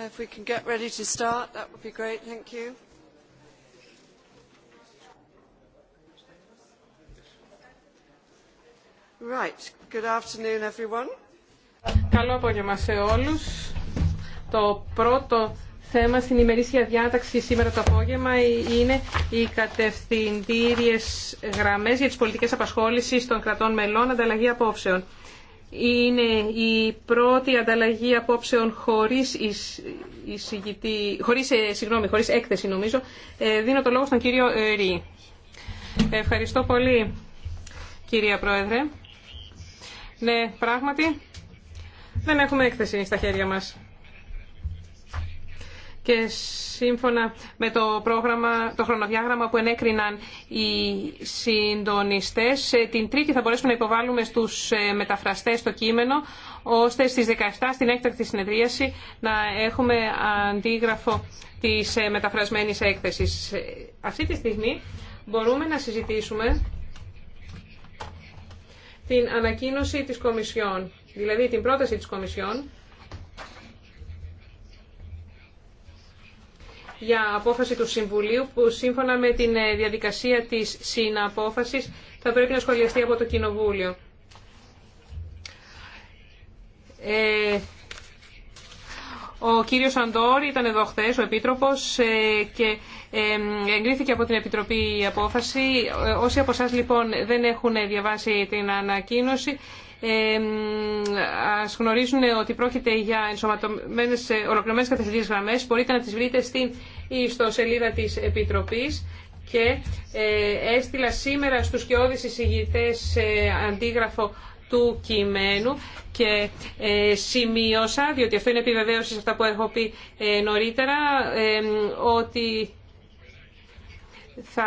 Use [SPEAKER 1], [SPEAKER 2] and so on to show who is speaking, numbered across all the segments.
[SPEAKER 1] Uh, if we can get ready to start, that would be great. Thank you. Right. Good afternoon, everyone. Καλό απόγευμα σε
[SPEAKER 2] όλους. Το πρώτο θέμα στην ημερήσια διάταξη σήμερα το απόγευμα είναι οι κατευθυντήριες γραμμές για τις πολιτικές απασχόλησεις των κρατών μελών, ανταλλαγή απόψεων είναι η πρώτη ανταλλαγή απόψεων χωρίς, εισηγητή, χωρίς, ε, συγγνώμη, χωρίς έκθεση νομίζω. Ε, δίνω το λόγο στον κύριο ε, Ρή. Ευχαριστώ πολύ κυρία Πρόεδρε. Ναι, πράγματι δεν έχουμε έκθεση στα χέρια μας και σύμφωνα με το, χρονοδιάγραμμα που ενέκριναν οι συντονιστές, ε, την Τρίτη θα μπορέσουμε να υποβάλουμε στους ε, μεταφραστές το κείμενο, ώστε στις 17 στην έκτακτη συνεδρίαση να έχουμε αντίγραφο της ε, μεταφρασμένης έκθεσης. Αυτή τη στιγμή μπορούμε να συζητήσουμε την ανακοίνωση της Κομισιόν, δηλαδή την πρόταση της Κομισιόν, για απόφαση του Συμβουλίου που σύμφωνα με την ε, διαδικασία της συναπόφασης θα πρέπει να σχολιαστεί από το Κοινοβούλιο. Ε, ο κύριος Αντόρ ήταν εδώ χθε, ο Επίτροπος, ε, και εγκρίθηκε από την Επιτροπή η απόφαση. Όσοι από εσά λοιπόν δεν έχουν διαβάσει την ανακοίνωση, Α γνωρίζουν ότι πρόκειται για ενσωματωμένες, ε, ολοκληρωμένε κατευθυντικές γραμμέ, Μπορείτε να τις βρείτε στην ιστοσελίδα της Επιτροπής και ε, έστειλα σήμερα στους κοιόδης εισηγητές ε, αντίγραφο του κειμένου και σημείωσα, διότι αυτό είναι επιβεβαίωση σε αυτά που έχω πει νωρίτερα, ότι θα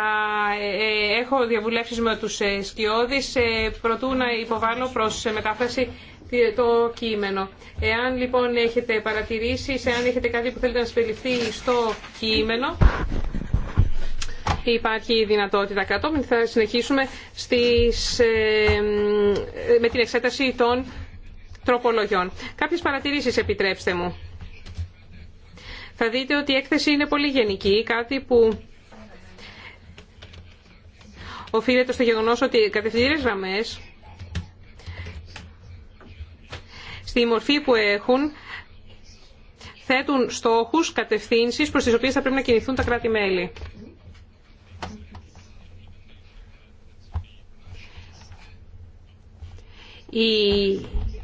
[SPEAKER 2] ε, ε, έχω διαβουλεύσεις με τους ε, σκιώδεις προτού να υποβάλω προς μετάφραση το κείμενο. Εάν λοιπόν έχετε παρατηρήσει, εάν έχετε κάτι που θέλετε να συμπεριληφθεί στο κείμενο, υπάρχει η δυνατότητα. Κατόπιν θα συνεχίσουμε στις, με την εξέταση των τροπολογιών. Κάποιες παρατηρήσεις επιτρέψτε μου. Θα δείτε ότι η έκθεση είναι πολύ γενική, κάτι που οφείλεται στο γεγονό ότι οι κατευθυντήρε γραμμέ, στη μορφή που έχουν θέτουν στόχου κατευθύνσεις προ τι οποίε θα πρέπει να κινηθούν τα κράτη-μέλη.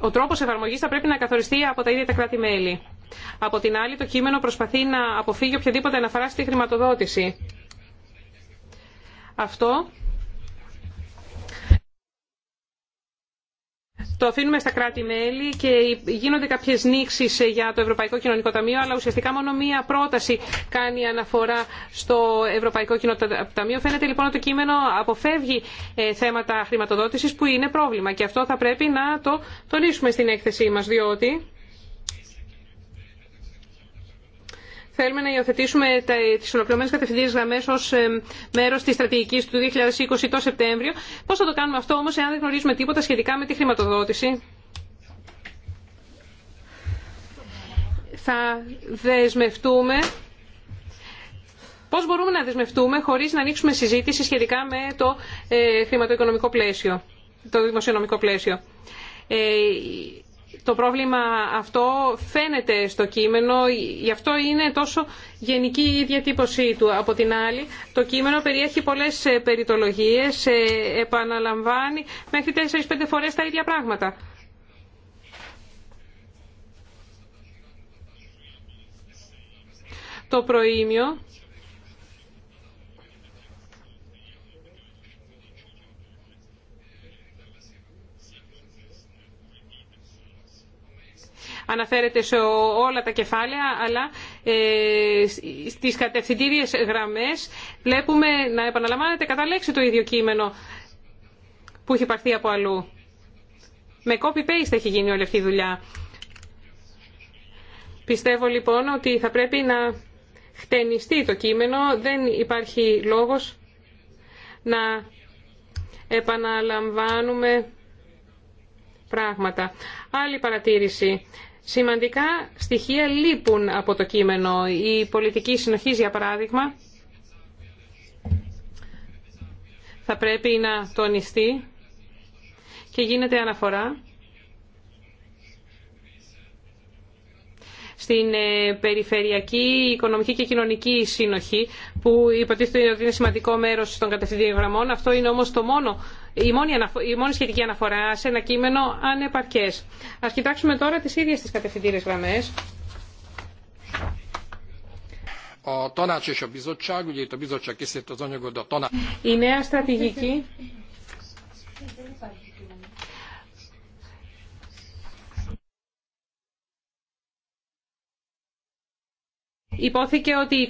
[SPEAKER 2] Ο τρόπο εφαρμογή θα πρέπει να καθοριστεί από τα ίδια τα κράτη-μέλη. Από την άλλη, το κείμενο προσπαθεί να αποφύγει οποιαδήποτε αναφορά στη χρηματοδότηση. Αυτό το αφήνουμε στα κράτη-μέλη και γίνονται κάποιε νήξει ε, για το Ευρωπαϊκό Κοινωνικό Ταμείο, αλλά ουσιαστικά μόνο μία πρόταση κάνει αναφορά στο Ευρωπαϊκό Κοινωνικό Ταμείο. Φαίνεται λοιπόν ότι το κείμενο αποφεύγει ε, θέματα χρηματοδότηση που είναι πρόβλημα και αυτό θα πρέπει να το τονίσουμε στην έκθεσή μα, διότι θέλουμε να υιοθετήσουμε τι ολοκληρωμένε κατευθυντήριε γραμμέ ω ε, μέρο τη στρατηγική του 2020 το Σεπτέμβριο. Πώ θα το κάνουμε αυτό όμω, εάν δεν γνωρίζουμε τίποτα σχετικά με τη χρηματοδότηση. Θα δεσμευτούμε. Πώ μπορούμε να δεσμευτούμε χωρί να ανοίξουμε συζήτηση σχετικά με το ε, χρηματοοικονομικό πλαίσιο, το δημοσιονομικό πλαίσιο. Ε, το πρόβλημα αυτό φαίνεται στο κείμενο, γι' αυτό είναι τόσο γενική η διατύπωσή του. Από την άλλη, το κείμενο περιέχει πολλές ε, περιτολογίες, ε, επαναλαμβάνει μέχρι 4-5 φορές τα ίδια πράγματα. Το προήμιο αναφέρεται σε όλα τα κεφάλαια, αλλά ε, στις κατευθυντήριες γραμμές βλέπουμε να επαναλαμβάνεται κατά λέξη το ίδιο κείμενο που έχει πάρθει από αλλού. Με copy-paste έχει γίνει όλη αυτή η δουλειά. Πιστεύω λοιπόν ότι θα πρέπει να χτενιστεί το κείμενο. Δεν υπάρχει λόγος να επαναλαμβάνουμε πράγματα. Άλλη παρατήρηση. Σημαντικά στοιχεία λείπουν από το κείμενο. Η πολιτική συνοχή, για παράδειγμα, θα πρέπει να τονιστεί και γίνεται αναφορά στην ε, περιφερειακή, οικονομική και κοινωνική συνοχή που υποτίθεται ότι είναι σημαντικό μέρος των κατευθυντήριων γραμμών. Αυτό είναι όμως το μόνο η μόνη, η μόνη σχετική αναφορά σε ένα κείμενο ανεπαρκέ. Α κοιτάξουμε τώρα τι ίδιε τι κατευθυντήρε γραμμέ.
[SPEAKER 3] Η νέα στρατηγική
[SPEAKER 2] Υπόθηκε ότι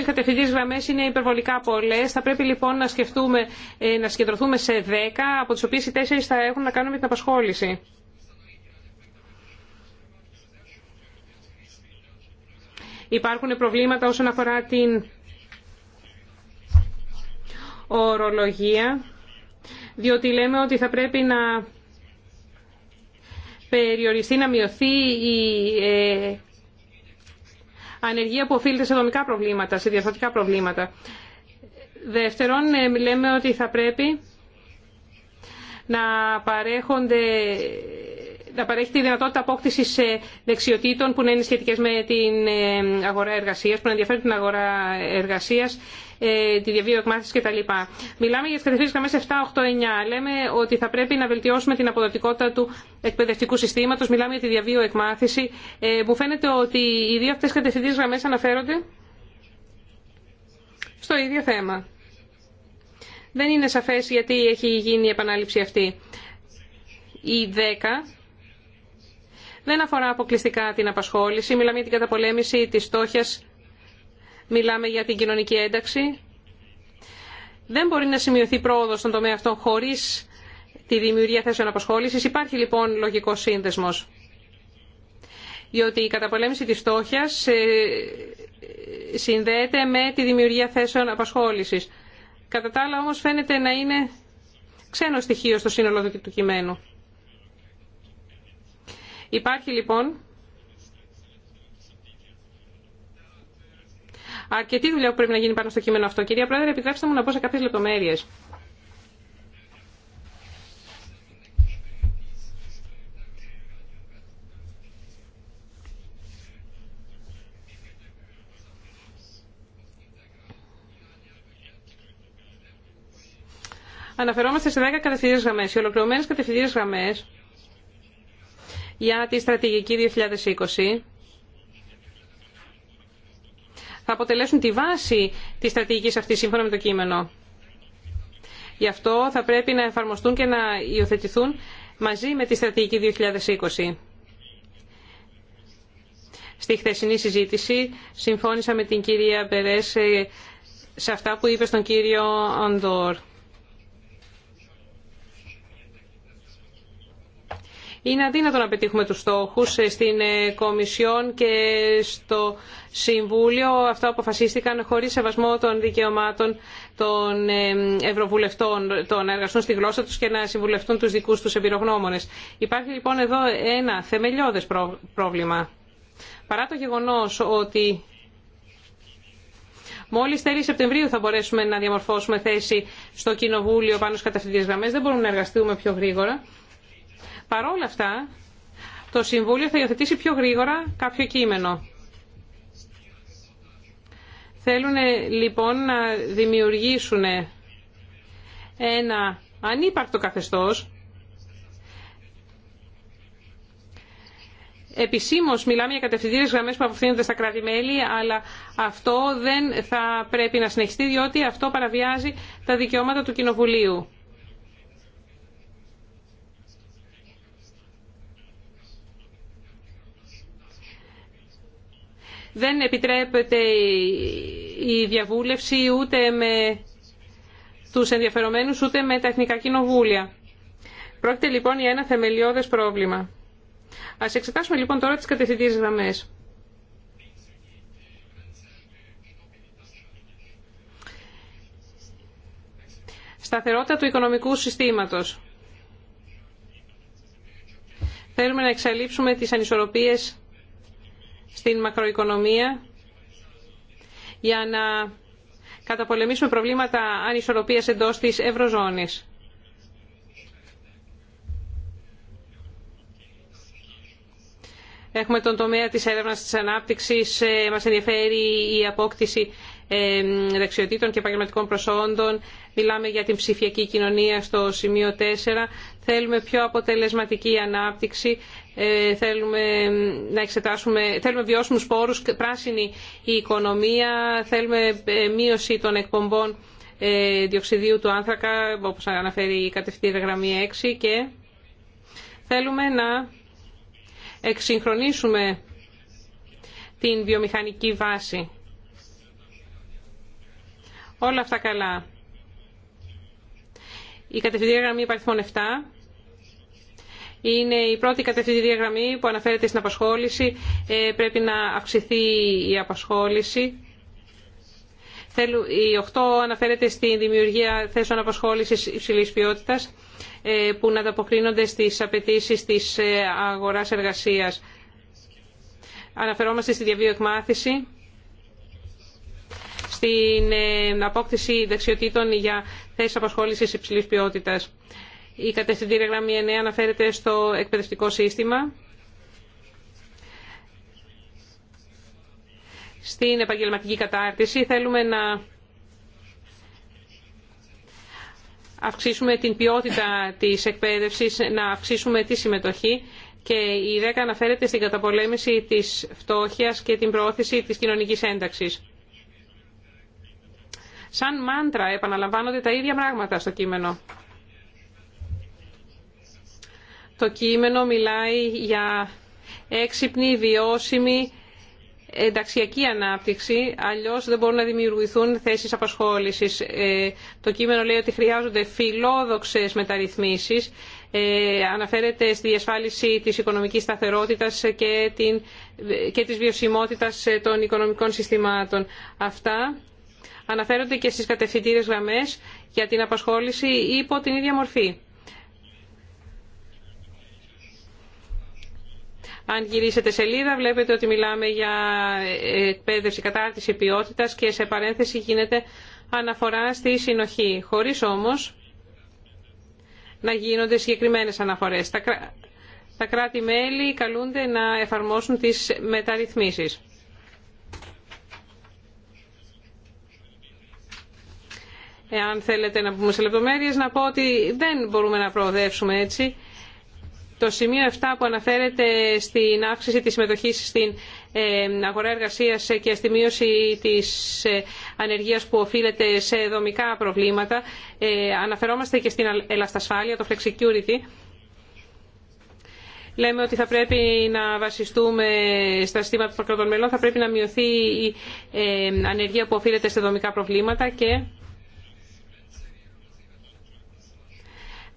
[SPEAKER 2] 24 κατευθυντήριες γραμμέ είναι υπερβολικά πολλέ. Θα πρέπει λοιπόν να, σκεφτούμε, ε, να συγκεντρωθούμε σε 10, από τις οποίες οι 4 θα έχουν να κάνουν με την απασχόληση. Υπάρχουν προβλήματα όσον αφορά την ορολογία, διότι λέμε ότι θα πρέπει να περιοριστεί, να μειωθεί η ε, ανεργία που οφείλεται σε δομικά προβλήματα, σε διαφορετικά προβλήματα. Δεύτερον, ε, λέμε ότι θα πρέπει να παρέχονται να παρέχει τη δυνατότητα απόκτηση ε, δεξιοτήτων που να είναι σχετικέ με την ε, αγορά εργασία, που να ενδιαφέρουν την αγορά εργασία ε, τη διαβίω εκμάθηση κτλ. Μιλάμε για τι κατευθύνσει γραμμέ 7, 8, 9. Λέμε ότι θα πρέπει να βελτιώσουμε την αποδοτικότητα του εκπαιδευτικού συστήματο. Μιλάμε για τη διαβίω εκμάθηση. Ε, μου φαίνεται ότι οι δύο αυτέ κατευθύνσει γραμμέ αναφέρονται στο ίδιο θέμα. Δεν είναι σαφές γιατί έχει γίνει η επανάληψη αυτή. Η 10 δεν αφορά αποκλειστικά την απασχόληση. Μιλάμε για την καταπολέμηση τη στόχιας μιλάμε για την κοινωνική ένταξη. Δεν μπορεί να σημειωθεί πρόοδο στον τομέα αυτό χωρί τη δημιουργία θέσεων απασχόληση. Υπάρχει λοιπόν λογικό σύνδεσμο. Διότι η καταπολέμηση τη φτώχεια ε, συνδέεται με τη δημιουργία θέσεων απασχόληση. Κατά τα άλλα όμω φαίνεται να είναι ξένο στοιχείο στο σύνολο του κειμένου. Υπάρχει λοιπόν αρκετή δουλειά που πρέπει να γίνει πάνω στο κείμενο αυτό. Κυρία Πρόεδρε, επιτρέψτε μου να πω σε κάποιες λεπτομέρειε. Αναφερόμαστε σε 10 κατευθυντήριε γραμμέ. Οι ολοκληρωμένε κατευθυντήριε γραμμέ για τη στρατηγική 2020 θα αποτελέσουν τη βάση της στρατηγικής αυτής σύμφωνα με το κείμενο. Γι' αυτό θα πρέπει να εφαρμοστούν και να υιοθετηθούν μαζί με τη στρατηγική 2020. Στη χθεσινή συζήτηση συμφώνησα με την κυρία Μπερές ε, σε αυτά που είπε στον κύριο Αντόρ. Είναι αδύνατο να πετύχουμε τους στόχους ε, στην ε, Κομισιόν και στο Συμβούλιο. Αυτά αποφασίστηκαν χωρίς σεβασμό των δικαιωμάτων των ε, Ευρωβουλευτών, το να εργαστούν στη γλώσσα τους και να συμβουλευτούν τους δικούς τους εμπειρογνώμονες. Υπάρχει λοιπόν εδώ ένα θεμελιώδες πρόβλημα. Παρά το γεγονός ότι Μόλι τέλη Σεπτεμβρίου θα μπορέσουμε να διαμορφώσουμε θέση στο Κοινοβούλιο πάνω στι τις γραμμέ. Δεν μπορούμε να εργαστούμε πιο γρήγορα. Παρόλα αυτά, το Συμβούλιο θα υιοθετήσει πιο γρήγορα κάποιο κείμενο. Θέλουν λοιπόν να δημιουργήσουν ένα ανύπαρκτο καθεστώς. Επισήμως μιλάμε για κατευθυντήρες γραμμές που αποφθύνονται στα κράτη-μέλη, αλλά αυτό δεν θα πρέπει να συνεχιστεί, διότι αυτό παραβιάζει τα δικαιώματα του Κοινοβουλίου. Δεν επιτρέπεται η διαβούλευση ούτε με τους ενδιαφερομένους ούτε με τα εθνικά κοινοβούλια. Πρόκειται λοιπόν για ένα θεμελιώδες πρόβλημα. Ας εξετάσουμε λοιπόν τώρα τις κατευθυντήριες γραμμές. Σταθερότητα του οικονομικού συστήματος. Θέλουμε να εξαλείψουμε τις ανισορροπίες στην μακροοικονομία για να καταπολεμήσουμε προβλήματα ανισορροπίας εντός της Ευρωζώνης. Έχουμε τον τομέα της έρευνας της ανάπτυξης, ε, μας ενδιαφέρει η απόκτηση δεξιοτήτων και επαγγελματικών προσόντων. Μιλάμε για την ψηφιακή κοινωνία στο σημείο 4. Θέλουμε πιο αποτελεσματική ανάπτυξη. Ε, θέλουμε να εξετάσουμε, θέλουμε βιώσιμους πόρους, πράσινη η οικονομία, θέλουμε ε, μείωση των εκπομπών ε, διοξιδίου του άνθρακα, όπως αναφέρει η κατευθύντα γραμμή 6 και θέλουμε να εξυγχρονίσουμε την βιομηχανική βάση. Όλα αυτά καλά. Η κατευθυντήρια γραμμή υπαριθμών 7 είναι η πρώτη κατευθυντήρια γραμμή που αναφέρεται στην απασχόληση. Ε, πρέπει να αυξηθεί η απασχόληση. Η 8 αναφέρεται στη δημιουργία θέσεων απασχόλησης υψηλής ποιότητας ε, που να ανταποκρίνονται στις απαιτήσεις της ε, αγοράς εργασίας. Αναφερόμαστε στη διαβίω εκμάθηση στην ε, απόκτηση δεξιοτήτων για θέσεις απασχόλησης υψηλή ποιότητα. Η κατευθυντήρια γραμμή 9 αναφέρεται στο εκπαιδευτικό σύστημα, στην επαγγελματική κατάρτιση. Θέλουμε να αυξήσουμε την ποιότητα της εκπαίδευσης, να αυξήσουμε τη συμμετοχή και η 10 αναφέρεται στην καταπολέμηση της φτώχειας και την προώθηση της κοινωνικής ένταξης. Σαν μάντρα επαναλαμβάνονται τα ίδια πράγματα στο κείμενο. Το κείμενο μιλάει για έξυπνη, βιώσιμη, ενταξιακή ανάπτυξη, αλλιώς δεν μπορούν να δημιουργηθούν θέσεις απασχόλησης. Ε, το κείμενο λέει ότι χρειάζονται φιλόδοξες μεταρρυθμίσεις, ε, αναφέρεται στη διασφάλιση της οικονομικής σταθερότητας και, την, και της βιωσιμότητας των οικονομικών συστημάτων. Αυτά αναφέρονται και στις κατευθυντήρες γραμμές για την απασχόληση η υπό την ίδια μορφή. Αν γυρίσετε σελίδα βλέπετε ότι μιλάμε για εκπαίδευση, κατάρτιση ποιότητας και σε παρένθεση γίνεται αναφορά στη συνοχή, χωρίς όμως να γίνονται συγκεκριμένες αναφορές. Τα κράτη-μέλη καλούνται να εφαρμόσουν τις μεταρρυθμίσεις. εάν θέλετε να πούμε σε λεπτομέρειες, να πω ότι δεν μπορούμε να προοδεύσουμε έτσι. Το σημείο 7 που αναφέρεται στην αύξηση της συμμετοχής στην ε, αγορά εργασίας και στη μείωση της ε, ανεργίας που οφείλεται σε δομικά προβλήματα, ε, αναφερόμαστε και στην ελαστασφάλεια, το flexicurity. Λέμε ότι θα πρέπει να βασιστούμε στα συστήματα των μελών, θα πρέπει να μειωθεί η ανεργία που οφείλεται σε δομικά προβλήματα και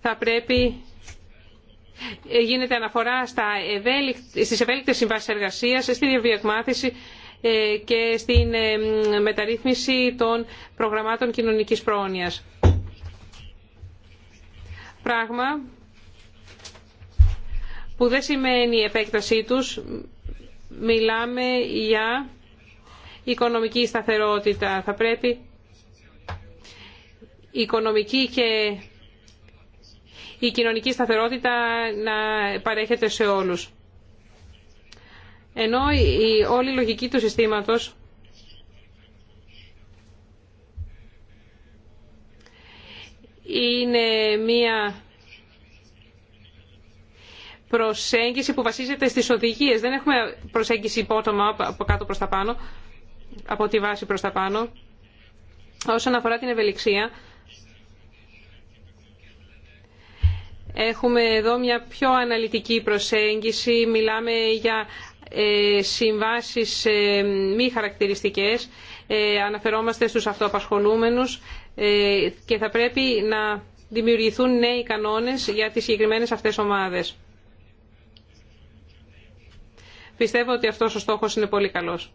[SPEAKER 2] θα πρέπει ε, γίνεται αναφορά στα ευέλικτε στις ευέλικτες συμβάσεις εργασίας, στη διαβιακμάθηση ε, και στην ε, μεταρρύθμιση των προγραμμάτων κοινωνικής πρόνοιας. Πράγμα που δεν σημαίνει η επέκτασή τους. Μιλάμε για οικονομική σταθερότητα. Θα πρέπει οικονομική και η κοινωνική σταθερότητα να παρέχεται σε όλους. Ενώ η όλη λογική του συστήματος είναι μία προσέγγιση που βασίζεται στις οδηγίες. Δεν έχουμε υπότομα από κάτω προς τα πάνω, από τη βάση προς τα πάνω. Όσον αφορά την ευελιξία, Έχουμε εδώ μια πιο αναλυτική προσέγγιση. Μιλάμε για ε, συμβάσεις ε, μη χαρακτηριστικές. Ε, αναφερόμαστε στους αυτοαπασχολούμενους και θα πρέπει να δημιουργηθούν νέοι κανόνες για τις συγκεκριμένες αυτές ομάδες. Πιστεύω ότι αυτός ο στόχος είναι πολύ καλός.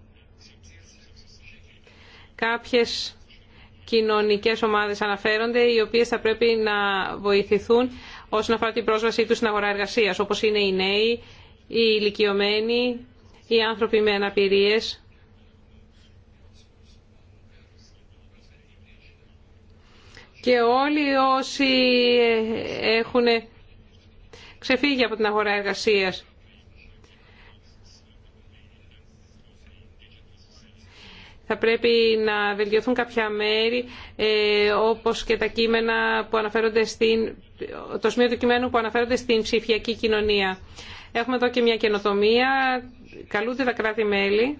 [SPEAKER 2] Κάποιες κοινωνικές ομάδες αναφέρονται, οι οποίες θα πρέπει να βοηθηθούν όσον αφορά την πρόσβασή του στην αγορά εργασία, όπω είναι οι νέοι, οι ηλικιωμένοι, οι άνθρωποι με αναπηρίε. Και όλοι όσοι έχουν ξεφύγει από την αγορά εργασίας. θα πρέπει να βελτιωθούν κάποια μέρη, ε, όπως και τα κείμενα που αναφέρονται στην, το σημείο του κειμένου που αναφέρονται στην ψηφιακή κοινωνία. Έχουμε εδώ και μια καινοτομία. Καλούνται τα κράτη-μέλη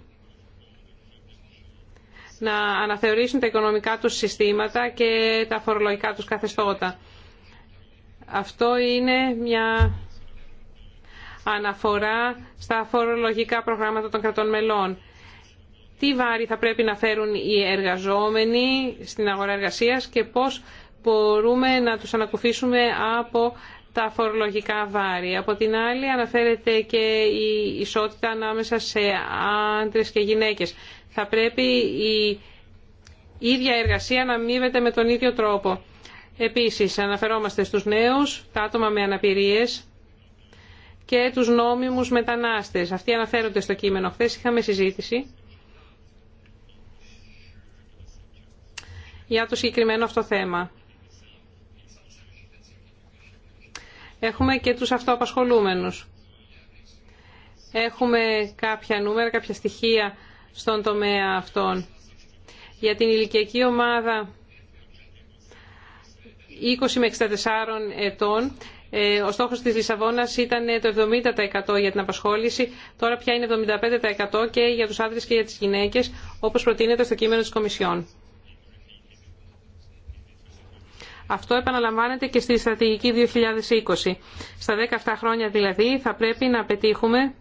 [SPEAKER 2] να αναθεωρήσουν τα οικονομικά τους συστήματα και τα φορολογικά τους καθεστώτα. Αυτό είναι μια αναφορά στα φορολογικά προγράμματα των κρατών μελών τι βάρη θα πρέπει να φέρουν οι εργαζόμενοι στην αγορά εργασίας και πώς μπορούμε να τους ανακουφίσουμε από τα φορολογικά βάρη. Από την άλλη αναφέρεται και η ισότητα ανάμεσα σε άντρες και γυναίκες. Θα πρέπει η ίδια εργασία να μείβεται με τον ίδιο τρόπο. Επίσης αναφερόμαστε στους νέους, τα άτομα με αναπηρίες και τους νόμιμους μετανάστες. Αυτοί αναφέρονται στο κείμενο. Χθες είχαμε συζήτηση για το συγκεκριμένο αυτό θέμα. Έχουμε και τους αυτοαπασχολούμενους. Έχουμε κάποια νούμερα, κάποια στοιχεία στον τομέα αυτών. Για την ηλικιακή ομάδα 20 με 64 ετών, ε, ο στόχος της Λισαβόνας ήταν ε, το 70% για την απασχόληση, τώρα πια είναι 75% και για τους άντρες και για τις γυναίκες, όπως προτείνεται στο κείμενο της Κομισιόν. Αυτό επαναλαμβάνεται και στη στρατηγική 2020. Στα 17 χρόνια δηλαδή θα πρέπει να πετύχουμε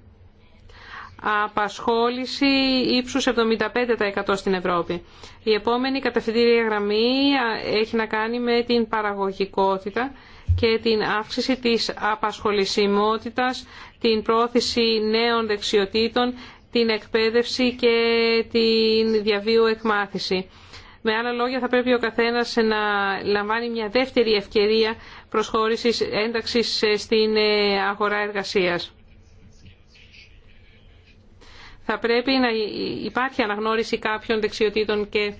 [SPEAKER 2] απασχόληση ύψους 75% στην Ευρώπη. Η επόμενη κατευθυντήρια γραμμή έχει να κάνει με την παραγωγικότητα και την αύξηση της απασχολησιμότητας, την πρόθεση νέων δεξιοτήτων, την εκπαίδευση και την διαβίου εκμάθηση. Με άλλα λόγια θα πρέπει ο καθένας να λαμβάνει μια δεύτερη ευκαιρία προσχώρησης ένταξης ε, στην ε, αγορά εργασίας. Θα πρέπει να υπάρχει αναγνώριση κάποιων δεξιοτήτων και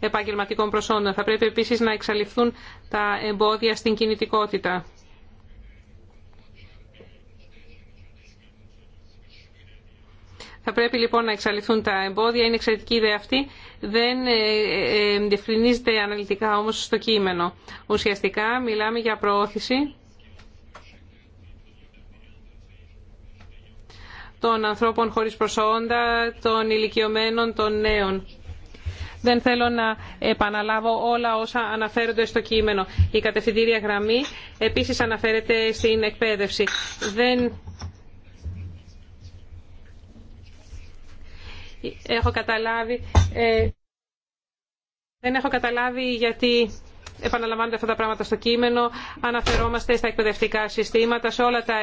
[SPEAKER 2] επαγγελματικών προσόντων. Θα πρέπει επίσης να εξαλειφθούν τα εμπόδια στην κινητικότητα. Θα πρέπει λοιπόν να εξαλειφθούν τα εμπόδια. Είναι εξαιρετική ιδέα αυτή δεν ε, ε, ε, διευκρινίζεται αναλυτικά όμως στο κείμενο. Ουσιαστικά μιλάμε για προώθηση των ανθρώπων χωρίς προσόντα, των ηλικιωμένων, των νέων. Δεν θέλω να επαναλάβω όλα όσα αναφέρονται στο κείμενο. Η κατευθυντήρια γραμμή επίσης αναφέρεται στην εκπαίδευση. Δεν έχω καταλάβει, ε, δεν έχω καταλάβει γιατί επαναλαμβάνονται αυτά τα πράγματα στο κείμενο. Αναφερόμαστε στα εκπαιδευτικά συστήματα, σε όλα τα,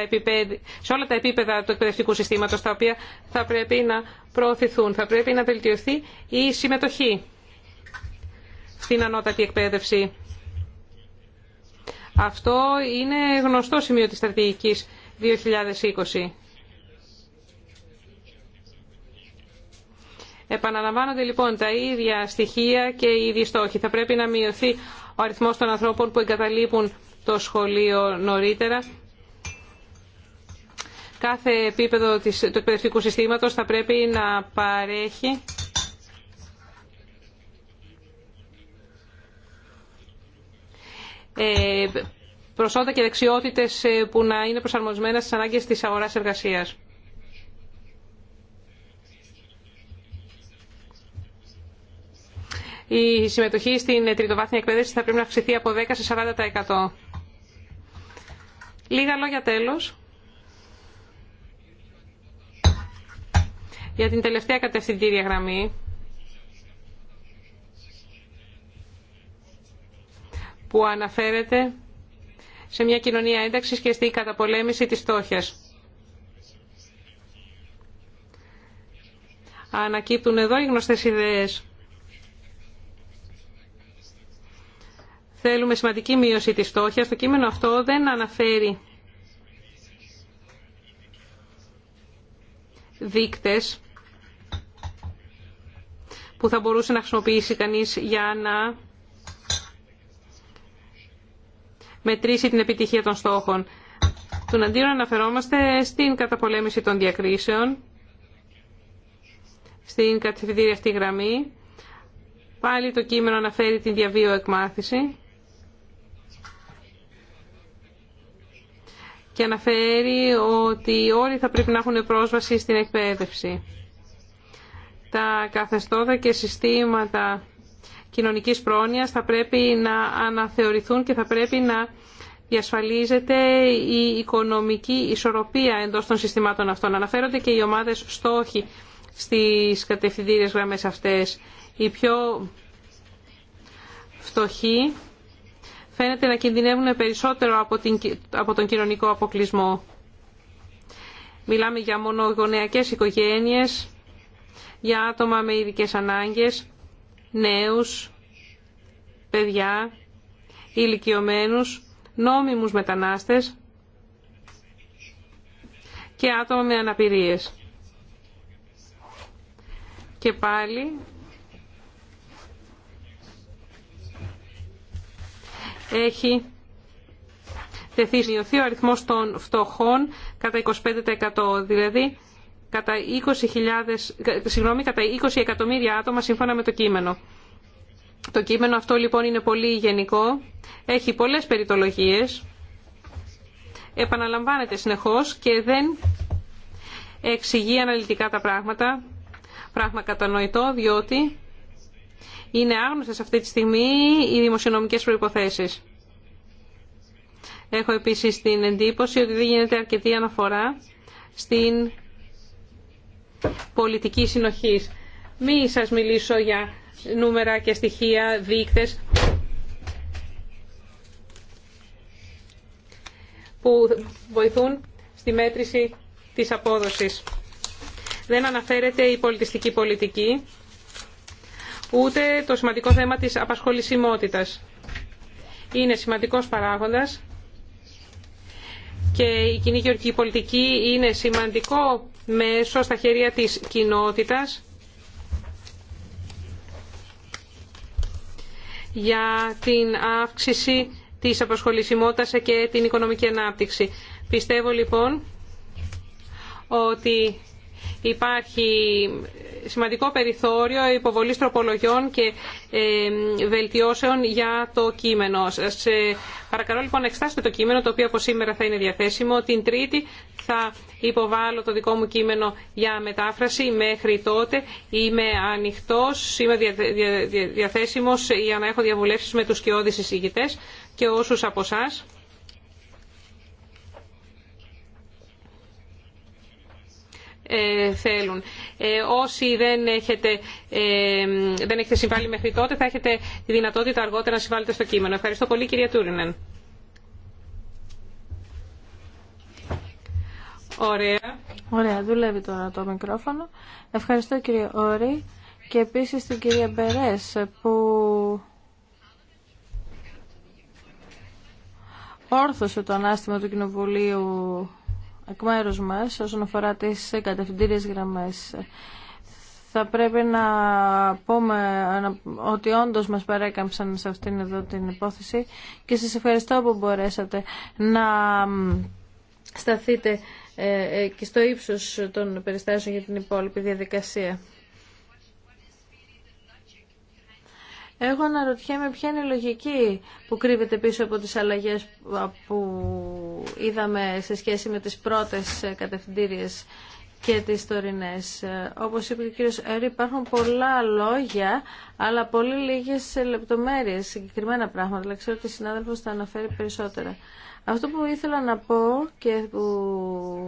[SPEAKER 2] σε όλα τα επίπεδα του εκπαιδευτικού συστήματος, τα οποία θα πρέπει να προωθηθούν. Θα πρέπει να βελτιωθεί η συμμετοχή στην ανώτατη εκπαίδευση. Αυτό είναι γνωστό σημείο της στρατηγικής 2020. Επαναλαμβάνονται λοιπόν τα ίδια στοιχεία και οι ίδιοι στόχοι. Θα πρέπει να μειωθεί ο αριθμός των ανθρώπων που εγκαταλείπουν το σχολείο νωρίτερα. Κάθε επίπεδο του εκπαιδευτικού συστήματος θα πρέπει να παρέχει ε, προσόντα και δεξιότητες ε, που να είναι προσαρμοσμένα στις ανάγκες της αγοράς εργασίας. η συμμετοχή στην τριτοβάθμια εκπαίδευση θα πρέπει να αυξηθεί από 10% σε 40%. Λίγα λόγια τέλος. Για την τελευταία κατευθυντήρια γραμμή, που αναφέρεται σε μια κοινωνία ένταξης και στη καταπολέμηση της στόχιας. Ανακύπτουν εδώ οι γνωστές ιδέες. Θέλουμε σημαντική μείωση της φτώχειας. Το κείμενο αυτό δεν αναφέρει δείκτες που θα μπορούσε να χρησιμοποιήσει κανείς για να μετρήσει την επιτυχία των στόχων. Τον να αναφερόμαστε στην καταπολέμηση των διακρίσεων, στην κατευθυντήρια αυτή γραμμή. Πάλι το κείμενο αναφέρει την διαβίω εκμάθηση. και αναφέρει ότι όλοι θα πρέπει να έχουν πρόσβαση στην εκπαίδευση. Τα καθεστώτα και συστήματα κοινωνικής πρόνοιας θα πρέπει να αναθεωρηθούν και θα πρέπει να διασφαλίζεται η οικονομική ισορροπία εντός των συστημάτων αυτών. Αναφέρονται και οι ομάδες στόχοι στις κατευθυντήριες γραμμές αυτές. Οι πιο φτωχοί φαίνεται να κινδυνεύουν περισσότερο από, από τον κοινωνικό αποκλεισμό. Μιλάμε για μονογονεακές οικογένειες, για άτομα με ειδικέ ανάγκες, νέους, παιδιά, ηλικιωμένους, νόμιμους μετανάστες και άτομα με αναπηρίες. Και πάλι έχει θεθεί μειωθεί ο αριθμός των φτωχών κατά 25% δηλαδή κατά 20, συγγνώμη, κατά 20 εκατομμύρια άτομα σύμφωνα με το κείμενο. Το κείμενο αυτό λοιπόν είναι πολύ γενικό, έχει πολλές περιτολογίες, επαναλαμβάνεται συνεχώς και δεν εξηγεί αναλυτικά τα πράγματα, πράγμα κατανοητό διότι είναι άγνωστες αυτή τη στιγμή οι δημοσιονομικές προϋποθέσεις. Έχω επίσης την εντύπωση ότι δεν γίνεται αρκετή αναφορά στην πολιτική συνοχής. Μη σας μιλήσω για νούμερα και στοιχεία, δείκτες που βοηθούν στη μέτρηση της απόδοσης. Δεν αναφέρεται η πολιτιστική πολιτική ούτε το σημαντικό θέμα της απασχολησιμότητας. Είναι σημαντικός παράγοντας και η κοινή γεωργική πολιτική είναι σημαντικό μέσο στα χέρια της κοινότητας για την αύξηση της απασχολησιμότητας και την οικονομική ανάπτυξη. Πιστεύω λοιπόν ότι υπάρχει σημαντικό περιθώριο υποβολής τροπολογιών και ε, βελτιώσεων για το κείμενο. Σας ε, παρακαλώ λοιπόν να εξτάσετε το κείμενο, το οποίο από σήμερα θα είναι διαθέσιμο. Την Τρίτη θα υποβάλω το δικό μου κείμενο για μετάφραση. Μέχρι τότε είμαι ανοιχτός, είμαι διαθέσιμος για να έχω διαβουλεύσεις με τους κοιόδης εισηγητές και όσους από εσά Ε, θέλουν. Ε, όσοι δεν έχετε, ε, δεν έχετε συμβάλει μέχρι τότε θα έχετε τη δυνατότητα αργότερα να συμβάλλετε στο κείμενο. Ευχαριστώ πολύ κυρία Τούρινεν. Ωραία.
[SPEAKER 4] Ωραία, δουλεύει τώρα το μικρόφωνο. Ευχαριστώ κύριε Όρη και επίσης την κυρία Μπερές που όρθωσε το ανάστημα του Κοινοβουλίου εκ μέρου μα όσον αφορά τι κατευθυντήριε γραμμέ. Θα πρέπει να πούμε ότι όντως μας παρέκαμψαν σε αυτήν εδώ την υπόθεση και σας ευχαριστώ που μπορέσατε να σταθείτε ε, ε, και στο ύψος των περιστάσεων για την υπόλοιπη διαδικασία. Εγώ αναρωτιέμαι ποια είναι η λογική που κρύβεται πίσω από τις αλλαγές που είδαμε σε σχέση με τις πρώτες κατευθυντήριες και τις τωρινές. Όπως είπε ο κύριος Έρη, υπάρχουν πολλά λόγια, αλλά πολύ λίγες λεπτομέρειες, συγκεκριμένα πράγματα. Αλλά ξέρω ότι η συνάδελφος θα αναφέρει περισσότερα. Αυτό που ήθελα να πω και που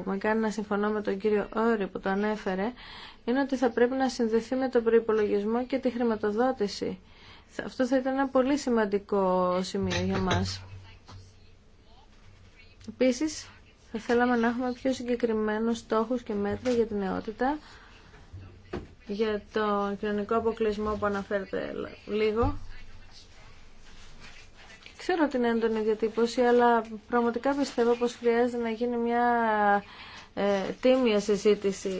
[SPEAKER 4] με κάνει να συμφωνώ με τον κύριο Όρη που το ανέφερε, είναι ότι θα πρέπει να συνδεθεί με τον προϋπολογισμό και τη χρηματοδότηση. Αυτό θα ήταν ένα πολύ σημαντικό σημείο για μας. Επίσης, θα θέλαμε να έχουμε πιο συγκεκριμένους στόχους και μέτρα για την νεότητα, για τον κοινωνικό αποκλεισμό που αναφέρεται λίγο. Ξέρω την έντονη διατύπωση, αλλά πραγματικά πιστεύω πως χρειάζεται να γίνει μια ε, τίμια συζήτηση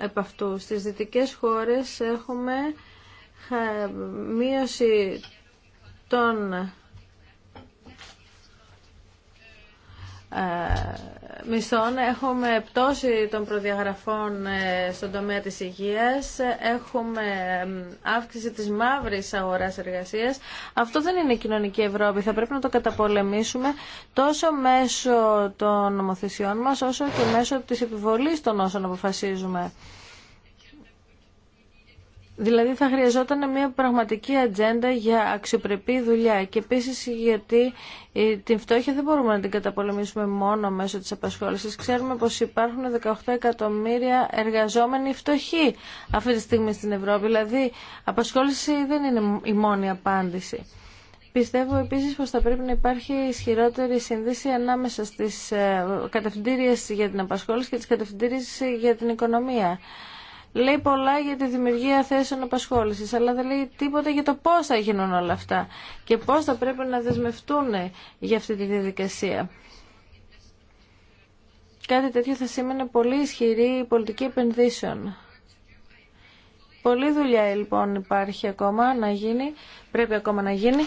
[SPEAKER 4] επ' αυτού. Στις δυτικές χώρες έχουμε ε, μείωση των ε, μισθών, έχουμε πτώση των προδιαγραφών ε, στον τομέα της υγείας, έχουμε αύξηση της μαύρης αγοράς εργασίας. Αυτό δεν είναι κοινωνική Ευρώπη. Θα πρέπει να το καταπολεμήσουμε τόσο μέσω των νομοθεσιών μας, όσο και μέσω της επιβολής των όσων αποφασίζουμε. Δηλαδή θα χρειαζόταν μια πραγματική ατζέντα για αξιοπρεπή δουλειά και επίση γιατί ε, την φτώχεια δεν μπορούμε να την καταπολεμήσουμε μόνο μέσω της απασχόλησης. Ξέρουμε πως υπάρχουν 18 εκατομμύρια εργαζόμενοι φτωχοί αυτή τη στιγμή στην Ευρώπη. Δηλαδή απασχόληση δεν είναι η μόνη απάντηση. Πιστεύω επίσης πως θα πρέπει να υπάρχει ισχυρότερη σύνδεση ανάμεσα στις ε, κατευθυντήριες για την απασχόληση και τις κατευθυντήριες για την οικονομία λέει πολλά για τη δημιουργία θέσεων απασχόληση, αλλά δεν λέει τίποτα για το πώς θα γίνουν όλα αυτά και πώς θα πρέπει να δεσμευτούν για αυτή τη διαδικασία. Κάτι τέτοιο θα σήμαινε πολύ ισχυρή πολιτική επενδύσεων. Πολύ δουλειά λοιπόν υπάρχει ακόμα να γίνει, πρέπει ακόμα να γίνει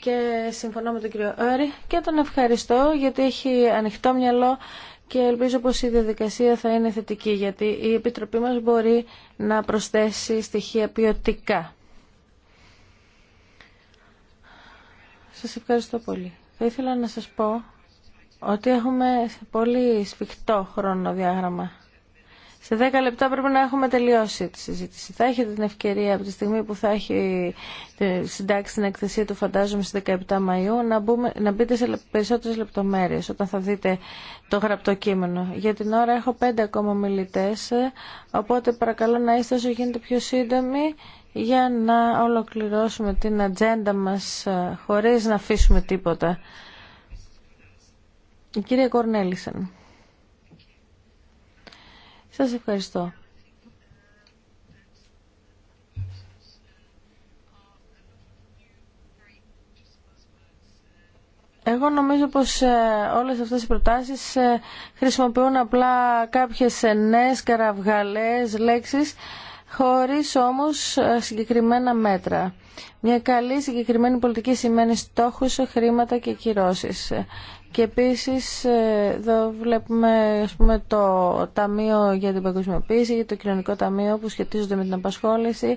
[SPEAKER 4] και συμφωνώ με τον κύριο Όρη και τον ευχαριστώ γιατί έχει ανοιχτό μυαλό και ελπίζω πως η διαδικασία θα είναι θετική γιατί η Επιτροπή μας μπορεί να προσθέσει στοιχεία ποιοτικά. Σας ευχαριστώ πολύ. Θα ήθελα να σας πω ότι έχουμε πολύ σφιχτό χρονοδιάγραμμα. Σε 10 λεπτά πρέπει να έχουμε τελειώσει τη συζήτηση. Θα έχετε την ευκαιρία από τη στιγμή που θα έχει ε, συντάξει την εκθεσία του φαντάζομαι στις 17 Μαΐου να, να μπείτε σε περισσότερες λεπτομέρειες όταν θα δείτε το γραπτό κείμενο. Για την ώρα έχω 5 ακόμα μιλητέ, ε, οπότε παρακαλώ να είστε όσο γίνεται πιο σύντομοι για να ολοκληρώσουμε την ατζέντα μας ε, χωρίς να αφήσουμε τίποτα. Η κυρία Κορνέλησεν. Σας ευχαριστώ. Εγώ νομίζω πως ε, όλες αυτές οι προτάσεις ε, χρησιμοποιούν απλά κάποιες νέες καραυγαλές λέξεις χωρίς όμως ε, συγκεκριμένα μέτρα. Μια καλή συγκεκριμένη πολιτική σημαίνει στόχους, χρήματα και κυρώσεις. Και επίση, ε, εδώ βλέπουμε ας πούμε, το Ταμείο για την Παγκοσμιοποίηση, για το Κοινωνικό Ταμείο που σχετίζονται με την απασχόληση,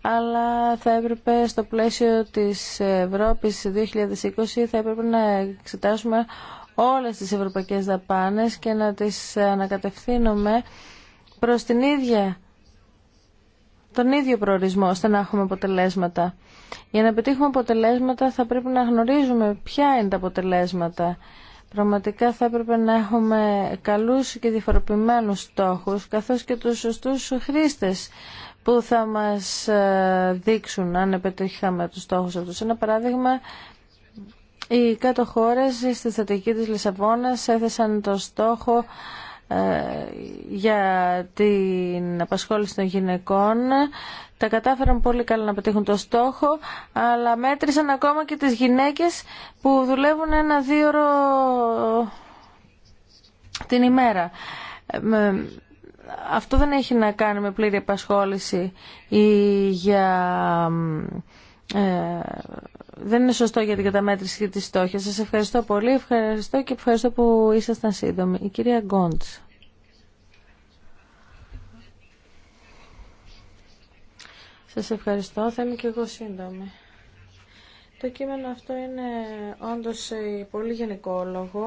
[SPEAKER 4] αλλά θα έπρεπε στο πλαίσιο της Ευρώπης 2020 θα έπρεπε να εξετάσουμε όλες τις ευρωπαϊκέ δαπάνε και να τις ανακατευθύνουμε προς την ίδια τον ίδιο προορισμό ώστε να έχουμε αποτελέσματα. Για να πετύχουμε αποτελέσματα θα πρέπει να γνωρίζουμε ποια είναι τα αποτελέσματα. Πραγματικά θα έπρεπε να έχουμε καλούς και διαφοροποιημένους στόχους, καθώς και τους σωστούς χρήστες που θα μας ε, δείξουν αν επιτύχαμε τους στόχους αυτούς. Ένα παράδειγμα, οι κάτω χώρες στη στρατηγική της Λισαβόνας έθεσαν το στόχο ε, για την απασχόληση των γυναικών. Τα κατάφεραν πολύ καλά να πετύχουν το στόχο, αλλά μέτρησαν ακόμα και τις γυναίκες που δουλεύουν ένα δύο την ημέρα. Αυτό δεν έχει να κάνει με πλήρη απασχόληση ή για ε, δεν είναι σωστό για την καταμέτρηση και τη στόχη. Σας ευχαριστώ πολύ. Ευχαριστώ και ευχαριστώ που ήσασταν σύντομοι. Η κυρία Γκόντς. Σας ευχαριστώ. Θα είμαι και εγώ σύντομη. Το κείμενο αυτό είναι όντως πολύ γενικόλογο.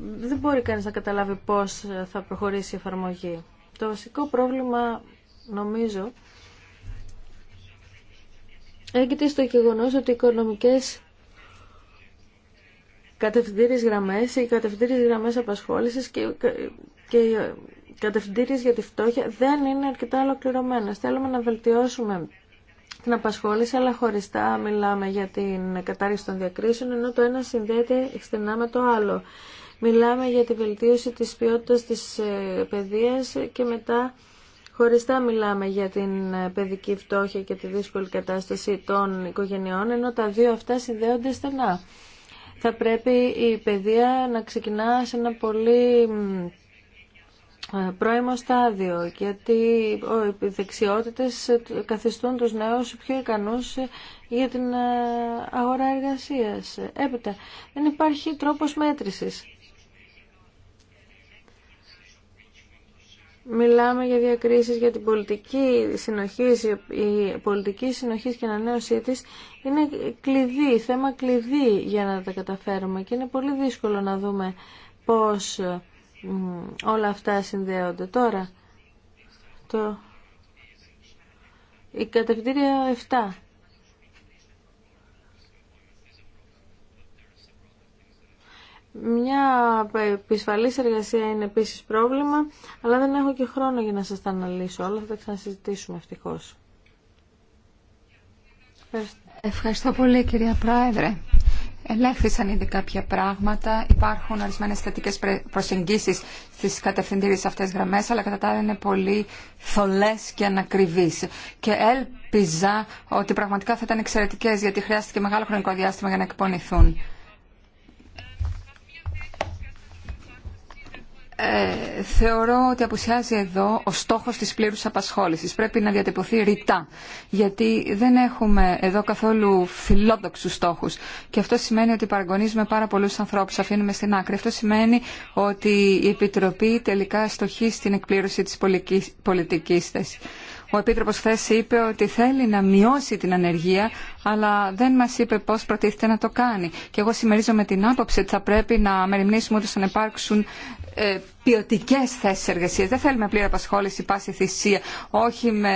[SPEAKER 4] Δεν μπορεί κανείς να καταλάβει πώς θα προχωρήσει η εφαρμογή. Το βασικό πρόβλημα, νομίζω, έγκυται στο γεγονό ότι οι οικονομικές κατευθυντήριες γραμμές, οι κατευθυντήριες γραμμές απασχόλησης και, και οι κατευθυντήριες για τη φτώχεια δεν είναι αρκετά ολοκληρωμένες. Θέλουμε να βελτιώσουμε την απασχόληση, αλλά χωριστά μιλάμε για την κατάρριξη των διακρίσεων, ενώ το ένα συνδέεται στενά με το άλλο. Μιλάμε για τη βελτίωση της ποιότητας της ε, παιδείας και μετά Χωριστά μιλάμε για την παιδική φτώχεια και τη δύσκολη κατάσταση των οικογενειών, ενώ τα δύο αυτά συνδέονται στενά. Θα πρέπει η παιδεία να ξεκινά σε ένα πολύ ε, πρώιμο στάδιο, γιατί οι δεξιότητες καθιστούν τους νέους πιο ικανούς για την ε, αγορά εργασίας. Έπειτα, δεν υπάρχει τρόπος μέτρησης. Μιλάμε για διακρίσεις για την πολιτική συνοχή, η πολιτική συνοχή και ανανέωσή της είναι κλειδί, θέμα κλειδί για να τα καταφέρουμε και είναι πολύ δύσκολο να δούμε πώς όλα αυτά συνδέονται. Τώρα, το... η κατευθύντρια 7 Μια επισφαλή εργασία είναι επίση πρόβλημα, αλλά δεν έχω και χρόνο για να σα τα αναλύσω όλα, θα τα ξανασυζητήσουμε ευτυχώ.
[SPEAKER 1] Ευχαριστώ πολύ κυρία Πρόεδρε. Ελέγχθησαν ήδη κάποια πράγματα. Υπάρχουν ορισμένε θετικέ προσεγγίσει στι κατευθυντήριε αυτέ γραμμέ, αλλά κατά τα άλλα είναι πολύ θολέ και ανακριβεί. Και έλπιζα ότι πραγματικά θα ήταν εξαιρετικέ, γιατί χρειάστηκε μεγάλο χρονικό διάστημα για να εκπονηθούν. Ε, θεωρώ ότι απουσιάζει εδώ ο στόχος της πλήρους απασχόλησης. Πρέπει να διατυπωθεί ρητά, γιατί δεν έχουμε εδώ καθόλου φιλόδοξους στόχους. Και αυτό σημαίνει ότι παραγωνίζουμε πάρα πολλούς ανθρώπους, αφήνουμε στην άκρη. Αυτό σημαίνει ότι η Επιτροπή τελικά στοχεί στην εκπλήρωση της πολιτικής της. Ο Επίτροπος χθε είπε ότι θέλει να μειώσει την ανεργία, αλλά δεν μας είπε πώς προτίθεται να το κάνει. Και εγώ συμμερίζομαι την άποψη ότι θα πρέπει να μεριμνήσουμε ότι θα υπάρξουν ε, ποιοτικέ θέσει εργασία. Δεν θέλουμε πλήρη απασχόληση πάση θυσία, όχι με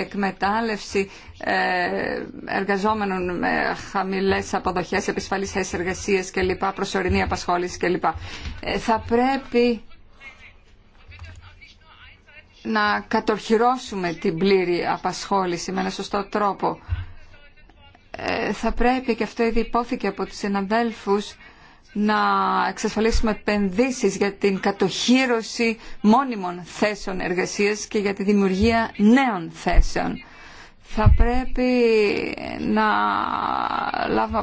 [SPEAKER 1] εκμετάλλευση ε, εργαζόμενων με χαμηλέ αποδοχέ, επισφαλεί θέσει εργασία κλπ. Προσωρινή απασχόληση κλπ. Ε, θα πρέπει να κατορχυρώσουμε την πλήρη απασχόληση με ένα σωστό τρόπο. Θα πρέπει, και αυτό ήδη υπόθηκε από τους συναδέλφους, να εξασφαλίσουμε επενδύσει για την κατοχήρωση μόνιμων θέσεων εργασίας και για τη δημιουργία νέων θέσεων. Θα πρέπει να λάβουμε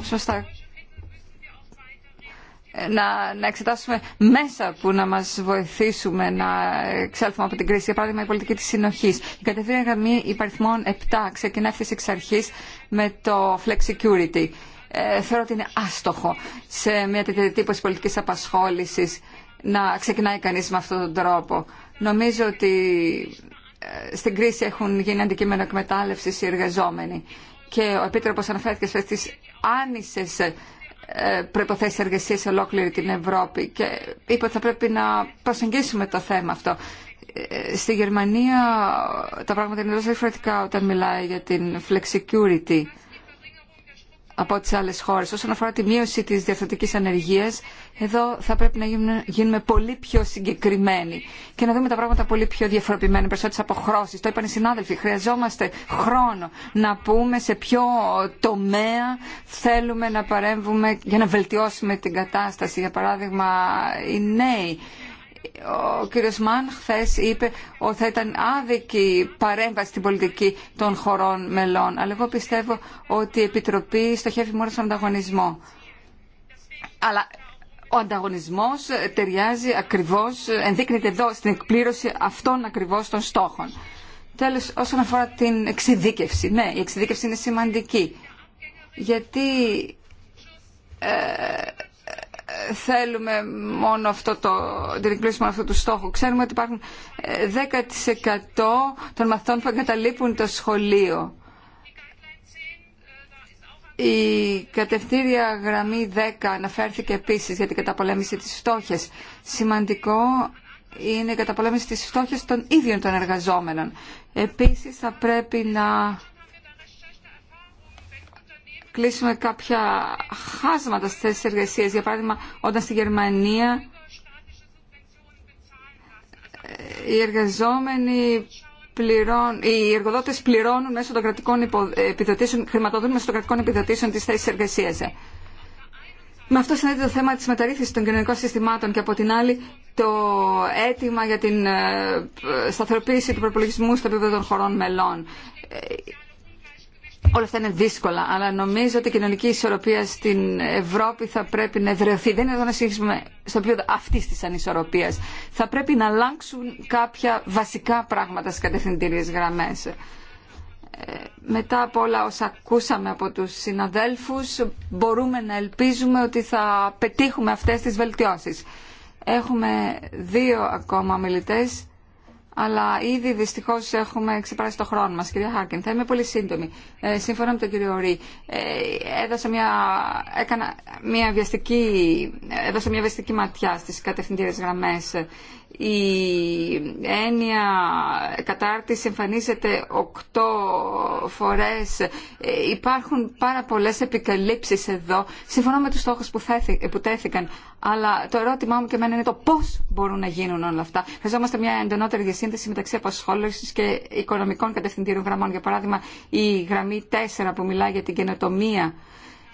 [SPEAKER 1] να, εξετάσουμε μέσα που να μας βοηθήσουμε να εξέλθουμε από την κρίση. Για παράδειγμα, η πολιτική της συνοχής. Η κατευθύνια γραμμή υπαριθμών 7 ξεκινά αυτής εξ αρχής με το Flex Security. Ε, θεωρώ ότι είναι άστοχο σε μια τέτοια τύπωση πολιτικής απασχόλησης να ξεκινάει κανείς με αυτόν τον τρόπο. Νομίζω ότι ε, στην κρίση έχουν γίνει αντικείμενο εκμετάλλευση οι εργαζόμενοι και ο Επίτροπος αναφέρθηκε σε αυτές τις ε, προποθέσει προποθέσει σε ολόκληρη την Ευρώπη και είπε ότι θα πρέπει να προσεγγίσουμε το θέμα αυτό. Στη Γερμανία τα πράγματα είναι τόσο διαφορετικά όταν μιλάει για την flexicurity από τις άλλες χώρες. Όσον αφορά τη μείωση της διαθετικής ανεργίας, εδώ θα πρέπει να γίνουμε, γίνουμε πολύ πιο συγκεκριμένοι και να δούμε τα πράγματα πολύ πιο διαφοροποιημένα, περισσότερες αποχρώσεις. Το είπαν οι συνάδελφοι, χρειαζόμαστε χρόνο να πούμε σε ποιο τομέα θέλουμε να παρέμβουμε για να βελτιώσουμε την κατάσταση. Για παράδειγμα, οι νέοι ο κύριος Μαν χθε είπε ότι θα ήταν άδικη παρέμβαση στην πολιτική των χωρών μελών. Αλλά εγώ πιστεύω ότι η Επιτροπή στοχεύει μόνο στον ανταγωνισμό. Αλλά ο ανταγωνισμός ταιριάζει ακριβώς, ενδείκνεται εδώ στην εκπλήρωση αυτών ακριβώς των στόχων. Τέλος, όσον αφορά την εξειδίκευση. Ναι, η εξειδίκευση είναι σημαντική. Γιατί... Ε, θέλουμε μόνο αυτό το, την αυτού του στόχου. Ξέρουμε ότι υπάρχουν 10% ε, των μαθητών που εγκαταλείπουν το σχολείο. Η κατευθύρια γραμμή 10 αναφέρθηκε επίσης για την καταπολέμηση της φτώχειας. Σημαντικό είναι η καταπολέμηση της φτώχειας των ίδιων των εργαζόμενων. Επίσης θα πρέπει να κλείσουμε κάποια χάσματα στι θέσει εργασία, Για παράδειγμα, όταν στη Γερμανία ε, οι εργαζόμενοι πληρών, οι εργοδότες πληρώνουν μέσω των κρατικών επιδοτήσεων, χρηματοδοτούν μέσω των κρατικών επιδοτήσεων τις θέσεις εργασίας. Με αυτό συνέδεται το θέμα της μεταρρύθμισης των κοινωνικών συστημάτων και από την άλλη το αίτημα για την ε, σταθεροποίηση του προπολογισμού στο επίπεδο των χωρών μελών. Ε, Όλα αυτά είναι δύσκολα, αλλά νομίζω ότι η κοινωνική ισορροπία στην Ευρώπη θα πρέπει να εδρεωθεί. Δεν είναι εδώ να συνεχίσουμε στο πλοίο αυτή τη ανισορροπία. Θα πρέπει να αλλάξουν κάποια βασικά πράγματα στι κατευθυντήριε γραμμέ. Ε, μετά από όλα όσα ακούσαμε από του συναδέλφου μπορούμε να ελπίζουμε ότι θα πετύχουμε αυτέ τι βελτιώσει. Έχουμε δύο ακόμα μιλητές αλλά ήδη δυστυχώ έχουμε ξεπεράσει το χρόνο μα. Κυρία Χάρκιν, θα είμαι πολύ σύντομη. Ε, σύμφωνα με τον κύριο Ρή, ε, έδωσα μια, έκανα μια βιαστική, έδωσα μια βιαστική ματιά στι κατευθυντήρε γραμμέ η έννοια κατάρτιση εμφανίζεται οκτώ φορές. Ε, υπάρχουν πάρα πολλές επικαλύψεις εδώ. Συμφωνώ με τους στόχους που, θέθη, που τέθηκαν, αλλά το ερώτημά μου και εμένα είναι το πώς μπορούν να γίνουν όλα αυτά. Χρειαζόμαστε μια εντονότερη διασύνδεση μεταξύ απασχόλησης και οικονομικών κατευθυντήριων γραμμών. Για παράδειγμα, η γραμμή 4 που μιλάει για την καινοτομία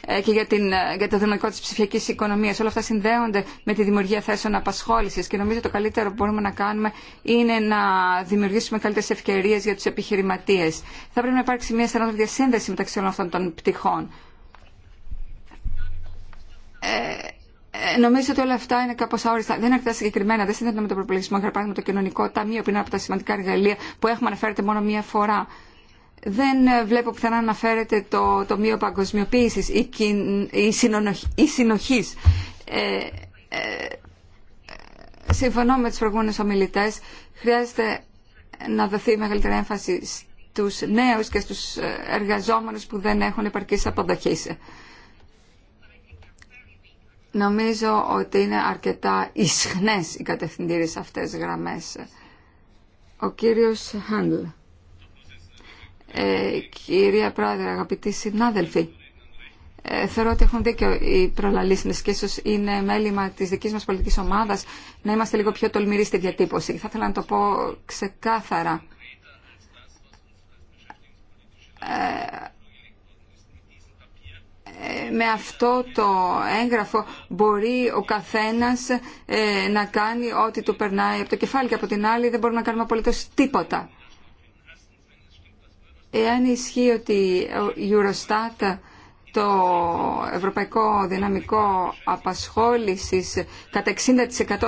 [SPEAKER 1] ε, και για, την, ε, για το δημοτικό της ψηφιακής οικονομίας. Όλα αυτά συνδέονται με τη δημιουργία θέσεων απασχόλησης και νομίζω το καλύτερο που μπορούμε να κάνουμε είναι να δημιουργήσουμε καλύτερες ευκαιρίες για τους επιχειρηματίες. Θα πρέπει να υπάρξει μια στενότητα διασύνδεση μεταξύ όλων αυτών των πτυχών. Ε, ε Νομίζω ότι όλα αυτά είναι κάπω αόριστα. Δεν είναι αρκετά συγκεκριμένα, δεν συνδέονται με τον προπολογισμό. Για παράδειγμα, το κοινωνικό ταμείο που είναι από τα σημαντικά εργαλεία που έχουμε αναφέρεται μόνο μία φορά δεν ε, βλέπω πουθενά να αναφέρεται το τομείο παγκοσμιοποίηση η συνοχής. Ε, ε, συμφωνώ με του προηγούμενου ομιλητέ, Χρειάζεται να δοθεί μεγαλύτερη έμφαση στου νέους και στου ε, εργαζόμενους που δεν έχουν επαρκή αποδοχή. Νομίζω ότι είναι αρκετά ισχνές οι κατευθυντήρες αυτές γραμμές. Ο κύριος Χάντλ. Ε, κυρία Πρόεδρε, αγαπητοί συνάδελφοι, ε, θεωρώ ότι έχουν δίκιο οι προλαλήσινε και ίσω είναι μέλημα της δικής μας πολιτική ομάδα να είμαστε λίγο πιο τολμηροί στη διατύπωση. Θα ήθελα να το πω ξεκάθαρα. Ε, ε με αυτό το έγγραφο μπορεί ο καθένας ε, να κάνει ό,τι του περνάει από το κεφάλι και από την άλλη δεν μπορούμε να κάνουμε απολύτως τίποτα. Εάν ισχύει ότι η Eurostat το ευρωπαϊκό δυναμικό απασχόλησης κατά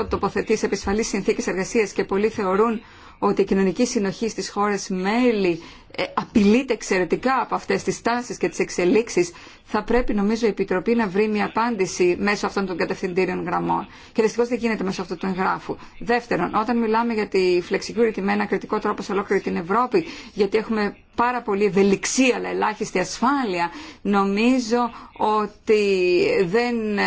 [SPEAKER 1] 60% τοποθετεί σε επισφαλείς συνθήκες εργασίας και πολλοί θεωρούν ότι η κοινωνική συνοχή στις χώρες μέλη ε, απειλείται εξαιρετικά από αυτές τις τάσεις και τις εξελίξεις, θα πρέπει νομίζω η Επιτροπή να βρει μια απάντηση μέσω αυτών των κατευθυντήριων γραμμών. Και δυστυχώ δεν γίνεται μέσω αυτού του εγγράφου. Δεύτερον, όταν μιλάμε για τη flexicurity με ένα κριτικό τρόπο σε ολόκληρη την Ευρώπη, γιατί έχουμε πάρα πολύ ευελιξία αλλά ελάχιστη ασφάλεια, νομίζω ότι δεν ε,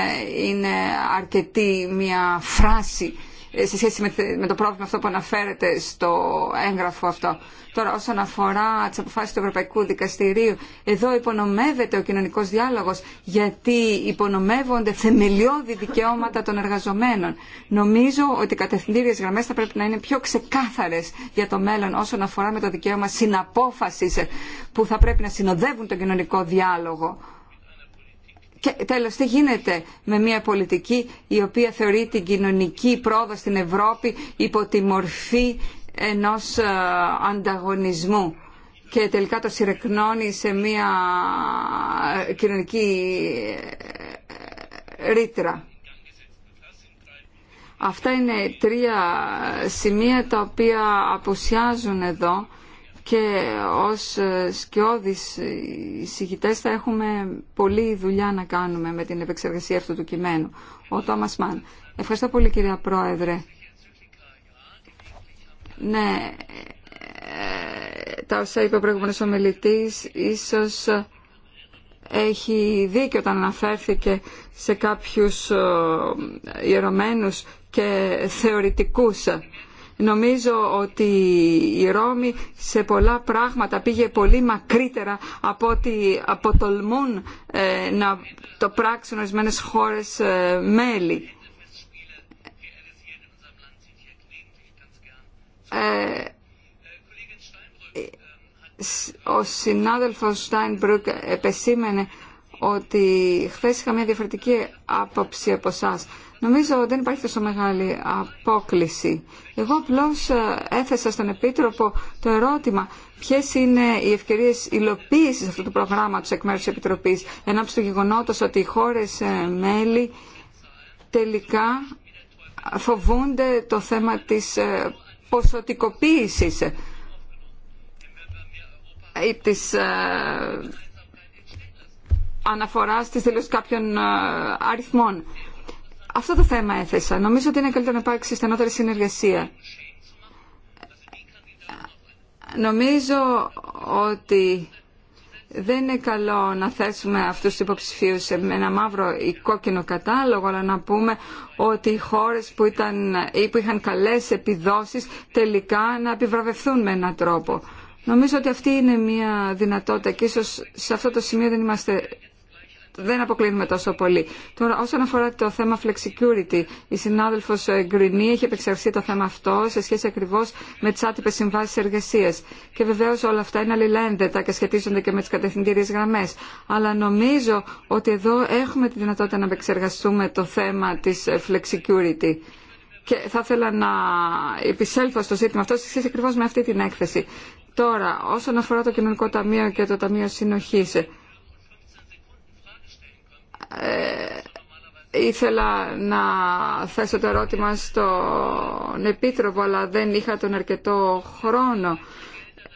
[SPEAKER 1] είναι αρκετή μια φράση σε σχέση με το πρόβλημα αυτό που αναφέρεται στο έγγραφο αυτό. Τώρα όσον αφορά τι αποφάσει του Ευρωπαϊκού Δικαστηρίου, εδώ υπονομεύεται ο κοινωνικό διάλογο γιατί υπονομεύονται θεμελιώδη δικαιώματα των εργαζομένων. Νομίζω ότι οι κατευθυντήριε γραμμές θα πρέπει να είναι πιο ξεκάθαρες για το μέλλον όσον αφορά με το δικαίωμα συναπόφαση που θα πρέπει να συνοδεύουν τον κοινωνικό διάλογο. Και τέλος, τι γίνεται με μια πολιτική η οποία θεωρεί την κοινωνική πρόοδο στην Ευρώπη υπό τη μορφή ενός ε, ανταγωνισμού και τελικά το συρεκνώνει σε μια ε, κοινωνική ε, ρήτρα. Αυτά είναι τρία σημεία τα οποία απουσιάζουν εδώ και ως ε, σκιώδης εισηγητές θα έχουμε πολλή δουλειά να κάνουμε με την επεξεργασία αυτού του κειμένου. Ο Τόμας Μαν. Ευχαριστώ πολύ κυρία Πρόεδρε. Ναι, ε, τα όσα είπε ο προηγούμενος ομιλητής ίσως έχει δίκιο όταν αναφέρθηκε σε κάποιους ε, ιερωμένους και θεωρητικούς Νομίζω ότι η Ρώμη σε πολλά πράγματα πήγε πολύ μακρύτερα από ό,τι αποτολμούν ε, να το πράξουν ορισμένε χώρες ε, μέλη. Ε, ο συνάδελφος Στάινμπρουκ επεσήμενε ότι χθε είχα μια διαφορετική άποψη από εσά. Νομίζω δεν υπάρχει τόσο μεγάλη απόκληση. Εγώ απλώ ε, έθεσα στον Επίτροπο το ερώτημα ποιε είναι οι ευκαιρίε υλοποίηση αυτού του προγράμματο εκ μέρου τη Επιτροπή ώψη του γεγονότο ότι οι χώρε ε, μέλη τελικά φοβούνται το θέμα της ε, ποσοτικοποίηση ή τη αναφορά τη δήλωση κάποιων αριθμών. Αυτό το θέμα έθεσα. Νομίζω ότι είναι καλύτερο να υπάρξει στενότερη συνεργασία. Νομίζω ότι δεν είναι καλό να θέσουμε αυτούς τους υποψηφίους σε ένα μαύρο ή κόκκινο κατάλογο, αλλά να πούμε ότι οι χώρες που, ήταν, ή που είχαν καλές επιδόσεις τελικά να επιβραβευθούν με έναν τρόπο. Νομίζω ότι αυτή είναι μια δυνατότητα και ίσως σε αυτό το σημείο δεν είμαστε δεν αποκλίνουμε τόσο πολύ. Τώρα, όσον αφορά το θέμα flexicurity, η συνάδελφο ε, Γκρινή έχει επεξεργαστεί το θέμα αυτό σε σχέση ακριβώ με τι άτυπε συμβάσει εργασία. Και βεβαίω όλα αυτά είναι αλληλένδετα και σχετίζονται και με τι κατευθυντήριε γραμμέ. Αλλά νομίζω ότι εδώ έχουμε τη δυνατότητα να επεξεργαστούμε το θέμα τη ε, flexicurity. Και θα ήθελα να επισέλθω στο ζήτημα αυτό σε σχέση ακριβώ με αυτή την έκθεση. Τώρα, όσον αφορά το Κοινωνικό Ταμείο και το Ταμείο Συνοχή, ε, ήθελα να θέσω το ερώτημα στον Επίτροπο, αλλά δεν είχα τον αρκετό χρόνο.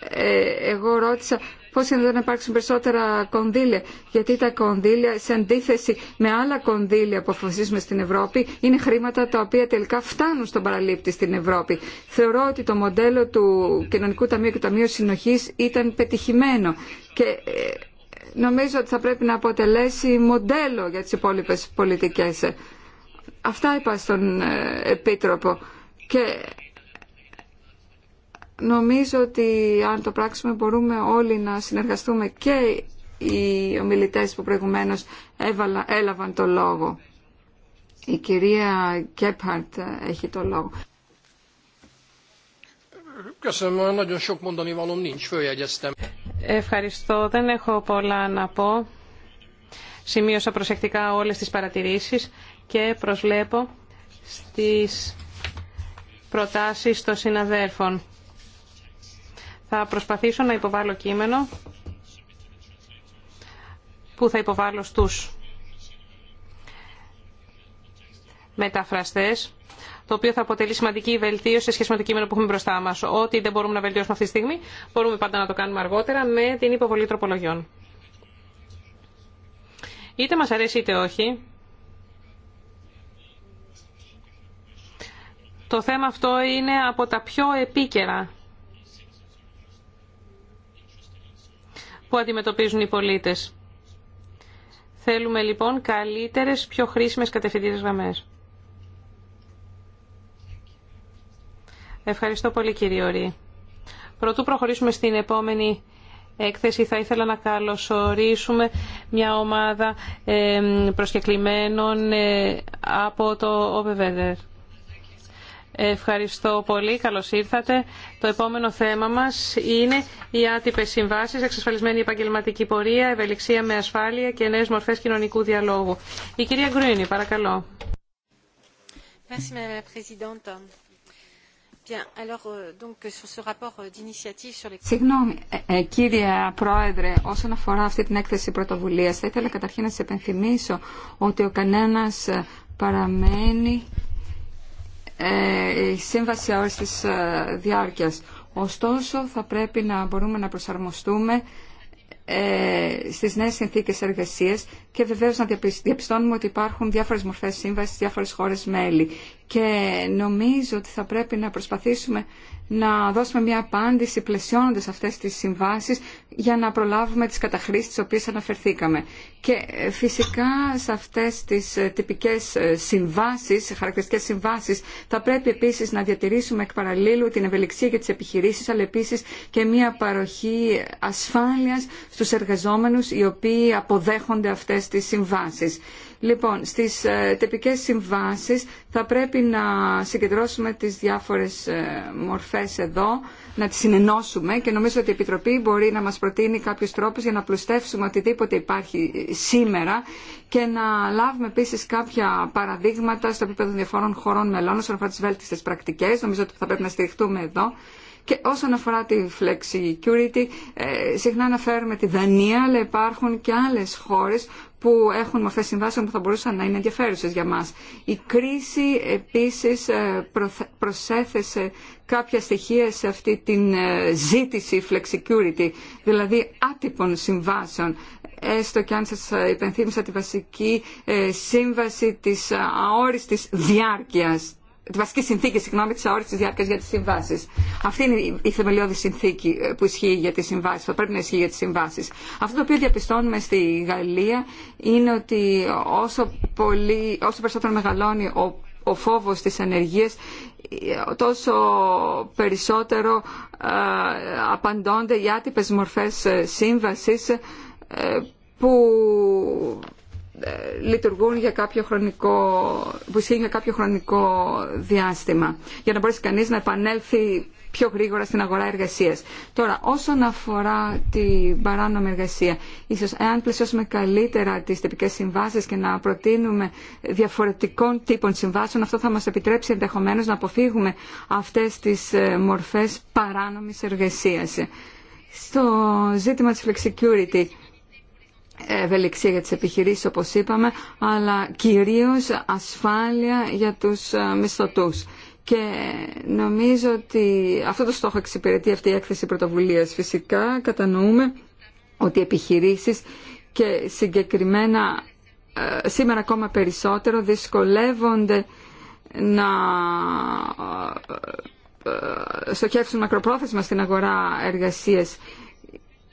[SPEAKER 1] Ε, εγώ ρώτησα πώς είναι να υπάρξουν περισσότερα κονδύλια, γιατί τα κονδύλια, σε αντίθεση με άλλα κονδύλια που αποφασίζουμε στην Ευρώπη, είναι χρήματα τα οποία τελικά φτάνουν στον παραλήπτη στην Ευρώπη. Θεωρώ ότι το μοντέλο του Κοινωνικού Ταμείου και του Ταμείου Συνοχής ήταν πετυχημένο. Και, ε, νομίζω ότι θα πρέπει να αποτελέσει μοντέλο για τις υπόλοιπες πολιτικές. Αυτά είπα στον ε, Επίτροπο και νομίζω ότι αν το πράξουμε μπορούμε όλοι να συνεργαστούμε και οι ομιλητές που προηγουμένως έβαλα, έλαβαν το λόγο. Η κυρία Κέπχαρτ έχει το λόγο.
[SPEAKER 2] Ευχαριστώ. Δεν έχω πολλά να πω. Σημείωσα προσεκτικά όλες τις παρατηρήσεις και προσλέπω στις προτάσεις των συναδέλφων. Θα προσπαθήσω να υποβάλω κείμενο που θα υποβάλω στους μεταφραστές το οποίο θα αποτελεί σημαντική βελτίωση σε σχέση με το κείμενο που έχουμε μπροστά μα. Ό,τι δεν μπορούμε να βελτιώσουμε αυτή τη στιγμή, μπορούμε πάντα να το κάνουμε αργότερα με την υποβολή τροπολογιών. Είτε μα αρέσει είτε όχι. Το θέμα αυτό είναι από τα πιο επίκαιρα που αντιμετωπίζουν οι πολίτες. Θέλουμε λοιπόν καλύτερες, πιο χρήσιμες κατευθυντήρες γραμμές. Ευχαριστώ πολύ κύριε Ωρή. Πρωτού προχωρήσουμε στην επόμενη έκθεση θα ήθελα να καλωσορίσουμε μια ομάδα προσκεκλημένων ε, από το ΟΠΕΒΕΔΕΡ. Ευχαριστώ πολύ. Καλώς ήρθατε. Το επόμενο θέμα μας είναι οι άτυπες συμβάσεις, εξασφαλισμένη επαγγελματική πορεία, ευελιξία με ασφάλεια και νέες μορφές κοινωνικού διαλόγου. Η κυρία Γκρίνη, παρακαλώ.
[SPEAKER 4] Συγγνώμη,
[SPEAKER 1] κύριε Πρόεδρε, όσον αφορά αυτή την έκθεση πρωτοβουλία, θα ήθελα καταρχήν να σα επενθυμίσω ότι ο κανένα ε, παραμένει ε, η σύμβαση όλη τη ε, διάρκεια. Ωστόσο, θα πρέπει να μπορούμε να προσαρμοστούμε ε, στις νέες συνθήκες εργασίας και βεβαίως να διαπιστώνουμε ότι υπάρχουν διάφορες μορφές σύμβασης στις διάφορες χώρες μέλη. Και νομίζω ότι θα πρέπει να προσπαθήσουμε να δώσουμε μια απάντηση πλαισιώνοντας αυτές τις συμβάσεις για να προλάβουμε τις καταχρήσεις τις οποίες αναφερθήκαμε. Και ε, φυσικά σε αυτές τις ε, τυπικές ε, συμβάσεις, χαρακτηριστικές συμβάσεις, θα πρέπει επίσης να διατηρήσουμε εκ την ευελιξία για τις επιχειρήσεις, αλλά επίσης και μια παροχή ασφάλειας στους εργαζόμενους οι οποίοι αποδέχονται αυτές τις συμβάσεις. Λοιπόν, στις τυπικές συμβάσεις θα πρέπει να συγκεντρώσουμε τις διάφορες μορφές εδώ να τις συνενώσουμε και νομίζω ότι η Επιτροπή μπορεί να μας προτείνει κάποιους τρόπους για να πλουστεύσουμε οτιδήποτε υπάρχει σήμερα και να λάβουμε επίσης κάποια παραδείγματα στο επίπεδο των διαφόρων χωρών μελών όσον αφορά τις βέλτιστες πρακτικές. Νομίζω ότι θα πρέπει να στηριχτούμε εδώ και όσον αφορά τη Security, ε, συχνά αναφέρουμε τη Δανία, αλλά υπάρχουν και άλλες χώρες που έχουν μορφέ συμβάσεων που θα μπορούσαν να είναι ενδιαφέρουσε για μα. Η κρίση επίση ε, προσέθεσε κάποια στοιχεία σε αυτή την ε, ζήτηση Security, δηλαδή άτυπων συμβάσεων. Έστω και αν σα υπενθύμισα τη βασική σύμβαση της αόριστης διάρκεια τη βασική συνθήκη συγγνώμη, της αόριστης διάρκειας για τις συμβάσεις. Αυτή είναι η θεμελιώδη συνθήκη ε, που ισχύει για τις συμβάσεις, θα πρέπει να ισχύει για τις συμβάσεις. Αυτό το οποίο διαπιστώνουμε στη Γαλλία είναι ότι όσο, πολύ, όσο περισσότερο μεγαλώνει ο, ο φόβος της ανεργίας, ε, τόσο περισσότερο ε, απαντώνται οι άτυπες μορφές σύμβασης που ε, λειτουργούν για κάποιο χρονικό, που ισχύει για κάποιο χρονικό διάστημα, για να μπορέσει κανείς να επανέλθει πιο γρήγορα στην αγορά εργασία. Τώρα, όσον αφορά την παράνομη εργασία, ίσω, εάν πλαισιώσουμε καλύτερα τι τυπικέ συμβάσει και να προτείνουμε διαφορετικών τύπων συμβάσεων, αυτό θα μα επιτρέψει ενδεχομένω να αποφύγουμε αυτές τις ε, μορφές παράνομη εργασία. Στο ζήτημα τη. flexicurity, ευελιξία για τις επιχειρήσεις όπως είπαμε, αλλά κυρίως ασφάλεια για τους ε, μισθωτούς. Και νομίζω ότι αυτό το στόχο εξυπηρετεί αυτή η έκθεση πρωτοβουλίας. Φυσικά κατανοούμε ότι οι επιχειρήσεις και συγκεκριμένα ε, σήμερα ακόμα περισσότερο δυσκολεύονται να ε, στοχεύσουν μακροπρόθεσμα στην αγορά εργασίας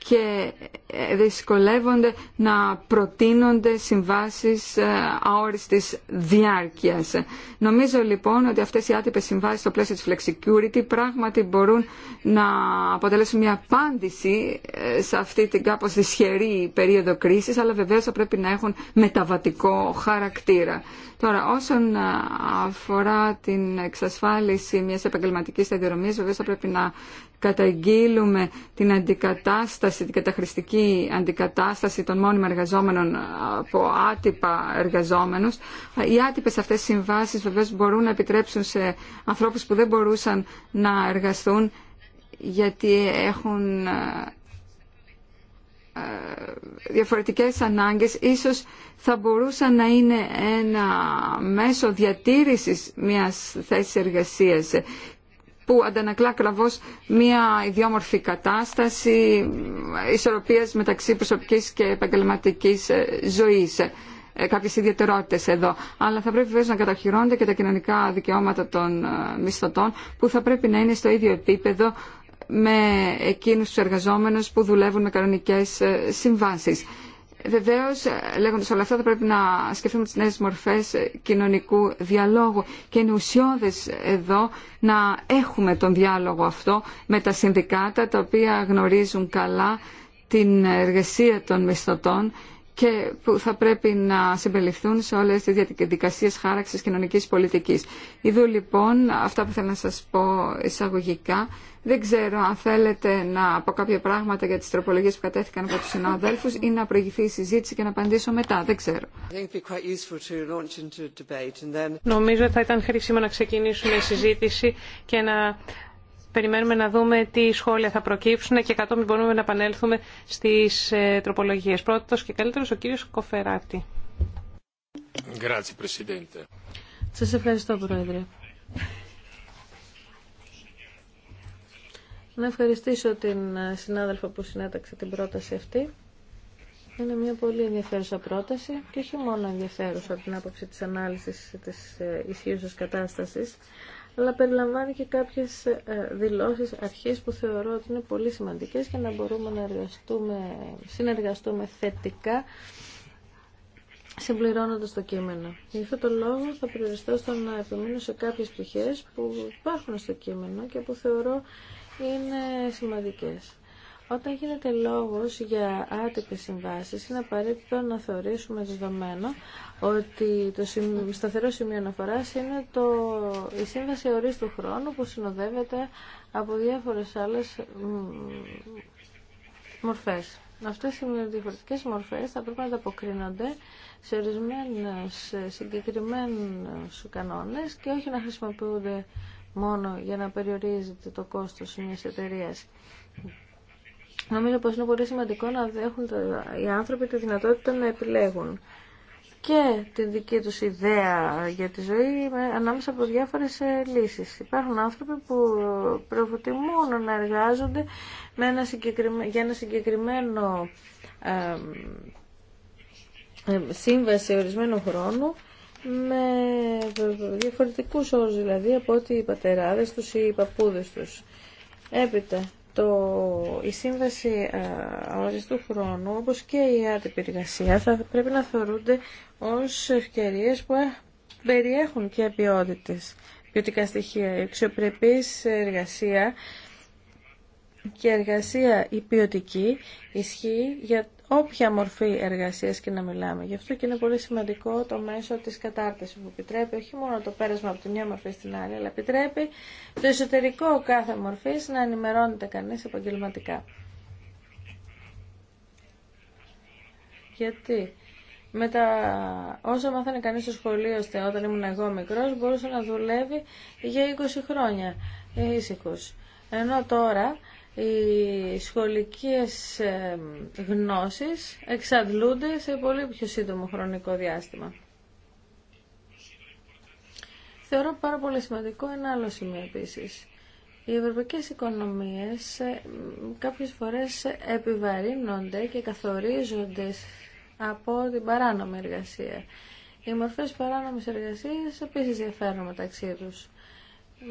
[SPEAKER 1] και ε, δυσκολεύονται να προτείνονται συμβάσεις ε, αόριστης διάρκειας. Νομίζω λοιπόν ότι αυτές οι άτυπες συμβάσεις στο πλαίσιο της flexicurity πράγματι μπορούν να αποτελέσουν μια απάντηση ε, σε αυτή την κάπως δυσχερή περίοδο κρίσης, αλλά βεβαίως θα πρέπει να έχουν μεταβατικό χαρακτήρα. Τώρα, όσον αφορά την εξασφάλιση μιας επαγγελματικής σταδιοδρομίας, βεβαίως θα πρέπει να καταγγείλουμε την αντικατάσταση, την καταχρηστική αντικατάσταση των μόνιμων εργαζόμενων από άτυπα εργαζόμενους. Οι άτυπες αυτές συμβάσει βεβαίω μπορούν να επιτρέψουν σε ανθρώπους που δεν μπορούσαν να εργαστούν γιατί έχουν ε, διαφορετικές ανάγκες ίσως θα μπορούσαν να είναι ένα μέσο διατήρησης μιας θέσης εργασίας που αντανακλά κραβώς μια ιδιόμορφη κατάσταση ισορροπίας μεταξύ προσωπικής και επαγγελματικής ε, ζωής ε, κάποιε ιδιαιτερότητε εδώ. Αλλά θα πρέπει βέβαια να καταχειρώνονται και τα κοινωνικά δικαιώματα των ε, μισθωτών που θα πρέπει να είναι στο ίδιο επίπεδο με εκείνους τους εργαζόμενους που δουλεύουν με κανονικές συμβάσεις. Βεβαίω, λέγοντα όλα αυτά, θα πρέπει να σκεφτούμε τι νέε μορφέ κοινωνικού διαλόγου και είναι ουσιώδε εδώ να έχουμε τον διάλογο αυτό με τα συνδικάτα, τα οποία γνωρίζουν καλά την εργασία των μισθωτών και που θα πρέπει να συμπεριληφθούν σε όλες τις διαδικασίες χάραξης κοινωνικής πολιτικής. Ιδού λοιπόν αυτά που θέλω να σας πω εισαγωγικά. Δεν ξέρω αν θέλετε να πω κάποια πράγματα για τις τροπολογίες που κατέθηκαν από τους συναδέλφους ή να προηγηθεί η συζήτηση και να απαντήσω μετά. Δεν ξέρω. Νομίζω θα ήταν
[SPEAKER 2] χρήσιμο να ξεκινήσουμε συζήτηση και να Περιμένουμε να δούμε τι σχόλια θα προκύψουν και κατόπιν μπορούμε να επανέλθουμε στις ε, τροπολογίες. Πρώτος και καλύτερος ο κύριος Κοφεράτη.
[SPEAKER 4] Σας ευχαριστώ Πρόεδρε. Να ευχαριστήσω την ε, συνάδελφο που συνέταξε την πρόταση αυτή. Είναι μια πολύ ενδιαφέρουσα πρόταση και όχι μόνο ενδιαφέρουσα από την άποψη της ανάλυσης της ε, ισχύουσας κατάστασης, αλλά περιλαμβάνει και κάποιες ε, δηλώσεις αρχής που θεωρώ ότι είναι πολύ σημαντικές και να μπορούμε να εργαστούμε, συνεργαστούμε θετικά συμπληρώνοντας το κείμενο. Γι' αυτό το λόγο θα περιοριστώ στο να επιμείνω σε κάποιες πτυχές που υπάρχουν στο κείμενο και που θεωρώ είναι σημαντικές. Όταν γίνεται λόγος για άτυπες συμβάσεις, είναι απαραίτητο να θεωρήσουμε δεδομένο ότι το σταθερό σημείο αναφοράς είναι το, η σύμβαση ορίστου χρόνου που συνοδεύεται από διάφορες άλλες μορφές. Αυτές οι διαφορετικές μορφές θα πρέπει να αποκρίνονται σε ορισμένου συγκεκριμένους κανόνες και όχι να χρησιμοποιούνται μόνο για να περιορίζεται το κόστος μιας εταιρείας. Νομίζω πως είναι πολύ σημαντικό να έχουν οι άνθρωποι τη δυνατότητα να επιλέγουν και την δική τους ιδέα για τη ζωή ανάμεσα από διάφορες ε, λύσεις. Υπάρχουν άνθρωποι που προτιμούν να εργάζονται με ένα συγκεκριμένο, για ένα συγκεκριμένο σύμβαση ορισμένου χρόνου με διαφορετικούς όρους δηλαδή από ότι οι πατεράδες τους ή οι παππούδες τους. Έπειτα, το, η σύμβαση ε, του χρόνου όπως και η άτυπη εργασία θα πρέπει να θεωρούνται ως ευκαιρίες που ε, περιέχουν και ποιότητες, ποιοτικά στοιχεία. Η αξιοπρεπής εργασία και εργασία η ποιοτική ισχύει για όποια μορφή εργασίας και να μιλάμε. Γι' αυτό και είναι πολύ σημαντικό το μέσο της κατάρτισης που επιτρέπει όχι μόνο το πέρασμα από τη μια μορφή στην άλλη, αλλά επιτρέπει το εσωτερικό κάθε μορφής να ενημερώνεται κανείς επαγγελματικά. Γιατί με τα όσα μάθανε κανεί στο σχολείο όταν ήμουν εγώ μικρό, μπορούσε να δουλεύει για 20 χρόνια ήσυχο. Ενώ τώρα οι σχολικές ε, γνώσεις εξαντλούνται σε πολύ πιο σύντομο χρονικό διάστημα. Θεωρώ πάρα πολύ σημαντικό ένα άλλο σημείο επίσης. Οι ευρωπαϊκές οικονομίες ε, κάποιες φορές επιβαρύνονται και καθορίζονται από την παράνομη εργασία. Οι μορφές παράνομης εργασίας επίσης διαφέρουν μεταξύ τους.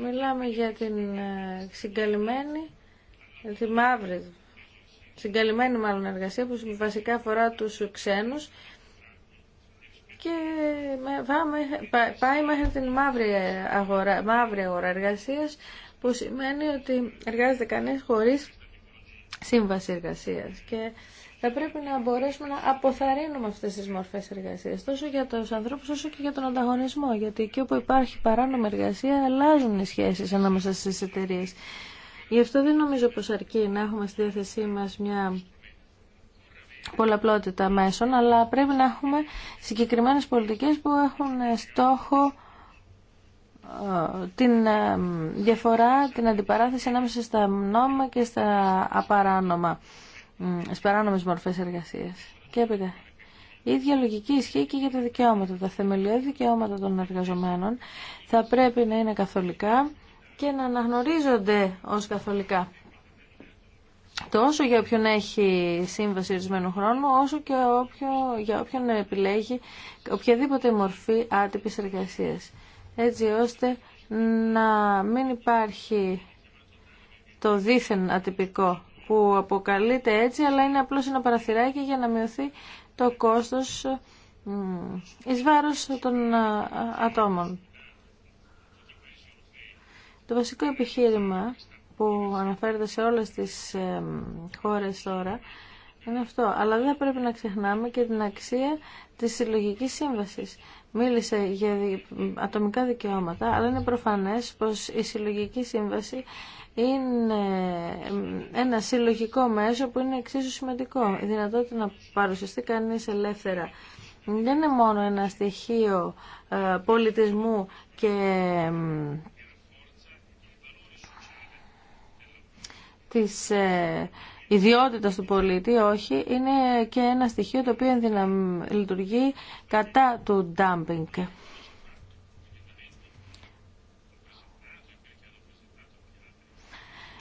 [SPEAKER 4] Μιλάμε για την ε, συγκαλυμμένη τη μαύρη, συγκαλυμμένη μάλλον εργασία που βασικά αφορά τους ξένους και πάει μέχρι την μαύρη αγορά, μαύρη αγορά που σημαίνει ότι εργάζεται κανείς χωρίς σύμβαση εργασίας και θα πρέπει να μπορέσουμε να αποθαρρύνουμε αυτές τις μορφές εργασίας τόσο για τους ανθρώπους όσο και για τον ανταγωνισμό γιατί εκεί όπου υπάρχει παράνομη εργασία αλλάζουν οι σχέσεις ανάμεσα στις εταιρείε. Γι' αυτό δεν νομίζω πως αρκεί να έχουμε στη διάθεσή μας μια πολλαπλότητα μέσων, αλλά πρέπει να έχουμε συγκεκριμένες πολιτικές που έχουν στόχο ε, την ε, διαφορά, την αντιπαράθεση ανάμεσα στα νόμα και στα απαράνομα, στις παράνομες μορφές εργασίας. Και έπειτα, η ίδια λογική ισχύει και για τα δικαιώματα. Τα θεμελιώδη δικαιώματα των εργαζομένων θα πρέπει να είναι καθολικά και να αναγνωρίζονται ως καθολικά. Τόσο για όποιον έχει σύμβαση ορισμένου χρόνου, όσο και όποιο, για όποιον επιλέγει οποιαδήποτε μορφή άτυπης εργασίας. Έτσι ώστε να μην υπάρχει το δίθεν ατυπικό που αποκαλείται έτσι, αλλά είναι απλώς ένα παραθυράκι για να μειωθεί το κόστος εις βάρος των ατόμων. Το βασικό επιχείρημα που αναφέρεται σε όλες τις χώρες τώρα είναι αυτό. Αλλά δεν πρέπει να ξεχνάμε και την αξία της συλλογικής σύμβασης. Μίλησε για ατομικά δικαιώματα, αλλά είναι προφανές πως η συλλογική σύμβαση είναι ένα συλλογικό μέσο που είναι εξίσου σημαντικό. Η δυνατότητα να παρουσιαστεί κανείς ελεύθερα δεν είναι μόνο ένα στοιχείο ε, πολιτισμού και της ε, ιδιότητας του πολίτη, όχι, είναι και ένα στοιχείο το οποίο λειτουργεί κατά του ντάμπινγκ.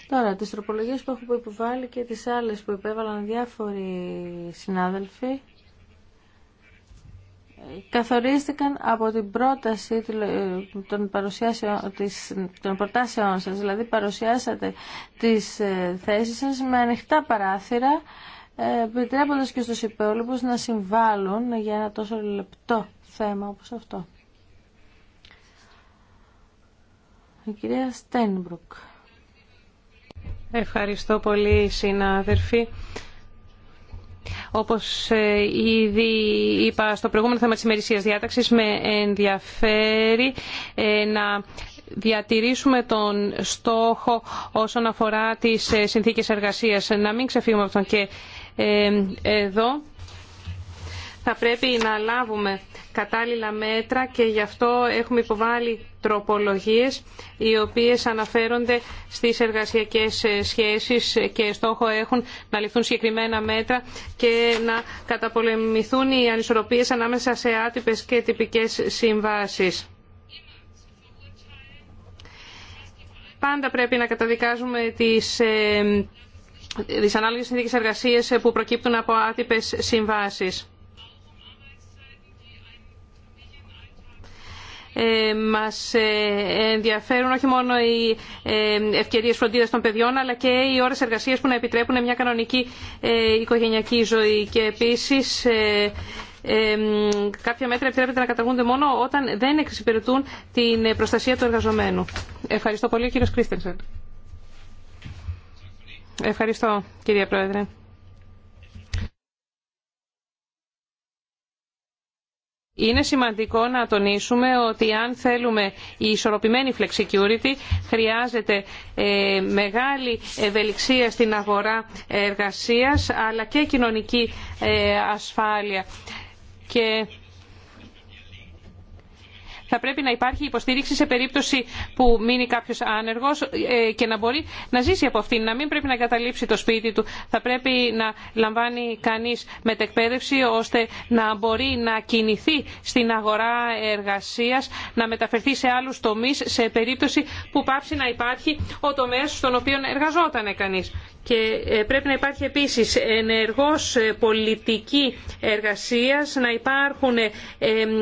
[SPEAKER 4] Τώρα, τις τροπολογίες που έχω υποβάλει και τις άλλες που υπέβαλαν διάφοροι συνάδελφοι, καθορίστηκαν από την πρόταση των, προτάσεών σας. Δηλαδή παρουσιάσατε τις ε, θέσεις σας με ανοιχτά παράθυρα, ε, επιτρέποντας και στους υπόλοιπους να συμβάλλουν για ένα τόσο λεπτό θέμα όπως αυτό. Η κυρία Στένμπρουκ.
[SPEAKER 2] Ευχαριστώ πολύ συνάδελφοι. Όπως ε, ήδη είπα στο προηγούμενο θέμα της ημερησίας διάταξης, με ενδιαφέρει ε, να διατηρήσουμε τον στόχο όσον αφορά τις ε, συνθήκες εργασίας. Να μην ξεφύγουμε από τον και εδώ θα πρέπει να λάβουμε κατάλληλα μέτρα και γι' αυτό έχουμε υποβάλει τροπολογίες οι οποίες αναφέρονται στις εργασιακές ε, σχέσεις και στόχο έχουν να ληφθούν συγκεκριμένα μέτρα και να καταπολεμηθούν οι ανισορροπίες ανάμεσα σε άτυπες και τυπικές συμβάσεις. Πάντα πρέπει να καταδικάζουμε τις δυσανάλογες ε, συνθήκες εργασίες που προκύπτουν από άτυπες συμβάσεις. Ε, μας ε, ενδιαφέρουν όχι μόνο οι ε, ευκαιρίες φροντίδας των παιδιών αλλά και οι ώρες εργασίας που να επιτρέπουν μια κανονική οικογενειακή ζωή και επίσης κάποια μέτρα επιτρέπεται να καταργούνται μόνο όταν δεν εξυπηρετούν την προστασία του εργαζομένου. Ευχαριστώ πολύ κύριος Κρίστενσεν. Ευχαριστώ κυρία Πρόεδρε. Είναι σημαντικό να τονίσουμε ότι αν θέλουμε η ισορροπημένη flexicurity χρειάζεται ε, μεγάλη ευελιξία στην αγορά εργασίας αλλά και κοινωνική ε, ασφάλεια. Και θα πρέπει να υπάρχει υποστήριξη σε περίπτωση που μείνει κάποιο άνεργο ε, και να μπορεί να ζήσει από αυτήν, να μην πρέπει να καταλήψει το σπίτι του. Θα πρέπει να λαμβάνει κανεί μετεκπαίδευση ώστε να μπορεί να κινηθεί στην αγορά εργασία, να μεταφερθεί σε άλλου τομεί σε περίπτωση που πάψει να υπάρχει ο τομέα στον οποίο εργαζόταν κανεί και ε, πρέπει να υπάρχει επίσης ενεργός ε, πολιτική εργασίας, να υπάρχουν ε,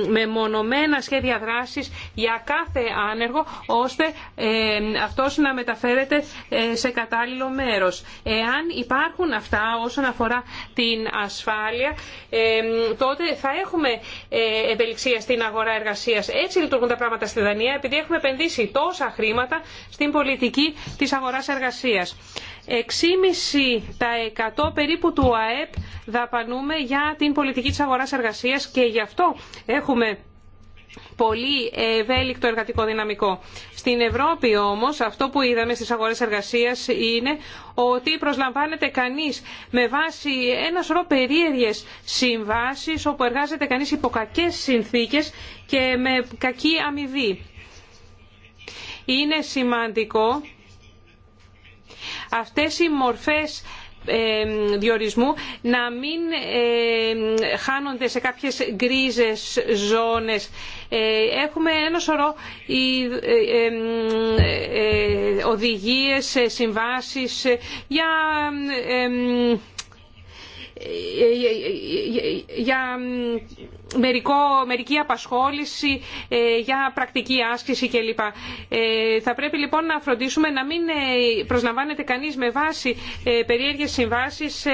[SPEAKER 2] μεμονωμένα σχέδια δράσης για κάθε άνεργο, ώστε αυτός να μεταφέρεται σε κατάλληλο μέρος. Εάν υπάρχουν αυτά όσον αφορά την ασφάλεια, τότε θα έχουμε ευελιξία στην αγορά εργασίας. Έτσι λειτουργούν τα πράγματα στη Δανία, επειδή έχουμε επενδύσει τόσα χρήματα στην πολιτική της αγοράς εργασίας. 6,5% περίπου του ΑΕΠ δαπανούμε για την πολιτική της αγοράς εργασίας και γι' αυτό έχουμε πολύ ευέλικτο εργατικό δυναμικό. Στην Ευρώπη όμως αυτό που είδαμε στις αγορές εργασίας είναι ότι προσλαμβάνεται κανείς με βάση ένα σωρό περίεργες συμβάσεις όπου εργάζεται κανείς υπό κακές συνθήκες και με κακή αμοιβή. Είναι σημαντικό αυτές οι μορφές διορισμού να μην χάνονται σε κάποιες γκρίζες ζώνες. Ε, έχουμε ένα σωρό οδηγίες, συμβάσεις για για μερικό, μερική απασχόληση ε, για πρακτική άσκηση κλπ. Ε, θα πρέπει λοιπόν να φροντίσουμε να μην ε, προσλαμβάνεται κανείς με βάση περίεργες συμβάσεις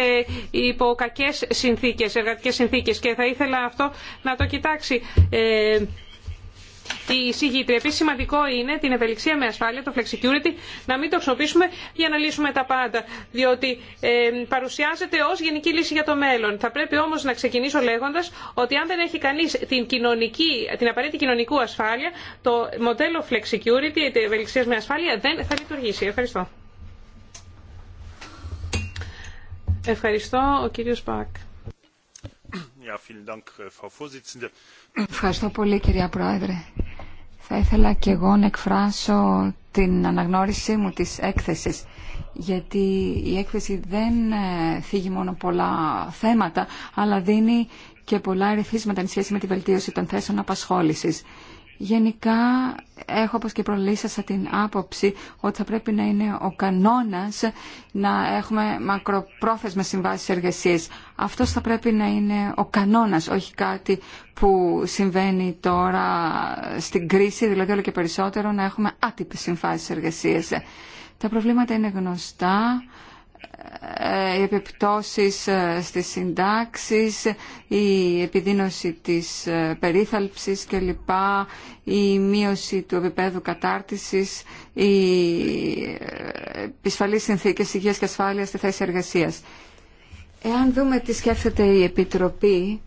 [SPEAKER 2] υπό κακές συνθήκες, εργατικές συνθήκες και θα ήθελα αυτό να το κοιτάξει η συγγήτρια. Επίση, σημαντικό είναι την ευελιξία με ασφάλεια, το flexicurity, να μην το χρησιμοποιήσουμε για να λύσουμε τα πάντα. Διότι ε, παρουσιάζεται ω γενική λύση για το μέλλον. Θα πρέπει όμω να ξεκινήσω λέγοντα ότι αν δεν έχει κανεί την, την απαραίτητη κοινωνικού ασφάλεια, το μοντέλο flexicurity, η ευελιξία με ασφάλεια, δεν θα λειτουργήσει. Ευχαριστώ. Ευχαριστώ, ο κύριος Πακ.
[SPEAKER 4] Vorsitzende.
[SPEAKER 1] Ευχαριστώ πολύ κυρία Πρόεδρε. Θα ήθελα και εγώ να εκφράσω την αναγνώρισή μου της έκθεσης γιατί η έκθεση δεν ε, θίγει μόνο πολλά θέματα αλλά δίνει και πολλά ερεθίσματα σε σχέση με τη βελτίωση των θέσεων απασχόλησης. Γενικά έχω όπως και προλύσασα την άποψη ότι θα πρέπει να είναι ο κανόνας να έχουμε μακροπρόθεσμες συμβάσεις εργασίες. Αυτός θα πρέπει να είναι ο κανόνας, όχι κάτι που συμβαίνει τώρα στην κρίση, δηλαδή όλο και περισσότερο να έχουμε άτυπες συμβάσεις εργασίες. Τα προβλήματα είναι γνωστά ε, οι επιπτώσεις ε, στις συντάξεις, η επιδίνωση της ε, περίθαλψης κλπ, η μείωση του επίπεδου κατάρτισης, οι επισφαλείς συνθήκες υγείας και ασφάλειας στη θέση εργασίας. Εάν δούμε τι σκέφτεται η Επιτροπή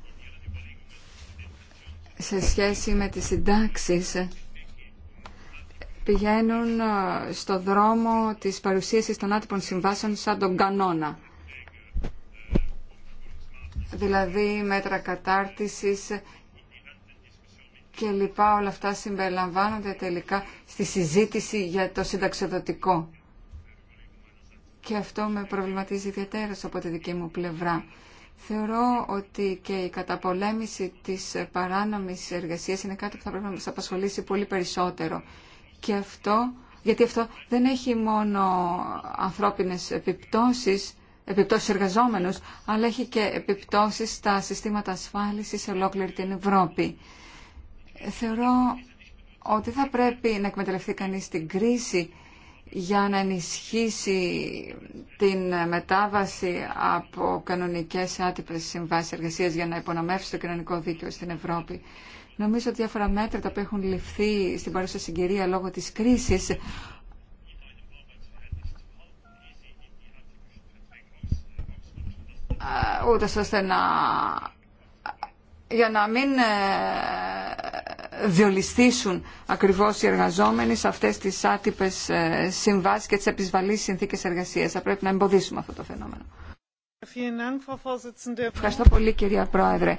[SPEAKER 1] σε σχέση με τις συντάξεις, πηγαίνουν ε, στο δρόμο της παρουσίασης των άτυπων συμβάσεων σαν τον κανόνα. Δηλαδή μέτρα κατάρτισης και λοιπά όλα αυτά συμπεριλαμβάνονται τελικά στη συζήτηση για το συνταξιοδοτικό. Και αυτό με προβληματίζει ιδιαίτερα από τη δική μου πλευρά. Θεωρώ ότι και η καταπολέμηση της παράνομης εργασίας είναι κάτι που θα πρέπει να μας απασχολήσει πολύ περισσότερο και αυτό, γιατί αυτό δεν έχει μόνο ανθρώπινες επιπτώσεις, επιπτώσεις εργαζόμενους, αλλά έχει και επιπτώσεις στα συστήματα ασφάλισης σε ολόκληρη την Ευρώπη. Θεωρώ ότι θα πρέπει να εκμεταλλευτεί κανείς την κρίση για να ενισχύσει την μετάβαση από κανονικές άτυπες συμβάσεις εργασίας για να υπονομεύσει το κοινωνικό δίκαιο στην Ευρώπη. Νομίζω ότι διάφορα μέτρα τα οποία έχουν ληφθεί στην παρούσα συγκυρία λόγω της κρίσης ούτε ώστε να για να μην ε, διολυστήσουν ακριβώς οι εργαζόμενοι σε αυτές τις άτυπες ε, συμβάσεις και τις επισβαλείς συνθήκες εργασίας. Θα πρέπει να εμποδίσουμε αυτό το φαινόμενο. Ευχαριστώ πολύ κυρία Πρόεδρε.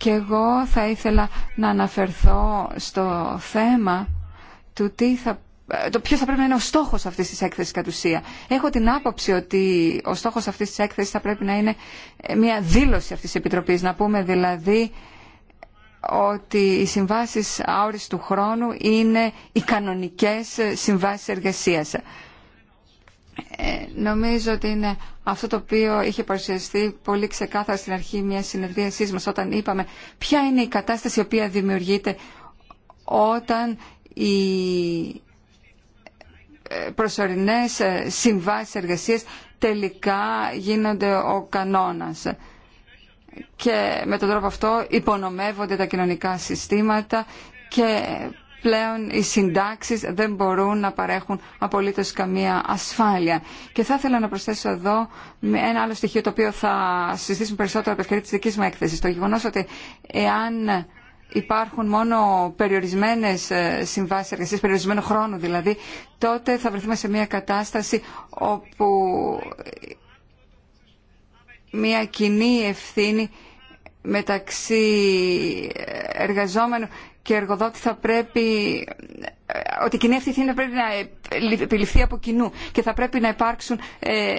[SPEAKER 1] Και εγώ θα ήθελα να αναφερθώ στο θέμα του τι θα το ποιο θα πρέπει να είναι ο στόχο αυτή τη έκθεση κατ' ουσία. Έχω την άποψη ότι ο στόχο αυτή τη έκθεση θα πρέπει να είναι μια δήλωση αυτή τη Επιτροπή. Να πούμε δηλαδή ότι οι συμβάσει του χρόνου είναι οι κανονικέ συμβάσει εργασία. Ε, νομίζω ότι είναι αυτό το οποίο είχε παρουσιαστεί πολύ ξεκάθαρα στην αρχή μια συνεδρίασή μα, όταν είπαμε ποια είναι η κατάσταση η οποία δημιουργείται όταν οι ε, προσωρινές ε, συμβάσεις εργασία τελικά γίνονται ο κανόνας και με τον τρόπο αυτό υπονομεύονται τα κοινωνικά συστήματα και πλέον οι συντάξει δεν μπορούν να παρέχουν απολύτω καμία ασφάλεια. Και θα ήθελα να προσθέσω εδώ ένα άλλο στοιχείο το οποίο θα συζητήσουμε περισσότερο από ευκαιρία τη δική μου έκθεση. Το γεγονό ότι εάν υπάρχουν μόνο περιορισμένε ε, συμβάσει εργασία, περιορισμένο χρόνο δηλαδή, τότε θα βρεθούμε σε μια κατάσταση όπου μια κοινή ευθύνη μεταξύ εργαζόμενου και εργοδότη θα πρέπει ότι η κοινή αυτή πρέπει να επιληφθεί από κοινού και θα πρέπει να υπάρξουν ε,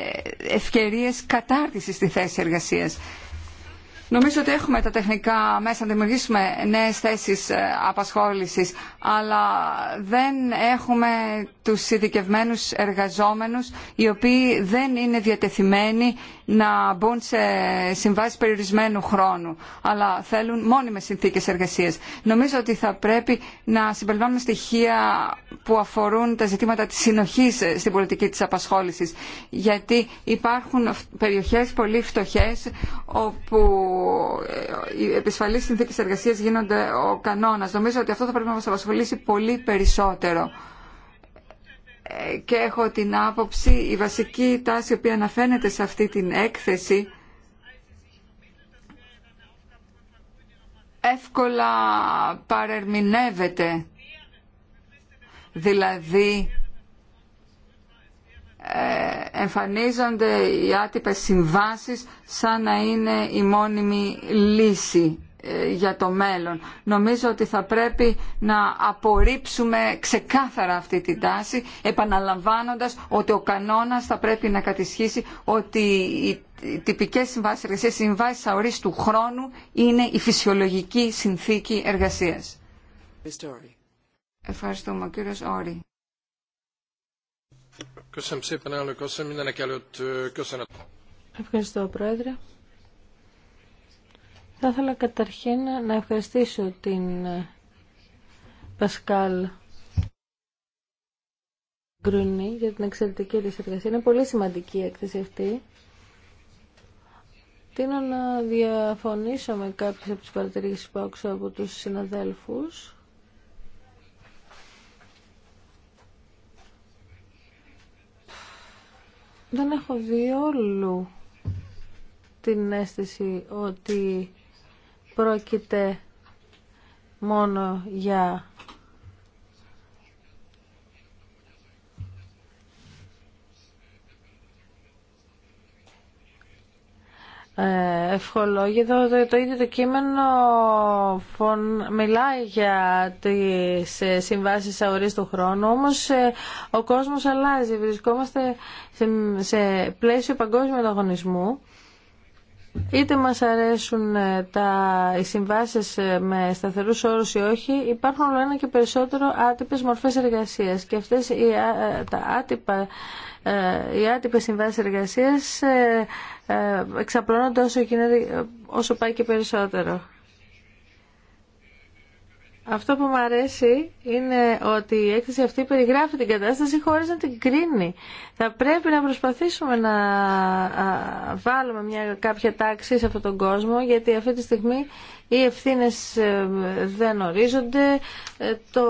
[SPEAKER 1] ευκαιρίες κατάρτισης στη θέση εργασίας. Νομίζω ότι έχουμε τα τεχνικά μέσα να δημιουργήσουμε νέες θέσεις ε, απασχόλησης, αλλά δεν έχουμε τους ειδικευμένους εργαζόμενους οι οποίοι δεν είναι διατεθειμένοι να μπουν σε συμβάσεις περιορισμένου χρόνου αλλά θέλουν μόνιμες συνθήκες εργασίας. Νομίζω ότι θα πρέπει να συμπεριλαμβάνουμε στοιχεία που αφορούν τα ζητήματα της συνοχής στην πολιτική της απασχόλησης γιατί υπάρχουν περιοχές πολύ φτωχές όπου ε, οι επισφαλείς συνθήκες εργασίας γίνονται ο κανόνας. Νομίζω ότι αυτό θα πρέπει να μας απασχολήσει πολύ περισσότερο και έχω την άποψη η βασική τάση η οποία αναφέρεται σε αυτή την έκθεση εύκολα παρερμηνεύεται δηλαδή ε, εμφανίζονται οι άτυπες συμβάσεις σαν να είναι η μόνιμη λύση ε, για το μέλλον. Νομίζω ότι θα πρέπει να απορρίψουμε ξεκάθαρα αυτή την τάση, επαναλαμβάνοντας ότι ο κανόνας θα πρέπει να κατησχύσει ότι οι τυπικές συμβάσεις εργασίας, οι συμβάσεις αορίστου χρόνου, είναι η φυσιολογική συνθήκη εργασίας. Ευχαριστούμε, κύριος Όρη.
[SPEAKER 4] Ευχαριστώ, Πρόεδρε. Θα ήθελα καταρχήν να ευχαριστήσω την ε, Πασκάλ Γκρουνή για την εξαιρετική της εργασία. Είναι πολύ σημαντική η έκθεση αυτή. Τίνω να διαφωνήσω με κάποιες από τις παρατηρήσεις που άκουσα από τους συναδέλφους. Δεν έχω δει όλου την αίσθηση ότι πρόκειται μόνο για ε, ευχολόγια. Το, το, ίδιο το κείμενο φων, μιλάει για τις ε, συμβάσεις αορίστου χρόνου, όμως ε, ο κόσμος αλλάζει. Βρισκόμαστε σε, σε πλαίσιο παγκόσμιου ανταγωνισμού είτε μας αρέσουν ε, τα, οι συμβάσεις ε, με σταθερούς όρους ή όχι, υπάρχουν όλο ένα και περισσότερο άτυπες μορφές εργασίας και αυτές οι, ε, τα άτυπα, οι άτυπες συμβάσεις εργασίας εξαπλώνονται όσο, όσο πάει και περισσότερο. Αυτό που μου αρέσει είναι ότι η έκθεση αυτή περιγράφει την κατάσταση χωρίς να την κρίνει. Θα πρέπει να προσπαθήσουμε να βάλουμε μια κάποια τάξη σε αυτόν τον κόσμο γιατί αυτή τη στιγμή οι ευθύνες ε, δεν ορίζονται, ε, το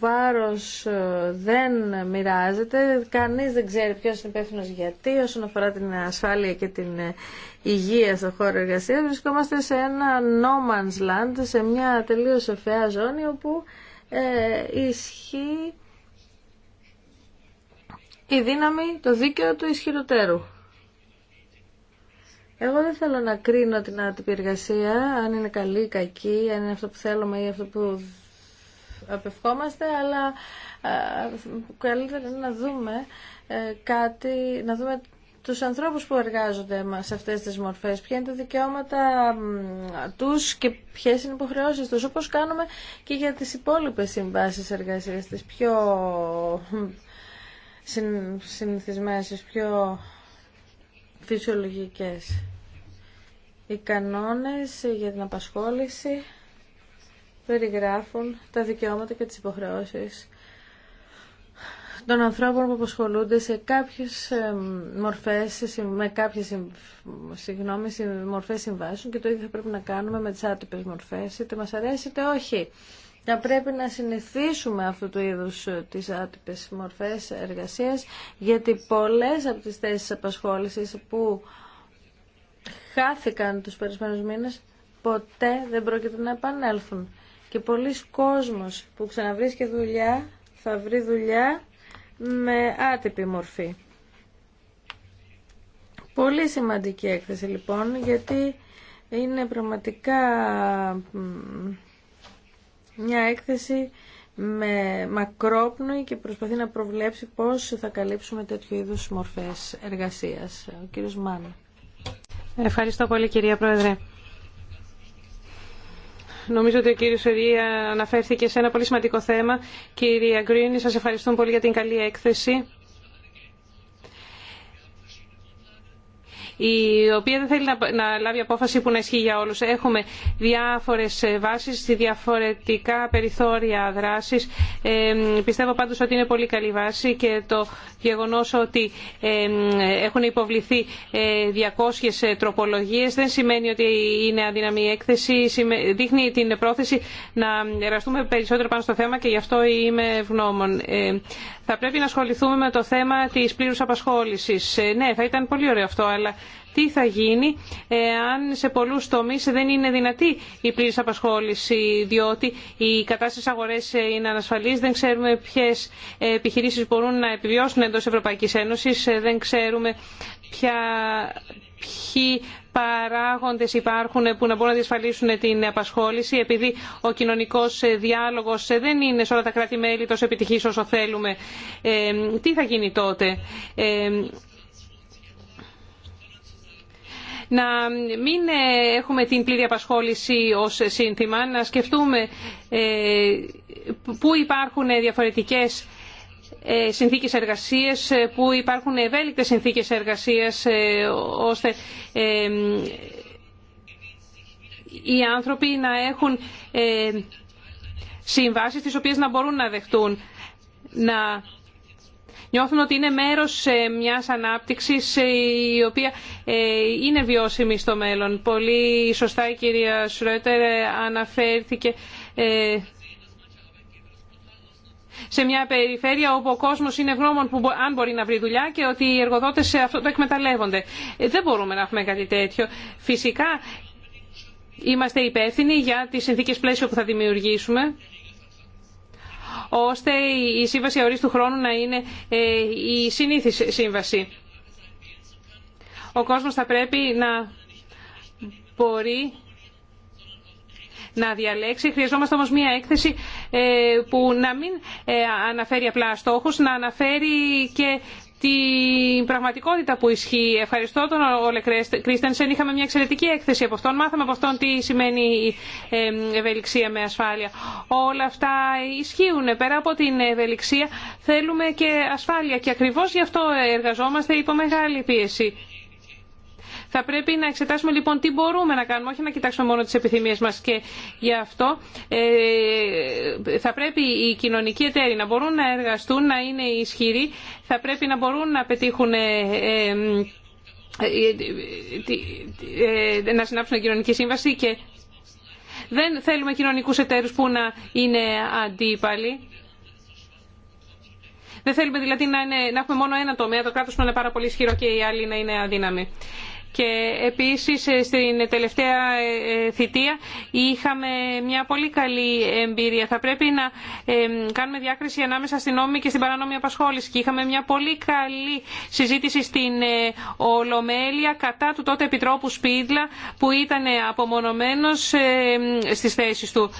[SPEAKER 4] βάρος ε, δεν μοιράζεται, κανείς δεν ξέρει ποιος είναι υπεύθυνο γιατί όσον αφορά την ασφάλεια και την υγεία στο χώρο εργασίας βρισκόμαστε σε ένα no man's land, σε μια τελείως εφαία ζώνη όπου ε, ισχύει η δύναμη, το δίκαιο του ισχυροτέρου. Εγώ δεν θέλω να κρίνω την άτυπη εργασία, αν είναι καλή ή κακή, αν είναι αυτό που θέλουμε ή αυτό που απευχόμαστε, αλλά καλύτερα είναι να δούμε ε, κάτι, να δούμε τους ανθρώπους που εργάζονται σε αυτές τις μορφές, ποια είναι τα δικαιώματα τους και ποιες είναι οι υποχρεώσεις τους, όπως κάνουμε και για τις υπόλοιπες συμβάσεις εργασίας, τις πιο συνηθισμένες, τις πιο φυσιολογικές. Οι κανόνες για την απασχόληση περιγράφουν τα δικαιώματα και τις υποχρεώσεις των ανθρώπων που απασχολούνται σε κάποιες ε, μορφές, με κάποιες συγγνώμη, μορφές συμβάσεων και το ίδιο θα πρέπει να κάνουμε με τις άτυπες μορφές, είτε μας αρέσει είτε όχι να πρέπει να συνηθίσουμε αυτού του είδους ε, τις άτυπες μορφές εργασίας, γιατί πολλές από τις θέσεις απασχόλησης που χάθηκαν τους περισμένους μήνες, ποτέ δεν πρόκειται να επανέλθουν. Και πολλοί κόσμος που ξαναβρίσκει δουλειά, θα βρει δουλειά με άτυπη μορφή. Πολύ σημαντική έκθεση λοιπόν, γιατί είναι πραγματικά μια έκθεση με μακρόπνοη και προσπαθεί να προβλέψει πώς θα καλύψουμε τέτοιο είδους μορφές εργασίας. Ο κύριος Μάν.
[SPEAKER 2] Ευχαριστώ πολύ κυρία Πρόεδρε. Νομίζω ότι ο κύριος Ερία αναφέρθηκε σε ένα πολύ σημαντικό θέμα. Κυρία Γκρίνη, σας ευχαριστούμε πολύ για την καλή έκθεση. η οποία δεν θέλει να λάβει απόφαση που να ισχύει για όλους. Έχουμε διάφορες βάσεις, διαφορετικά περιθώρια δράσης. Ε, πιστεύω πάντως ότι είναι πολύ καλή βάση και το γεγονός ότι ε, έχουν υποβληθεί 200 ε, τροπολογίες δεν σημαίνει ότι είναι αδύναμη η έκθεση. Δείχνει την πρόθεση να εργαστούμε περισσότερο πάνω στο θέμα και γι' αυτό είμαι ευγνώμων. Θα πρέπει να ασχοληθούμε με το θέμα της πλήρους απασχόλησης. Ναι, θα ήταν πολύ ωραίο αυτό, αλλά τι θα γίνει αν σε πολλούς τομείς δεν είναι δυνατή η πλήρης απασχόληση, διότι οι κατάσταση αγορές είναι ανασφαλής, δεν ξέρουμε ποιες επιχειρήσεις μπορούν να επιβιώσουν εντός Ευρωπαϊκής Ένωσης, δεν ξέρουμε ποια, ποιοι παράγοντες υπάρχουν που να μπορούν να διασφαλίσουν την απασχόληση επειδή ο κοινωνικός διάλογος δεν είναι σε όλα τα κράτη-μέλη τόσο επιτυχής όσο θέλουμε. Ε, τι θα γίνει τότε. Ε, να μην ε, έχουμε την πλήρη απασχόληση ως σύνθημα, να σκεφτούμε ε, πού υπάρχουν διαφορετικές ε, συνθήκες εργασίας, που υπάρχουν ευέλικτες συνθήκες εργασίας, ώστε οι άνθρωποι να έχουν συμβάσεις τις οποίες να μπορούν να δεχτούν. Να νιώθουν ότι είναι μέρος ε, μιας ανάπτυξης ε, η οποία ε, είναι βιώσιμη στο μέλλον. Πολύ σωστά η κυρία Σρέτερ αναφέρθηκε σε μια περιφέρεια όπου ο κόσμο είναι ευγνώμων που αν μπορεί να βρει δουλειά και ότι οι εργοδότε αυτό το εκμεταλλεύονται. Δεν μπορούμε να έχουμε κάτι τέτοιο. Φυσικά είμαστε υπεύθυνοι για τι συνθήκε πλαίσιο που θα δημιουργήσουμε ώστε η σύμβαση αορίστου χρόνου να είναι ε, η συνήθι σύμβαση. Ο κόσμος θα πρέπει να μπορεί να διαλέξει. Χρειαζόμαστε όμως μία έκθεση ε, που να μην ε, αναφέρει απλά στόχους, να αναφέρει και την πραγματικότητα που ισχύει. Ευχαριστώ τον Όλε Κρίστενσεν. Είχαμε μια εξαιρετική έκθεση από αυτόν. Μάθαμε από αυτόν τι σημαίνει η ευελιξία με ασφάλεια. Όλα αυτά ισχύουν. Πέρα από την ευελιξία θέλουμε και ασφάλεια. Και ακριβώς γι' αυτό εργαζόμαστε υπό μεγάλη πίεση. Θα πρέπει να εξετάσουμε λοιπόν τι μπορούμε να κάνουμε, όχι να κοιτάξουμε μόνο τις επιθυμίες μας και γι' αυτό ε, θα πρέπει οι κοινωνικοί εταίροι να μπορούν να εργαστούν, να είναι ισχυροί, θα πρέπει να μπορούν να πετύχουν ε, ε, ε, ε να συνάψουν κοινωνική σύμβαση και δεν θέλουμε κοινωνικούς εταίρους που να είναι αντίπαλοι. Δεν θέλουμε δηλαδή να, να έχουμε μόνο ένα τομέα, το κράτος που είναι πάρα πολύ ισχυρό και οι άλλοι να είναι αδύναμοι. Και επίσης ε, στην τελευταία ε, ε, θητεία είχαμε μια πολύ καλή εμπειρία. Θα πρέπει να κάνουμε διάκριση ανάμεσα στην νόμιμη και στην παρανόμη απασχόληση. Και είχαμε μια πολύ καλή συζήτηση στην Ολομέλεια κατά του τότε Επιτρόπου Σπίτλα που ήταν απομονωμένος στις θέσεις του.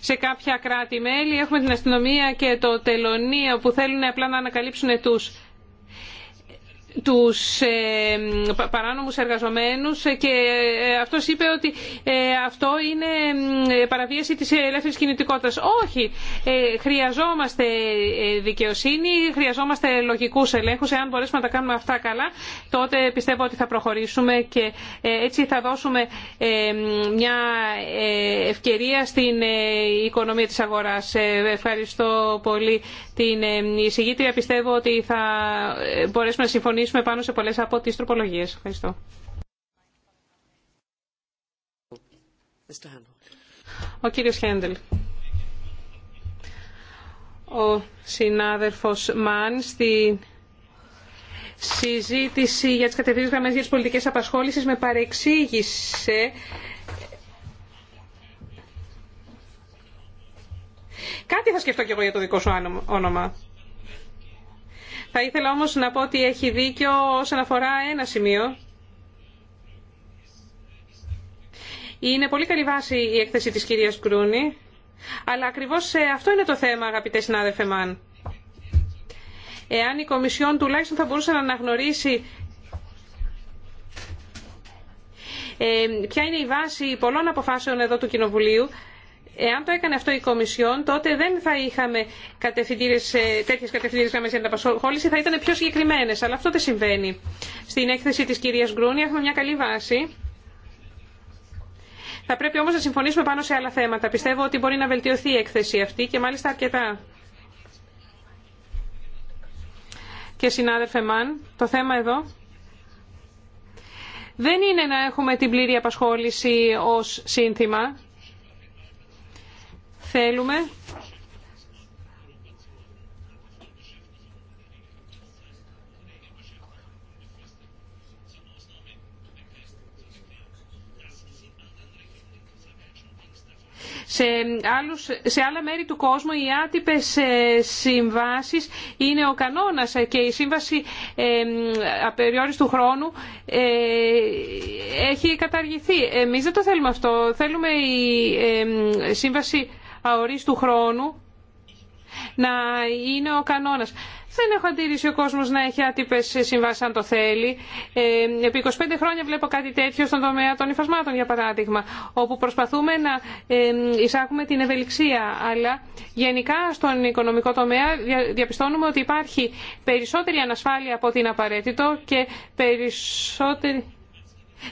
[SPEAKER 2] Σε κάποια κράτη-μέλη έχουμε την αστυνομία και το τελωνίο που θέλουν απλά να ανακαλύψουν τους τους ε, παράνομους εργαζομένους και ε, αυτός είπε ότι ε, αυτό είναι παραβίαση της ελεύθερης κινητικότητας. Όχι, χρειαζόμαστε δικαιοσύνη, χρειαζόμαστε λογικούς ελέγχους. Εάν μπορέσουμε να τα κάνουμε αυτά καλά, τότε πιστεύω ότι θα προχωρήσουμε και έτσι θα δώσουμε μια ευκαιρία στην οικονομία της αγοράς. Ευχαριστώ πολύ την εισηγήτρια. Πιστεύω ότι θα μπορέσουμε να συμφωνήσουμε συμφωνήσουμε πάνω σε πολλές από τις τροπολογίες. Ευχαριστώ. Ο κύριος Χέντελ. Ο συνάδελφος Μαν στη συζήτηση για τις κατευθύνσεις γραμμές για τις πολιτικές απασχόλησης με παρεξήγησε Κάτι θα σκεφτώ και εγώ για το δικό σου όνομα. Θα ήθελα όμως να πω ότι έχει δίκιο όσον αφορά ένα σημείο. Είναι πολύ καλή βάση η έκθεση της κυρίας Κρούνη, αλλά ακριβώς ε, αυτό είναι το θέμα, αγαπητέ συνάδελφε Μαν. Εάν η Κομισιόν τουλάχιστον θα μπορούσε να αναγνωρίσει ε, ποια είναι η βάση πολλών αποφάσεων εδώ του Κοινοβουλίου, Εάν το έκανε αυτό η Κομισιόν, τότε δεν θα είχαμε ε, τέτοιε κατευθυντήρε γραμμέ για την απασχόληση, θα ήταν πιο συγκεκριμένε. Αλλά αυτό δεν συμβαίνει. Στην έκθεση τη κυρία Γκρούνη έχουμε μια καλή βάση. Θα πρέπει όμω να συμφωνήσουμε πάνω σε άλλα θέματα. Πιστεύω ότι μπορεί να βελτιωθεί η έκθεση αυτή και μάλιστα αρκετά. Και συνάδελφε Μαν, το θέμα εδώ δεν είναι να έχουμε την πλήρη απασχόληση ως σύνθημα θέλουμε σε, άλλους, σε άλλα μέρη του κόσμου οι άτυπες ε, συμβάσεις είναι ο κανόνας και η σύμβαση ε, απεριόριστου χρόνου ε, έχει καταργηθεί. Εμείς δεν το θέλουμε αυτό. Θέλουμε η σύμβαση αορίστου χρόνου να είναι ο κανόνας. Δεν έχω αντίρρηση ο κόσμος να έχει άτυπες συμβάσεις αν το θέλει. Ε, επί 25 χρόνια βλέπω κάτι τέτοιο στον τομέα των υφασμάτων, για παράδειγμα, όπου προσπαθούμε να ε, εισάγουμε την ευελιξία. Αλλά γενικά στον οικονομικό τομέα διαπιστώνουμε ότι υπάρχει περισσότερη ανασφάλεια από ό,τι είναι απαραίτητο και περισσότερη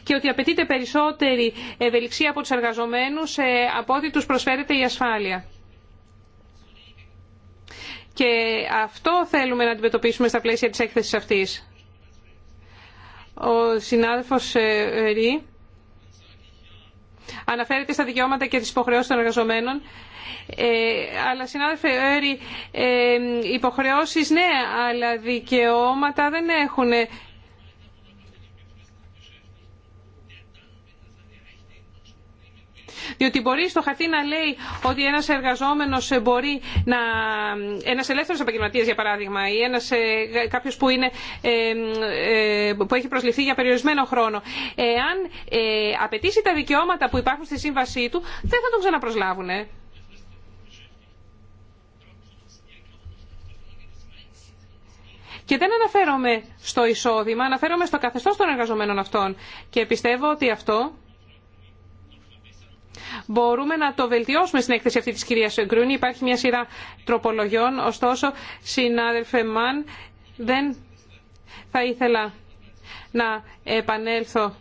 [SPEAKER 2] και ότι απαιτείται περισσότερη ευελιξία από τους εργαζομένους ε, από ό,τι τους προσφέρεται η ασφάλεια. Και αυτό θέλουμε να αντιμετωπίσουμε στα πλαίσια της έκθεσης αυτής. Ο συνάδελφος ε, Ρή αναφέρεται στα δικαιώματα και τις υποχρεώσεις των εργαζομένων. Ε, αλλά συνάδελφε Ρή, ε, υποχρεώσεις ναι, αλλά δικαιώματα δεν έχουν Διότι μπορεί στο χαρτί να λέει ότι ένα εργαζόμενο μπορεί να. ένα ελεύθερο επαγγελματία, για παράδειγμα, ή ε, κάποιο που, είναι, ε, ε, που έχει προσληφθεί για περιορισμένο χρόνο. Εάν απαιτήσει τα δικαιώματα που υπάρχουν στη σύμβασή του, δεν θα τον ξαναπροσλάβουν. Και δεν αναφέρομαι στο εισόδημα, αναφέρομαι στο καθεστώς των εργαζομένων αυτών. Και πιστεύω ότι αυτό Μπορούμε να το βελτιώσουμε στην έκθεση αυτή της κυρία Γκρούνη. Υπάρχει μια σειρά τροπολογιών, ωστόσο, συνάδελφε Μαν, δεν θα ήθελα να επανέλθω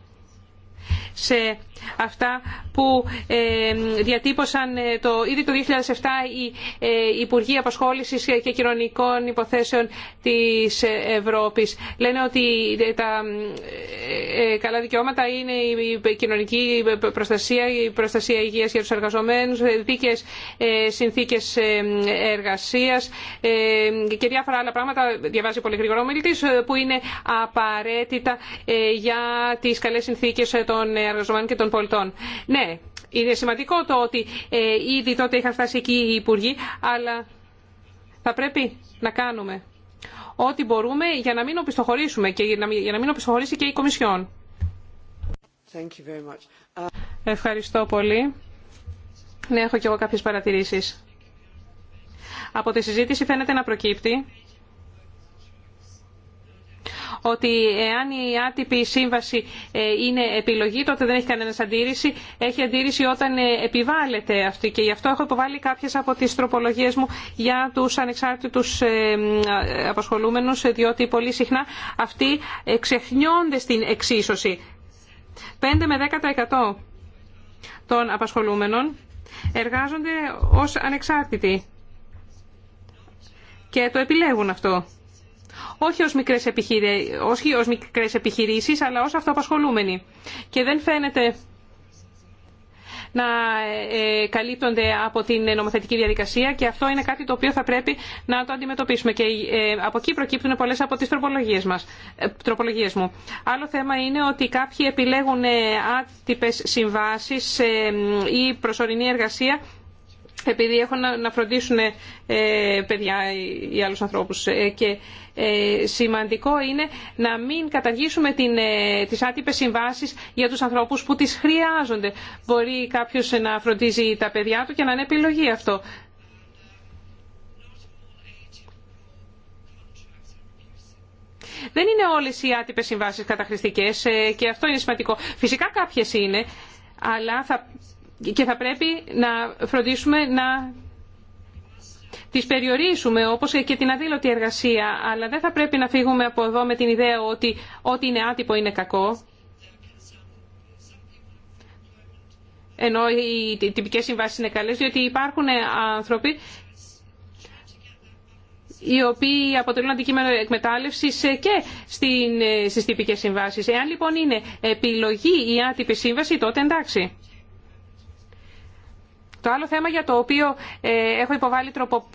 [SPEAKER 2] σε αυτά που ε, διατύπωσαν ε, το, ήδη το 2007 οι ε, Υπουργοί Απασχόλησης και Κοινωνικών Υποθέσεων της Ευρώπης. Λένε ότι τα καλά δικαιώματα είναι η κοινωνική προστασία, η προστασία υγείας για τους εργαζομένους, δίκαιες συνθήκες εργασίας και διάφορα άλλα πράγματα, διαβάζει πολύ γρήγορα ο μιλητής, που είναι απαραίτητα για τις καλές συνθήκες των εργαζομένων και των πολιτών. Ναι, είναι σημαντικό το ότι ε, ήδη τότε είχαν φτάσει εκεί οι Υπουργοί, αλλά θα πρέπει να κάνουμε ό,τι μπορούμε για να μην οπισθοχωρήσουμε και για να μην οπισθοχωρήσει και η Κομισιόν.
[SPEAKER 1] Ε,
[SPEAKER 2] ευχαριστώ πολύ. Ναι, έχω κι εγώ κάποιες παρατηρήσεις. Από τη συζήτηση φαίνεται να προκύπτει ότι εάν η άτυπη σύμβαση ε, είναι επιλογή, τότε δεν έχει κανένα αντίρρηση. Έχει αντίρρηση όταν ε, επιβάλλεται αυτή και γι' αυτό έχω υποβάλει κάποιες από τι τροπολογίε μου για τους ανεξάρτητους ε, απασχολούμενους, διότι πολύ συχνά αυτοί ξεχνιόνται στην εξίσωση. 5 με 10% των απασχολούμενων εργάζονται ως ανεξάρτητοι και το επιλέγουν αυτό όχι ως μικρές, επιχειρήσεις, ως μικρές επιχειρήσεις, αλλά ως αυτοαπασχολούμενοι. Και δεν φαίνεται να ε, ε, καλύπτονται από την νομοθετική διαδικασία και αυτό είναι κάτι το οποίο θα πρέπει να το αντιμετωπίσουμε. Και ε, από εκεί προκύπτουν πολλές από τι τροπολογίε μου. Άλλο θέμα είναι ότι κάποιοι επιλέγουν άτυπε συμβάσει ή προσωρινή εργασία επειδή έχουν να φροντίσουν ε, παιδιά ή άλλους ανθρώπους. Ε, και ε, σημαντικό είναι να μην καταργήσουμε την, τις άτυπες συμβάσεις για τους ανθρώπους που τις χρειάζονται. Μπορεί κάποιος να φροντίζει τα παιδιά του και να είναι επιλογή αυτό. Δεν είναι όλες οι άτυπες συμβάσεις καταχρηστικές και αυτό είναι σημαντικό. Φυσικά κάποιες είναι, αλλά θα και θα πρέπει να φροντίσουμε να τις περιορίσουμε όπως και την αδήλωτη εργασία αλλά δεν θα πρέπει να φύγουμε από εδώ με την ιδέα ότι ό,τι είναι άτυπο είναι κακό ενώ οι τυπικές συμβάσεις είναι καλές διότι υπάρχουν ε, άνθρωποι οι οποίοι αποτελούν αντικείμενο εκμετάλλευση ε, και ε, στι τυπικέ συμβάσει. Εάν λοιπόν είναι επιλογή η άτυπη σύμβαση, τότε εντάξει. Το άλλο θέμα για το οποίο ε, έχω υποβάλει τροποποίηση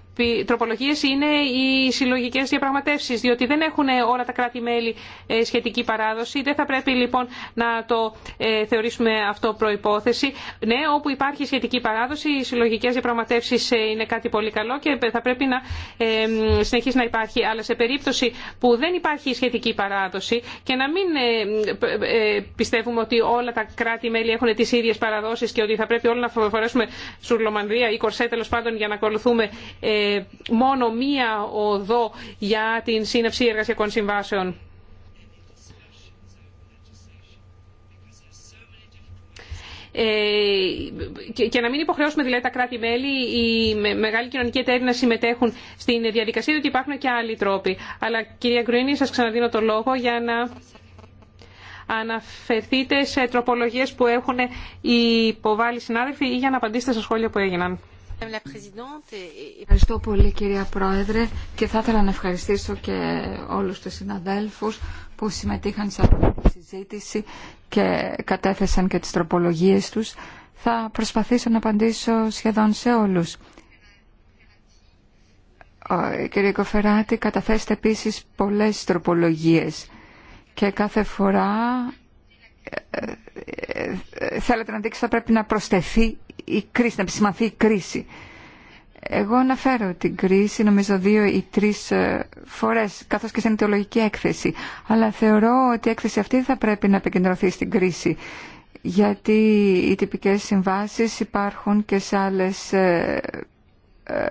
[SPEAKER 2] Τροπολογίε είναι οι συλλογικέ διαπραγματεύσεις, διότι δεν έχουν όλα τα κράτη-μέλη ε, σχετική παράδοση. Δεν θα πρέπει λοιπόν να το ε, θεωρήσουμε αυτό προϋπόθεση. Ναι, όπου υπάρχει σχετική παράδοση, οι συλλογικέ διαπραγματεύσεις ε, είναι κάτι πολύ καλό και θα πρέπει να συνεχίσει να υπάρχει. Αλλά σε περίπτωση που δεν υπάρχει σχετική παράδοση και να μην πιστεύουμε ότι όλα τα κράτη-μέλη έχουν τις ίδιες παραδόσεις και ότι θα πρέπει όλοι να φορέσουμε σουρλομανδία ή κορσέ τέλο πάντων για να ακολουθούμε μόνο μία οδό για την σύναψη εργασιακών συμβάσεων. Ε, και, να μην υποχρεώσουμε δηλαδή τα κράτη-μέλη, οι μεγάλοι κοινωνικοί εταίροι να συμμετέχουν στην διαδικασία, διότι υπάρχουν και άλλοι τρόποι. Αλλά κυρία Γκρουίνη, σας ξαναδίνω το λόγο για να αναφερθείτε σε τροπολογίες που έχουν υποβάλει συνάδελφοι ή για να απαντήσετε στα σχόλια που έγιναν.
[SPEAKER 1] Ευχαριστώ πολύ κυρία Πρόεδρε και θα ήθελα να ευχαριστήσω και όλους τους συναδέλφους που συμμετείχαν σε αυτή τη συζήτηση και κατέθεσαν και τις τροπολογίες τους. Θα προσπαθήσω να απαντήσω σχεδόν σε όλους. Κύριε Κοφεράτη, καταθέσετε επίσης πολλές τροπολογίες και κάθε φορά ε, ε, ε, θέλετε να δείξετε θα πρέπει να προσθεθεί η κρίση, να επισημανθεί η κρίση. Εγώ αναφέρω την κρίση νομίζω δύο ή τρεις ε, φορές καθώς και στην ιδεολογική έκθεση αλλά θεωρώ ότι η έκθεση αυτή θα πρέπει να επικεντρωθεί στην κρίση γιατί οι τυπικές συμβάσεις υπάρχουν και σε άλλες ε, ε,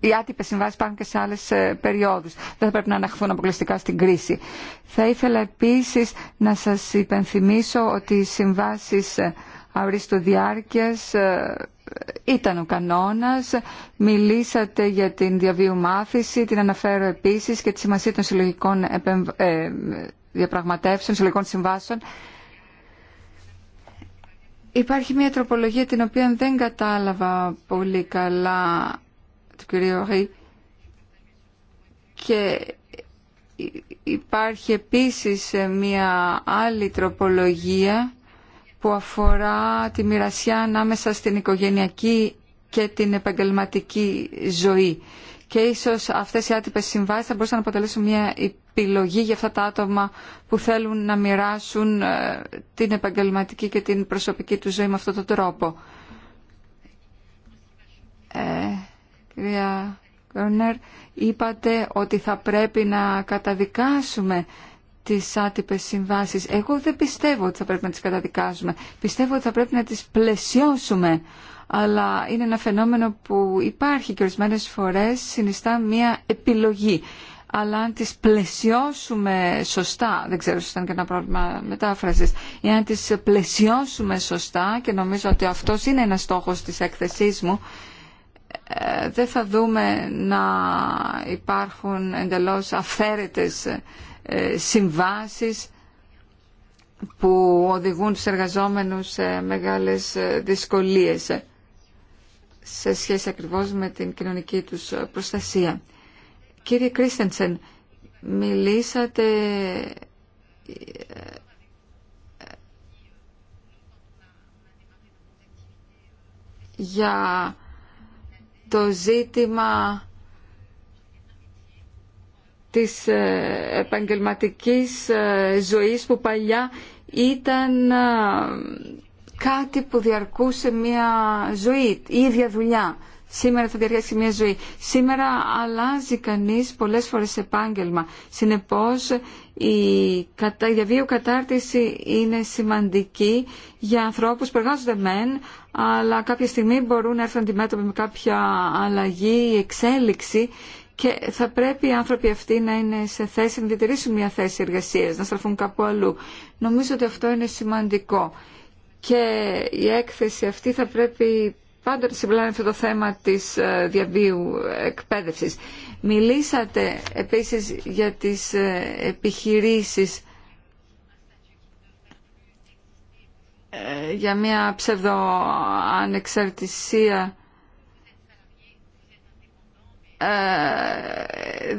[SPEAKER 1] οι άτυπε συμβάσει υπάρχουν και σε άλλε περιόδου. Δεν θα πρέπει να αναχθούν αποκλειστικά στην κρίση. Θα ήθελα επίσης να σας υπενθυμίσω ότι οι συμβάσει αριστοδιάρκειας ε, ήταν ο κανόνας. Μιλήσατε για την διαβίου μάθηση, την αναφέρω επίσης και τη σημασία των συλλογικών ε, διαπραγματεύσεων, συλλογικών συμβάσεων. Υπάρχει μια τροπολογία την οποία δεν κατάλαβα πολύ καλά του κ. Ρή και υπάρχει επίσης ε, μια άλλη τροπολογία που αφορά τη μοιρασιά ανάμεσα στην οικογενειακή και την επαγγελματική ζωή. Και ίσως αυτές οι άτυπες συμβάσεις θα μπορούσαν να αποτελέσουν μια επιλογή για αυτά τα άτομα που θέλουν να μοιράσουν ε, την επαγγελματική και την προσωπική του ζωή με αυτόν τον τρόπο. Ε, κυρία Κρόνερ, είπατε ότι θα πρέπει να καταδικάσουμε τις άτυπες συμβάσεις. Εγώ δεν πιστεύω ότι θα πρέπει να τις καταδικάζουμε. Πιστεύω ότι θα πρέπει να τις πλαισιώσουμε. Αλλά είναι ένα φαινόμενο που υπάρχει και ορισμένε φορές συνιστά μια επιλογή. Αλλά αν τις πλαισιώσουμε σωστά, δεν ξέρω ήταν και ένα πρόβλημα μετάφρασης, ή αν τις πλαισιώσουμε σωστά, και νομίζω ότι αυτός είναι ένας στόχος της έκθεσής μου, ε, δεν θα δούμε να υπάρχουν εντελώς ε, ε, συμβάσεις που οδηγούν τους εργαζόμενους σε μεγάλες ε, δυσκολίες σε σχέση ακριβώς με την κοινωνική τους προστασία. Κύριε Κρίστενσεν, μιλήσατε ε, για το ζήτημα της ε, επαγγελματικής ε, ζωής που παλιά ήταν ε, κάτι που διαρκούσε μια ζωή, η ίδια δουλειά. Σήμερα θα διαρκέσει μια ζωή. Σήμερα αλλάζει κανείς πολλές φορές επάγγελμα. Συνεπώς η διαβίου κατάρτιση είναι σημαντική για ανθρώπους που εργάζονται μεν, αλλά κάποια στιγμή μπορούν να έρθουν αντιμέτωποι με κάποια αλλαγή ή εξέλιξη και θα πρέπει οι άνθρωποι αυτοί να είναι σε θέση να διατηρήσουν μια θέση εργασίας, να στραφούν κάπου αλλού. Νομίζω ότι αυτό είναι σημαντικό. Και η έκθεση αυτή θα πρέπει πάντα να συμπλάνει αυτό το θέμα της ε, διαβίου εκπαίδευσης. Μιλήσατε επίσης για τις ε, επιχειρήσεις ε, για μια ψευδοανεξαρτησία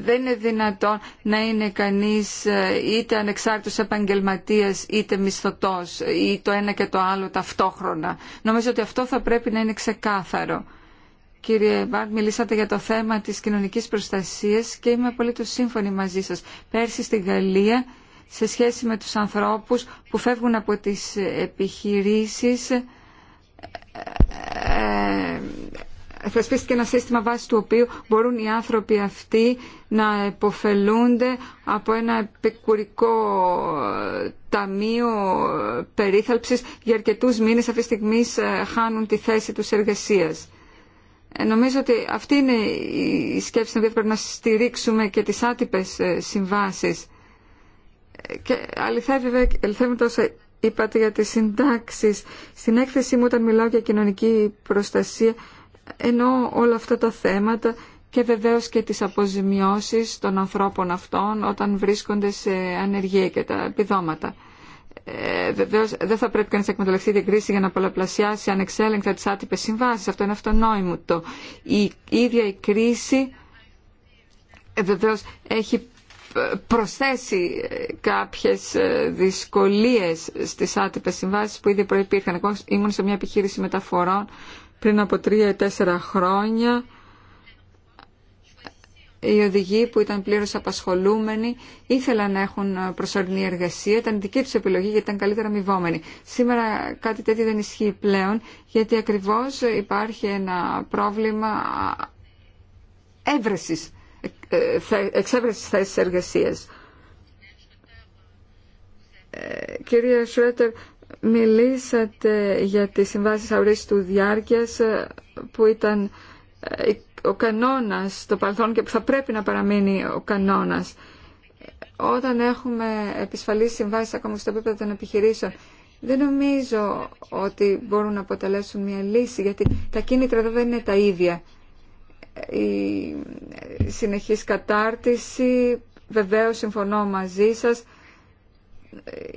[SPEAKER 1] δεν είναι δυνατόν να είναι κανείς ε, είτε ανεξάρτητος επαγγελματίας είτε μισθωτός ή το ένα και το άλλο ταυτόχρονα. Νομίζω ότι αυτό θα πρέπει να είναι ξεκάθαρο. Κύριε Μπάρτ, μιλήσατε για το θέμα της κοινωνικής προστασίας και είμαι πολύ του σύμφωνη μαζί σας. Πέρσι στη Γαλλία, σε σχέση με τους ανθρώπους που φεύγουν από τις επιχειρήσεις, ε, ε, θεσπίστηκε ένα σύστημα βάσει του οποίου μπορούν οι άνθρωποι αυτοί να εποφελούνται από ένα επικουρικό ε, ταμείο ε, περίθαλψης για αρκετούς μήνες αυτή τη στιγμή ε, χάνουν τη θέση τους εργασίας. Νομίζω ότι αυτή είναι η σκέψη την οποία πρέπει να στηρίξουμε και τις άτυπες συμβάσεις. Και αληθεύει βέβαια όσα είπατε για τις συντάξεις. Στην έκθεσή μου όταν μιλάω για κοινωνική προστασία ενώ όλα αυτά τα θέματα και βεβαίως και τις αποζημιώσεις των ανθρώπων αυτών όταν βρίσκονται σε ανεργία και τα επιδόματα. Ε, Βεβαίω δεν θα πρέπει κανεί να εκμεταλλευτεί την κρίση για να πολλαπλασιάσει ανεξέλεγκτα τι άτυπε συμβάσει. Αυτό είναι το Η ίδια η κρίση ε, βεβαίω έχει προσθέσει ε, κάποιες ε, δυσκολίες στις άτυπες συμβάσεις που ήδη προϋπήρχαν. Εγώ ήμουν σε μια επιχείρηση μεταφορών πριν από τρία ή τέσσερα χρόνια οι οδηγοί που ήταν πλήρως απασχολούμενοι ήθελαν να έχουν προσωρινή εργασία, ήταν δική τους επιλογή γιατί ήταν καλύτερα αμοιβόμενοι. Σήμερα κάτι τέτοιο δεν ισχύει πλέον γιατί ακριβώς υπάρχει ένα πρόβλημα έβρεσης, εξέβρεσης θέσης εργασίας. Ε, κυρία Σρέτερ, Μιλήσατε για τις συμβάσεις αορίστου διάρκειας ε, που ήταν ε, ο κανόνας στο παρελθόν και που θα πρέπει να παραμείνει ο κανόνας. Όταν έχουμε επισφαλείς συμβάσεις ακόμα στο επίπεδο των επιχειρήσεων, δεν νομίζω ότι μπορούν να αποτελέσουν μια λύση, γιατί τα κίνητρα εδώ δεν είναι τα ίδια. Η συνεχής κατάρτιση, βεβαίως συμφωνώ μαζί σας,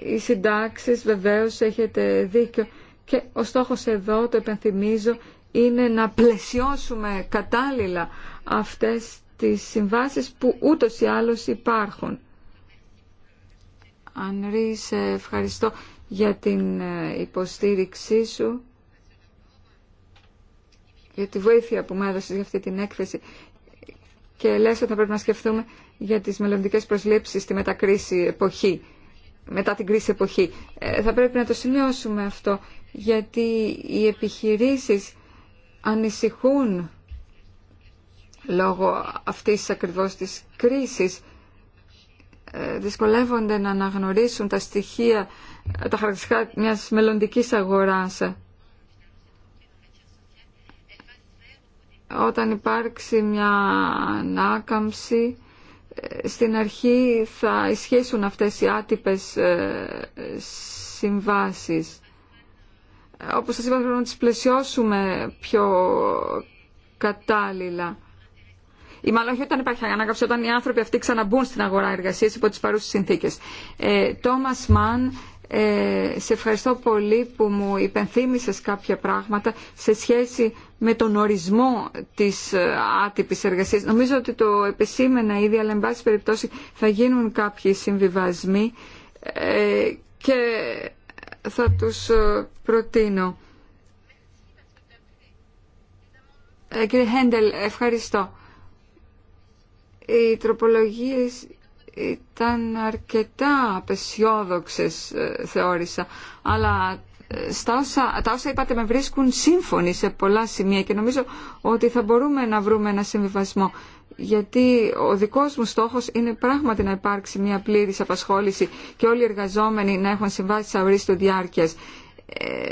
[SPEAKER 1] οι συντάξει βεβαίως έχετε δίκιο και ο στόχος εδώ το επενθυμίζω είναι να πλαισιώσουμε κατάλληλα αυτές τις συμβάσεις που ούτως ή άλλως υπάρχουν. Ανρί, σε ευχαριστώ για την ε, υποστήριξή σου, για τη βοήθεια που μου έδωσες για αυτή την έκθεση και λες ότι θα πρέπει να σκεφτούμε για τις μελλοντικές προσλήψεις στη μετακρίση εποχή μετά την κρίση εποχή. Ε, θα πρέπει να το σημειώσουμε αυτό, γιατί οι επιχειρήσεις ανησυχούν λόγω αυτής ακριβώς της κρίσης ε, δυσκολεύονται να αναγνωρίσουν τα στοιχεία, τα χαρακτηριστικά μιας μελλοντικής αγοράς. Όταν υπάρξει μια ανάκαμψη στην αρχή θα ισχύσουν αυτές οι άτυπες ε, συμβάσεις. Όπως σας είπα, πρέπει να τις πλαισιώσουμε πιο κατάλληλα. Ή μάλλον όχι όταν υπάρχει ανάγκαψη, όταν οι άνθρωποι αυτοί ξαναμπούν στην αγορά εργασίας υπό τις παρούσες συνθήκες. Ε, Μαν, ε, σε ευχαριστώ πολύ που μου υπενθύμησε κάποια πράγματα σε σχέση με τον ορισμό της ε, άτυπης εργασίας. Νομίζω ότι το επισήμενα ήδη, αλλά εν πάση περιπτώσει θα γίνουν κάποιοι συμβιβασμοί ε, και θα τους ε, προτείνω. Κύριε Χέντελ, ευχαριστώ. Οι τροπολογίες ήταν αρκετά απεσιόδοξες θεώρησα, αλλά στα όσα, τα όσα είπατε με βρίσκουν σύμφωνοι σε πολλά σημεία και νομίζω ότι θα μπορούμε να βρούμε ένα συμβιβασμό γιατί ο δικός μου στόχος είναι πράγματι να υπάρξει μια πλήρης απασχόληση και όλοι οι εργαζόμενοι να έχουν συμβάσει αύριστο διάρκειας. Ε,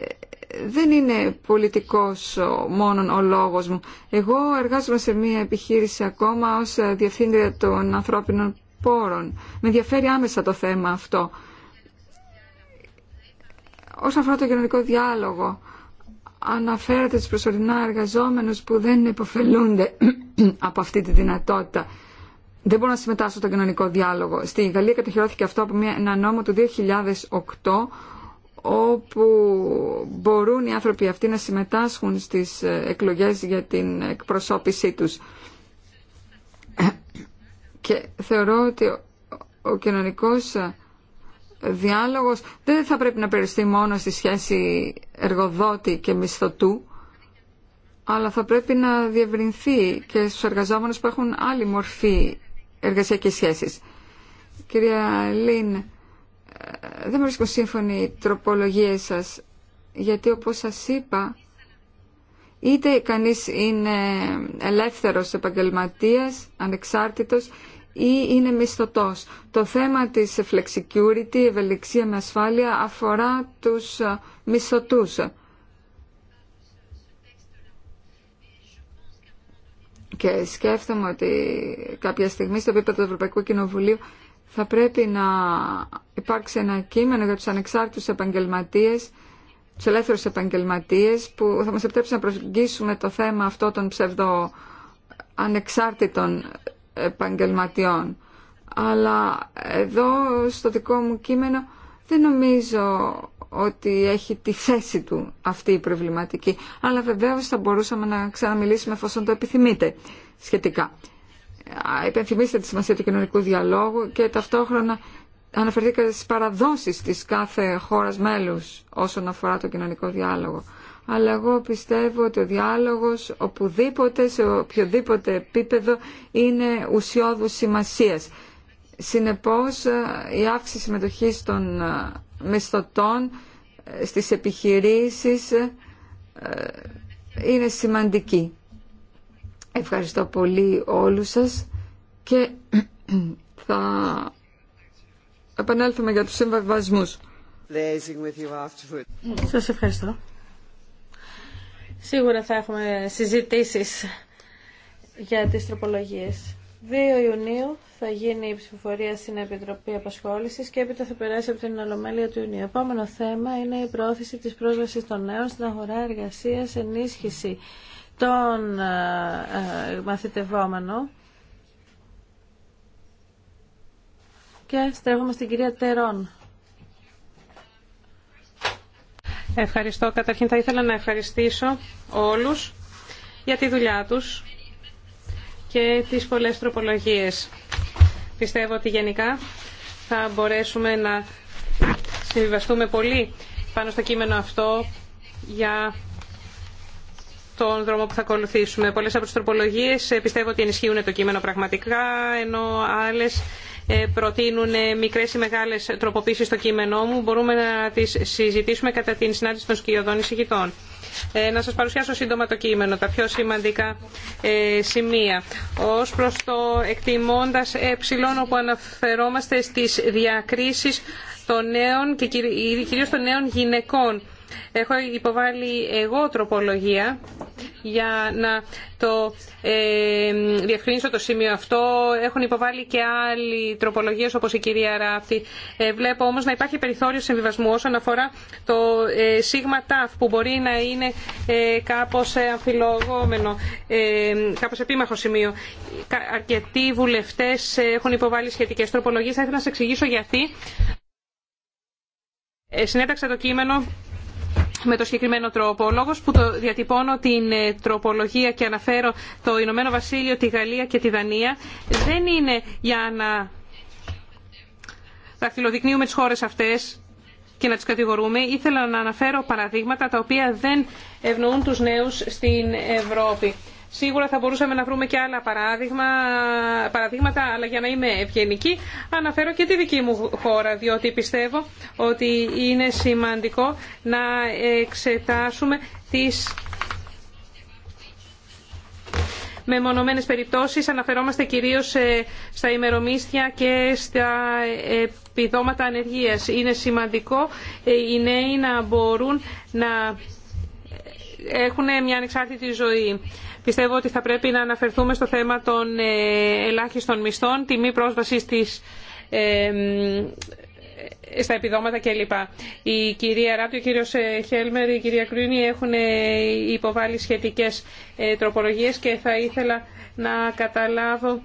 [SPEAKER 1] δεν είναι πολιτικός μόνον ο λόγος μου. Εγώ εργάζομαι σε μια επιχείρηση ακόμα ως διευθύντρια των ανθρώπινων πόρων. Με ενδιαφέρει άμεσα το θέμα αυτό. Όσον αφορά το κοινωνικό διάλογο, αναφέρατε του προσωρινά εργαζόμενους που δεν υποφελούνται από αυτή τη δυνατότητα. Δεν μπορούν να συμμετάσχουν στο κοινωνικό διάλογο. Στη Γαλλία κατοχυρώθηκε αυτό από μια, ένα νόμο του 2008 όπου μπορούν οι άνθρωποι αυτοί να συμμετάσχουν στις ε, εκλογές για την εκπροσώπησή τους. Και θεωρώ ότι ο κοινωνικός ε, διάλογος δεν θα πρέπει να περιστεί μόνο στη σχέση εργοδότη και μισθωτού, αλλά θα πρέπει να διευρυνθεί και στους εργαζόμενους που έχουν άλλη μορφή εργασιακής σχέσης. Κυρία Λίν, ε, δεν βρίσκω σύμφωνη οι τροπολογίες σας, γιατί όπως σας είπα, είτε κανείς είναι ελεύθερος επαγγελματίας, ανεξάρτητος, ή είναι μισθωτός. Το θέμα της flexicurity, ευελιξία με ασφάλεια, αφορά τους ε, μισθωτούς. Και σκέφτομαι ότι κάποια στιγμή στο επίπεδο του Ευρωπαϊκού Κοινοβουλίου θα πρέπει να υπάρξει ένα κείμενο για τους ανεξάρτητους επαγγελματίες, τους ελεύθερους επαγγελματίες που θα μας επιτρέψει να προσγγίσουμε το θέμα αυτό των ψευδοανεξάρτητων επαγγελματιών. Αλλά εδώ στο δικό μου κείμενο δεν νομίζω ότι έχει τη θέση του αυτή η προβληματική. Αλλά βεβαίως θα μπορούσαμε να ξαναμιλήσουμε εφόσον το επιθυμείτε σχετικά. Υπενθυμίστε τη σημασία του κοινωνικού διαλόγου και ταυτόχρονα αναφερθήκατε στις παραδόσεις της κάθε χώρας μέλους όσον αφορά το κοινωνικό διάλογο αλλά εγώ πιστεύω ότι ο διάλογος οπουδήποτε, σε οποιοδήποτε επίπεδο είναι ουσιώδους σημασίας. Συνεπώς η αύξηση συμμετοχής των ε, μισθωτών ε, στις επιχειρήσεις ε, είναι σημαντική. Ευχαριστώ πολύ όλους σας και θα επανέλθουμε για τους συμβασμούς.
[SPEAKER 4] Σας ευχαριστώ. Σίγουρα θα έχουμε συζητήσεις για τις τροπολογίες. 2 Ιουνίου θα γίνει η ψηφοφορία στην Επιτροπή Απασχόλησης και έπειτα θα περάσει από την Ολομέλεια του Ιουνίου. Επόμενο θέμα είναι η πρόθεση της πρόσβασης των νέων στην αγορά εργασίας, ενίσχυση των ε, ε, μαθητευόμενων. Και στρέφουμε στην κυρία Τερών.
[SPEAKER 2] Ευχαριστώ. Καταρχήν θα ήθελα να ευχαριστήσω όλους για τη δουλειά τους και τις πολλές τροπολογίες. Πιστεύω ότι γενικά θα μπορέσουμε να συμβιβαστούμε πολύ πάνω στο κείμενο αυτό για τον δρόμο που θα ακολουθήσουμε. Πολλές από τις τροπολογίες ε, πιστεύω ότι ενισχύουν το κείμενο πραγματικά, ενώ άλλες ε, προτείνουν ε, μικρές ή μεγάλες τροποποίησεις στο κείμενό μου. Μπορούμε να τις συζητήσουμε κατά την συνάντηση των σκιωδών εισηγητών. Ε, να σας παρουσιάσω σύντομα το κείμενο, τα πιο σημαντικά σημεία. Ως προς το εκτιμώντας ε, όπου αναφερόμαστε στις διακρίσεις των νέων και κυρίως των νέων γυναικών. Έχω υποβάλει εγώ τροπολογία για να το ε, διευκρινίσω το σημείο αυτό. Έχουν υποβάλει και άλλοι τροπολογίες όπως η κυρία Ράφτη. Ε, βλέπω όμως να υπάρχει περιθώριο συμβιβασμού όσον αφορά το ε, σίγμα ΤΑΦ που μπορεί να είναι ε, κάπως αμφιλογόμενο, ε, κάπως επίμαχο σημείο. Αρκετοί βουλευτέ έχουν υποβάλει σχετικές τροπολογίες. Θα ήθελα να σα εξηγήσω γιατί. Συνέταξα το κείμενο με το συγκεκριμένο τρόπο. Ο λόγος που το διατυπώνω την ε, τροπολογία και αναφέρω το Ηνωμένο Βασίλειο, τη Γαλλία και τη Δανία δεν είναι για να δαχτυλοδεικνύουμε τις χώρες αυτές και να τις κατηγορούμε. Ήθελα να αναφέρω παραδείγματα τα οποία δεν ευνοούν τους νέους στην Ευρώπη. Σίγουρα θα μπορούσαμε να βρούμε και άλλα παραδείγματα, αλλά για να είμαι ευγενική αναφέρω και τη δική μου χώρα, διότι πιστεύω ότι είναι σημαντικό να εξετάσουμε τις με μονομένες περιπτώσεις αναφερόμαστε κυρίως στα ημερομίσθια και στα επιδόματα ανεργίας. Είναι σημαντικό ε, οι νέοι να μπορούν να έχουν μια ανεξάρτητη ζωή. Πιστεύω ότι θα πρέπει να αναφερθούμε στο θέμα των ε, ελάχιστων μισθών, τη μη πρόσβαση ε, στα επιδόματα κλπ. Η κυρία Ράπτη, ο κύριο ε, Χέλμερ, η κυρία Κρίνη έχουν υποβάλει σχετικέ τροπολογίες και θα ήθελα να καταλάβω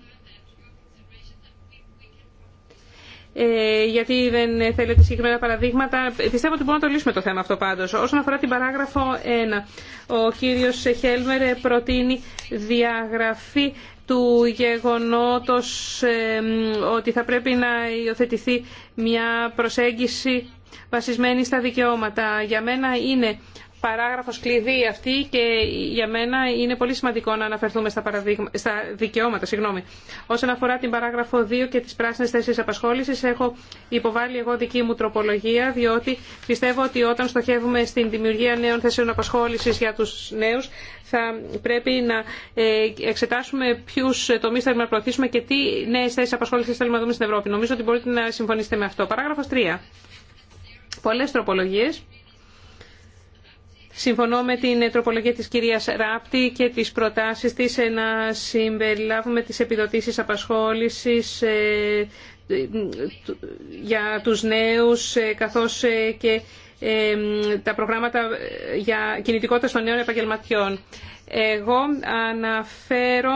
[SPEAKER 2] Ε, γιατί δεν θέλετε συγκεκριμένα παραδείγματα. Πιστεύω ότι μπορούμε να το λύσουμε το θέμα αυτό πάντως. Όσον αφορά την παράγραφο 1, ο κύριος Χέλμερ προτείνει διαγραφή του γεγονότος ότι θα πρέπει να υιοθετηθεί μια προσέγγιση βασισμένη στα δικαιώματα. Για μένα είναι Παράγραφο κλειδί αυτή και για μένα είναι πολύ σημαντικό να αναφερθούμε στα, παραδείγμα, στα δικαιώματα. Συγγνώμη. Όσον αφορά την παράγραφο 2 και τι πράσινε θέσει απασχόληση, έχω υποβάλει εγώ δική μου τροπολογία, διότι πιστεύω ότι όταν στοχεύουμε στην δημιουργία νέων θέσεων απασχόληση για του νέου θα πρέπει να ε, εξετάσουμε ποιου τομεί θέλουμε να προωθήσουμε και τι νέε θέσει απασχόληση θέλουμε να δούμε στην Ευρώπη. Νομίζω ότι μπορείτε να συμφωνήσετε με αυτό. Παράγραφο 3. Πολλέ τροπολογίε Συμφωνώ με την τροπολογία της κυρίας Ράπτη και τις προτάσεις της ε, να συμπεριλάβουμε τις επιδοτήσεις απασχόλησης ε, για τους νέους ε, καθώς και τα προγράμματα για κινητικότητα των νέων επαγγελματιών. Εγώ αναφέρω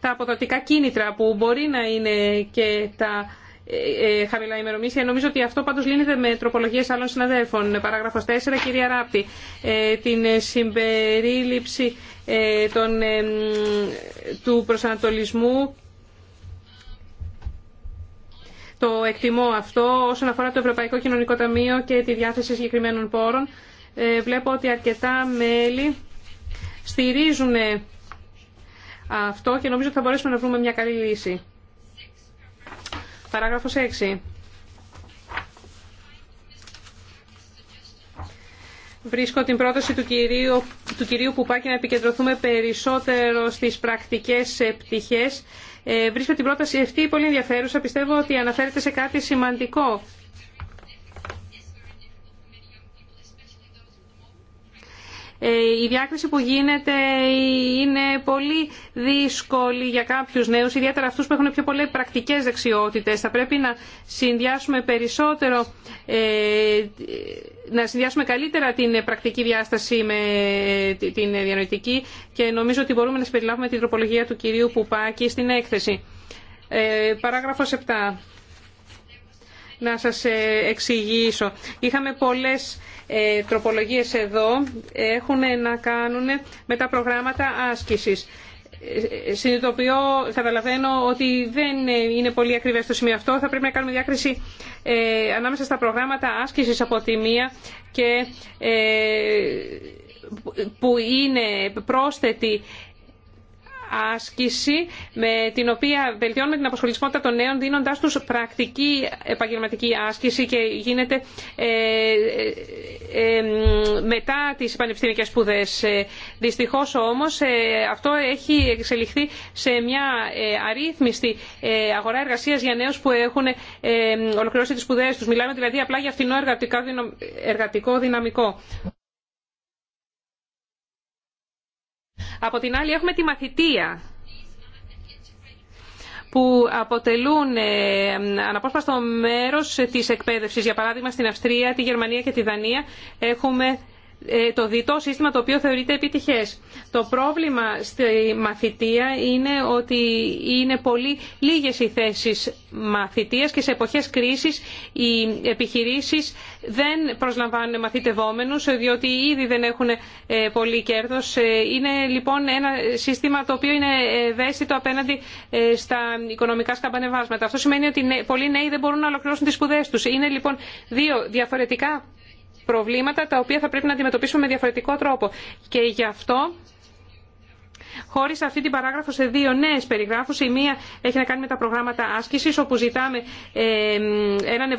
[SPEAKER 2] τα αποδοτικά κίνητρα που μπορεί να είναι και τα ε, ε, χαμηλά ημερομήσια. Νομίζω ότι αυτό πάντως λύνεται με τροπολογίες άλλων συναδέλφων. Παράγραφος 4, κυρία Ράπτη, ε, την συμπερίληψη του προσανατολισμού το εκτιμώ αυτό όσον αφορά το Ευρωπαϊκό Κοινωνικό Ταμείο και τη διάθεση συγκεκριμένων πόρων. βλέπω ότι αρκετά μέλη στηρίζουν αυτό και νομίζω ότι θα μπορέσουμε να βρούμε μια καλή λύση. Παράγραφος 6. Βρίσκω την πρόταση του κυρίου, του κυρίου Πουπάκη να επικεντρωθούμε περισσότερο στις πρακτικές πτυχές. Ε, βρίσκω την πρόταση αυτή πολύ ενδιαφέρουσα. Πιστεύω ότι αναφέρεται σε κάτι σημαντικό. Ε, η διάκριση που γίνεται είναι πολύ δύσκολη για κάποιους νέους, ιδιαίτερα αυτούς που έχουν πιο πολλές πρακτικές δεξιότητες. Θα πρέπει να συνδυάσουμε περισσότερο, ε, να συνδυάσουμε καλύτερα την πρακτική διάσταση με την διανοητική και νομίζω ότι μπορούμε να συμπεριλάβουμε την τροπολογία του κυρίου Πουπάκη στην έκθεση. Ε, παράγραφος 7. Να σας ε, εξηγήσω. Είχαμε πολλές ε, τροπολογίες εδώ έχουν να κάνουν με τα προγράμματα άσκησης. Ε, συνειδητοποιώ, καταλαβαίνω ότι δεν είναι πολύ ακριβέ το σημείο αυτό. Θα πρέπει να κάνουμε διάκριση ε, ανάμεσα στα προγράμματα άσκησης από τη μία και που είναι πρόσθετη άσκηση με την οποία βελτιώνουμε την αποσχολησιμότητα των νέων δίνοντάς τους πρακτική επαγγελματική άσκηση και γίνεται ε, ε, ε, μετά τις πανεπιστημιακές σπουδές. Δυστυχώς όμως αυτό έχει εξελιχθεί σε μια αρρύθμιστη αγορά εργασίας για νέους που έχουν ολοκληρώσει τις σπουδές τους. Μιλάμε δηλαδή απλά για φθηνό εργατικό δυναμικό. Από την άλλη έχουμε τη μαθητεία που αποτελούν ε, αναπόσπαστο μέρος της εκπαίδευσης. Για παράδειγμα στην Αυστρία, τη Γερμανία και τη Δανία έχουμε ε, το διτό σύστημα το οποίο θεωρείται επιτυχές. Το πρόβλημα στη μαθητεία είναι ότι είναι πολύ λίγες οι θέσεις μαθητείας και σε εποχές κρίσης οι επιχειρήσεις δεν προσλαμβάνουν μαθητευόμενους διότι ήδη δεν έχουν ε, πολύ κέρδος. Ε, είναι λοιπόν ένα σύστημα το οποίο είναι ευαίσθητο απέναντι στα οικονομικά σκαμπανεβάσματα. Αυτό σημαίνει ότι πολλοί νέοι δεν μπορούν να ολοκληρώσουν τις σπουδές τους. Είναι λοιπόν δύο διαφορετικά προβλήματα τα οποία θα πρέπει να αντιμετωπίσουμε με διαφορετικό τρόπο. Και γι' αυτό χώρισα αυτή την παράγραφο σε δύο νέε περιγράφου. Η μία έχει να κάνει με τα προγράμματα άσκηση, όπου ζητάμε ε, έναν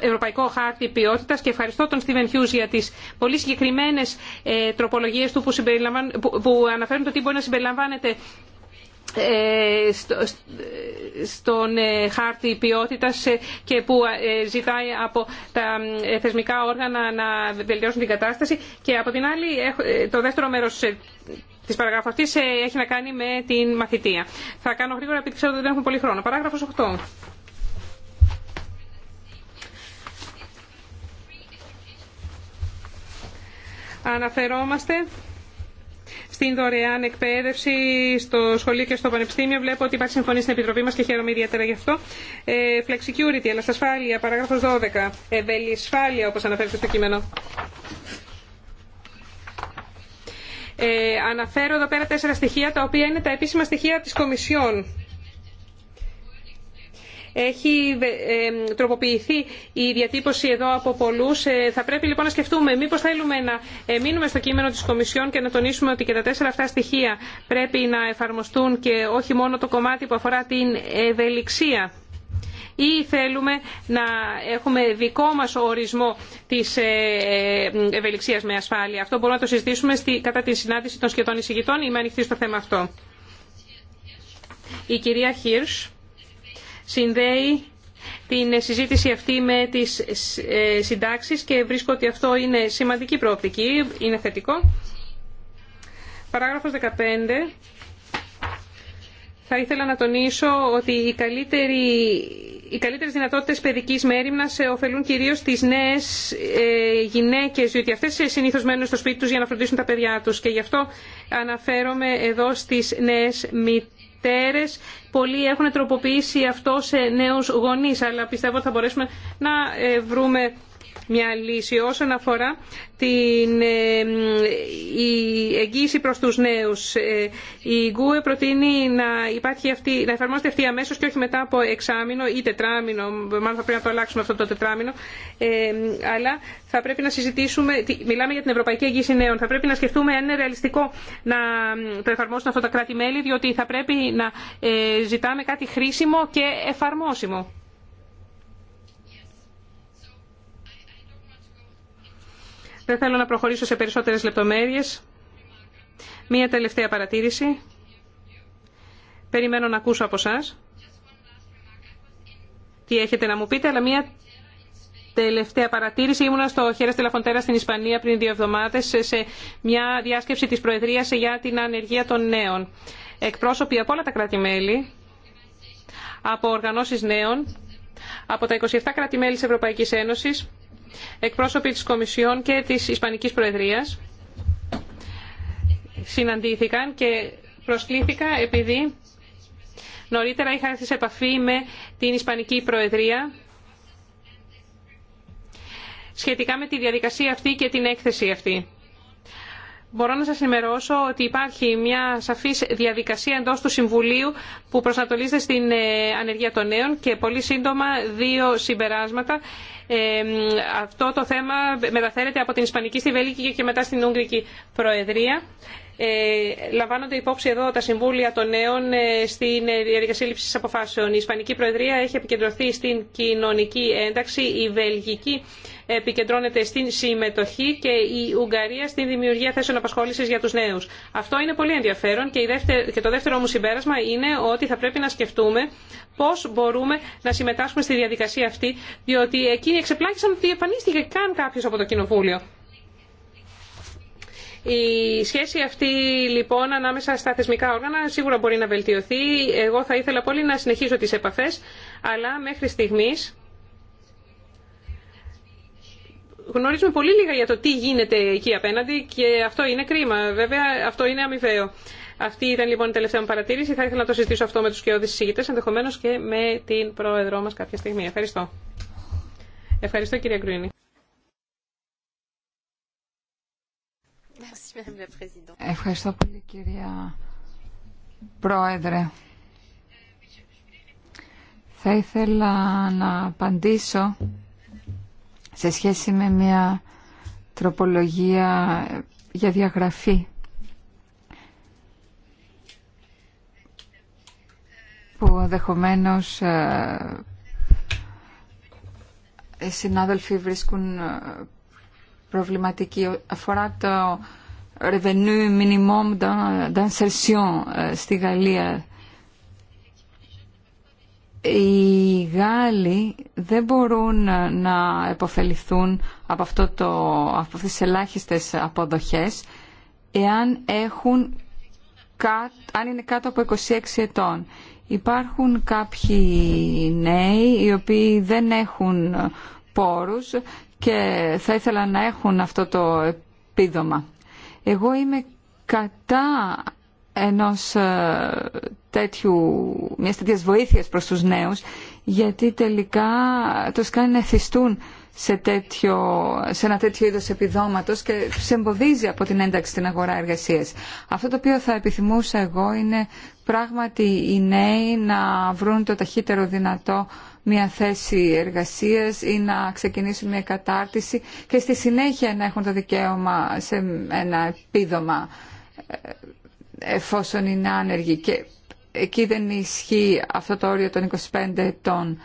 [SPEAKER 2] ευρωπαϊκό χάρτη ποιότητα και ευχαριστώ τον Στίβεν Χιού για τι πολύ συγκεκριμένε ε, τροπολογίε του που, που αναφέρουν το τι μπορεί να συμπεριλαμβάνεται ε, ε, στον ε, χάρτη ποιότητας και που ζητάει από τα θεσμικά όργανα να βελτιώσουν την κατάσταση και από την άλλη το δεύτερο μέρος της παραγράφου αυτής έχει να κάνει με την μαθητεία. Θα κάνω γρήγορα επειδή ξέρω ότι δεν έχουμε πολύ χρόνο. Παράγραφος 8. Αναφερόμαστε στην δωρεάν εκπαίδευση στο σχολείο και στο πανεπιστήμιο. Βλέπω ότι υπάρχει συμφωνία στην Επιτροπή μας και χαίρομαι ιδιαίτερα γι' αυτό. Ε, flexicurity, ασφάλεια, παράγραφος 12. Ευελισφάλεια, όπως αναφέρεται στο κείμενο. Ε, αναφέρω εδώ πέρα τέσσερα στοιχεία, τα οποία είναι τα επίσημα στοιχεία τη Κομισιόν έχει ε, τροποποιηθεί η διατύπωση εδώ από πολλούς. Ε, θα πρέπει λοιπόν να σκεφτούμε μήπως θέλουμε να ε, μείνουμε στο κείμενο της Κομισιόν και να τονίσουμε ότι και τα τέσσερα αυτά στοιχεία πρέπει να εφαρμοστούν και όχι μόνο το κομμάτι που αφορά την ευελιξία ή θέλουμε να έχουμε δικό μας ορισμό της ευελιξίας με ασφάλεια. Αυτό μπορούμε να το συζητήσουμε κατά τη συνάντηση των σχετών εισηγητών ή με εισηγητών. Είμαι ανοιχτή στο θέμα αυτό. Η κυρία Χίρς συνδέει την συζήτηση αυτή με τις ε, συντάξεις και βρίσκω ότι αυτό είναι σημαντική προοπτική, είναι θετικό. Παράγραφος 15. Θα ήθελα να τονίσω ότι οι, καλύτεροι, οι καλύτερες δυνατότητες παιδικής μέρημνας ωφελούν κυρίως τις νέες ε, γυναίκες, διότι αυτές συνήθως μένουν στο σπίτι τους για να φροντίσουν τα παιδιά τους. Και γι' αυτό αναφέρομαι εδώ στις νέες μητέρες Πολλοί έχουν τροποποιήσει αυτό σε νέους γονείς, αλλά πιστεύω ότι θα μπορέσουμε να ε, βρούμε μια λύση όσον αφορά την ε, η εγγύηση προς τους νέους. Ε, η ΓΚΟΕ προτείνει να, υπάρχει αυτή, να εφαρμόζεται αυτή αμέσως και όχι μετά από εξάμεινο ή τετράμινο, μάλλον θα πρέπει να το αλλάξουμε αυτό το τετράμινο, ε, αλλά θα πρέπει να συζητήσουμε, μιλάμε για την Ευρωπαϊκή Εγγύηση Νέων, θα πρέπει να σκεφτούμε αν είναι ρεαλιστικό να το εφαρμόσουν αυτό τα κράτη-μέλη, διότι θα πρέπει να ζητάμε κάτι χρήσιμο και εφαρμόσιμο. Δεν θέλω να προχωρήσω σε περισσότερες λεπτομέρειες. Μία τελευταία παρατήρηση. Περιμένω να ακούσω από εσά τι έχετε να μου πείτε, αλλά μία τελευταία παρατήρηση. Ήμουνα στο Χέρας Τελαφοντέρα στην Ισπανία πριν δύο εβδομάδες σε μια διάσκεψη της Προεδρίας για την ανεργία των νέων. Εκπρόσωποι από όλα τα κράτη-μέλη, από οργανώσεις νέων, από τα 27 κράτη-μέλη της Ευρωπαϊκής Ένωσης, Εκπρόσωποι της Κομισιόν και της Ισπανικής Προεδρίας συναντήθηκαν και προσκλήθηκα επειδή νωρίτερα είχα έρθει σε επαφή με την Ισπανική Προεδρία σχετικά με τη διαδικασία αυτή και την έκθεση αυτή. Μπορώ να σας ενημερώσω ότι υπάρχει μια σαφής διαδικασία εντός του Συμβουλίου που προσανατολίζεται στην ε, ανεργία των νέων και πολύ σύντομα δύο συμπεράσματα αυτό το θέμα μεταφέρεται από την Ισπανική στη Βέλγικη και μετά στην Ούγγρικη Προεδρία. Ε, λαμβάνονται υπόψη εδώ τα συμβούλια των νέων ε, στην ε, διαδικασία λήψη αποφάσεων. Η Ισπανική Προεδρία έχει επικεντρωθεί στην κοινωνική ένταξη, η Βελγική επικεντρώνεται στην συμμετοχή και η Ουγγαρία στην δημιουργία θέσεων απασχόληση για του νέου. Αυτό είναι πολύ ενδιαφέρον και, η το δεύτερο μου συμπέρασμα είναι ότι θα πρέπει να σκεφτούμε πώ μπορούμε να συμμετάσχουμε στη διαδικασία αυτή, διότι εκείνοι εξεπλάγησαν ότι εμφανίστηκε καν κάποιο από το Κοινοβούλιο. Η σχέση αυτή λοιπόν ανάμεσα στα θεσμικά όργανα σίγουρα μπορεί να βελτιωθεί. Εγώ θα ήθελα πολύ να συνεχίσω τις επαφές, αλλά μέχρι στιγμής γνωρίζουμε πολύ λίγα για το τι γίνεται εκεί απέναντι και αυτό είναι κρίμα. Βέβαια αυτό είναι αμοιβαίο. Αυτή ήταν λοιπόν η τελευταία μου παρατήρηση. Θα ήθελα να το συζητήσω αυτό με τους κοιόδης συζητητές, ενδεχομένως και με την πρόεδρό μας κάποια στιγμή. Ευχαριστώ. Ευχαριστώ κύριε Γκρίνη. Ευχαριστώ
[SPEAKER 1] πολύ κυρία Πρόεδρε. Θα ήθελα να απαντήσω σε σχέση με μια τροπολογία για διαγραφή που ενδεχομένω ε, οι συνάδελφοι βρίσκουν ε, προβληματική. Αφορά το revenu minimum d'insertion euh, στη Γαλλία. Οι Γάλλοι δεν μπορούν ε, να επωφεληθούν από, αυτό το, από αυτές τις ελάχιστες αποδοχές εάν έχουν αν είναι κάτω από 26 ετών. Υπάρχουν κάποιοι νέοι οι οποίοι δεν έχουν ε, πόρους και θα ήθελα να έχουν αυτό το επίδομα. Εγώ είμαι κατά ενός ε, τέτοιου, μιας τέτοιας βοήθειας προς τους νέους, γιατί τελικά τους κάνει να εθιστούν σε, τέτοιο, σε ένα τέτοιο είδος επιδόματος και τους εμποδίζει από την ένταξη στην αγορά εργασίας. Αυτό το οποίο θα επιθυμούσα εγώ είναι πράγματι οι νέοι να βρουν το ταχύτερο δυνατό μια θέση εργασίας ή να ξεκινήσουν μια κατάρτιση και στη συνέχεια να έχουν το δικαίωμα σε ένα επίδομα ε, εφόσον είναι άνεργοι και εκεί δεν ισχύει αυτό το όριο των 25 ετών.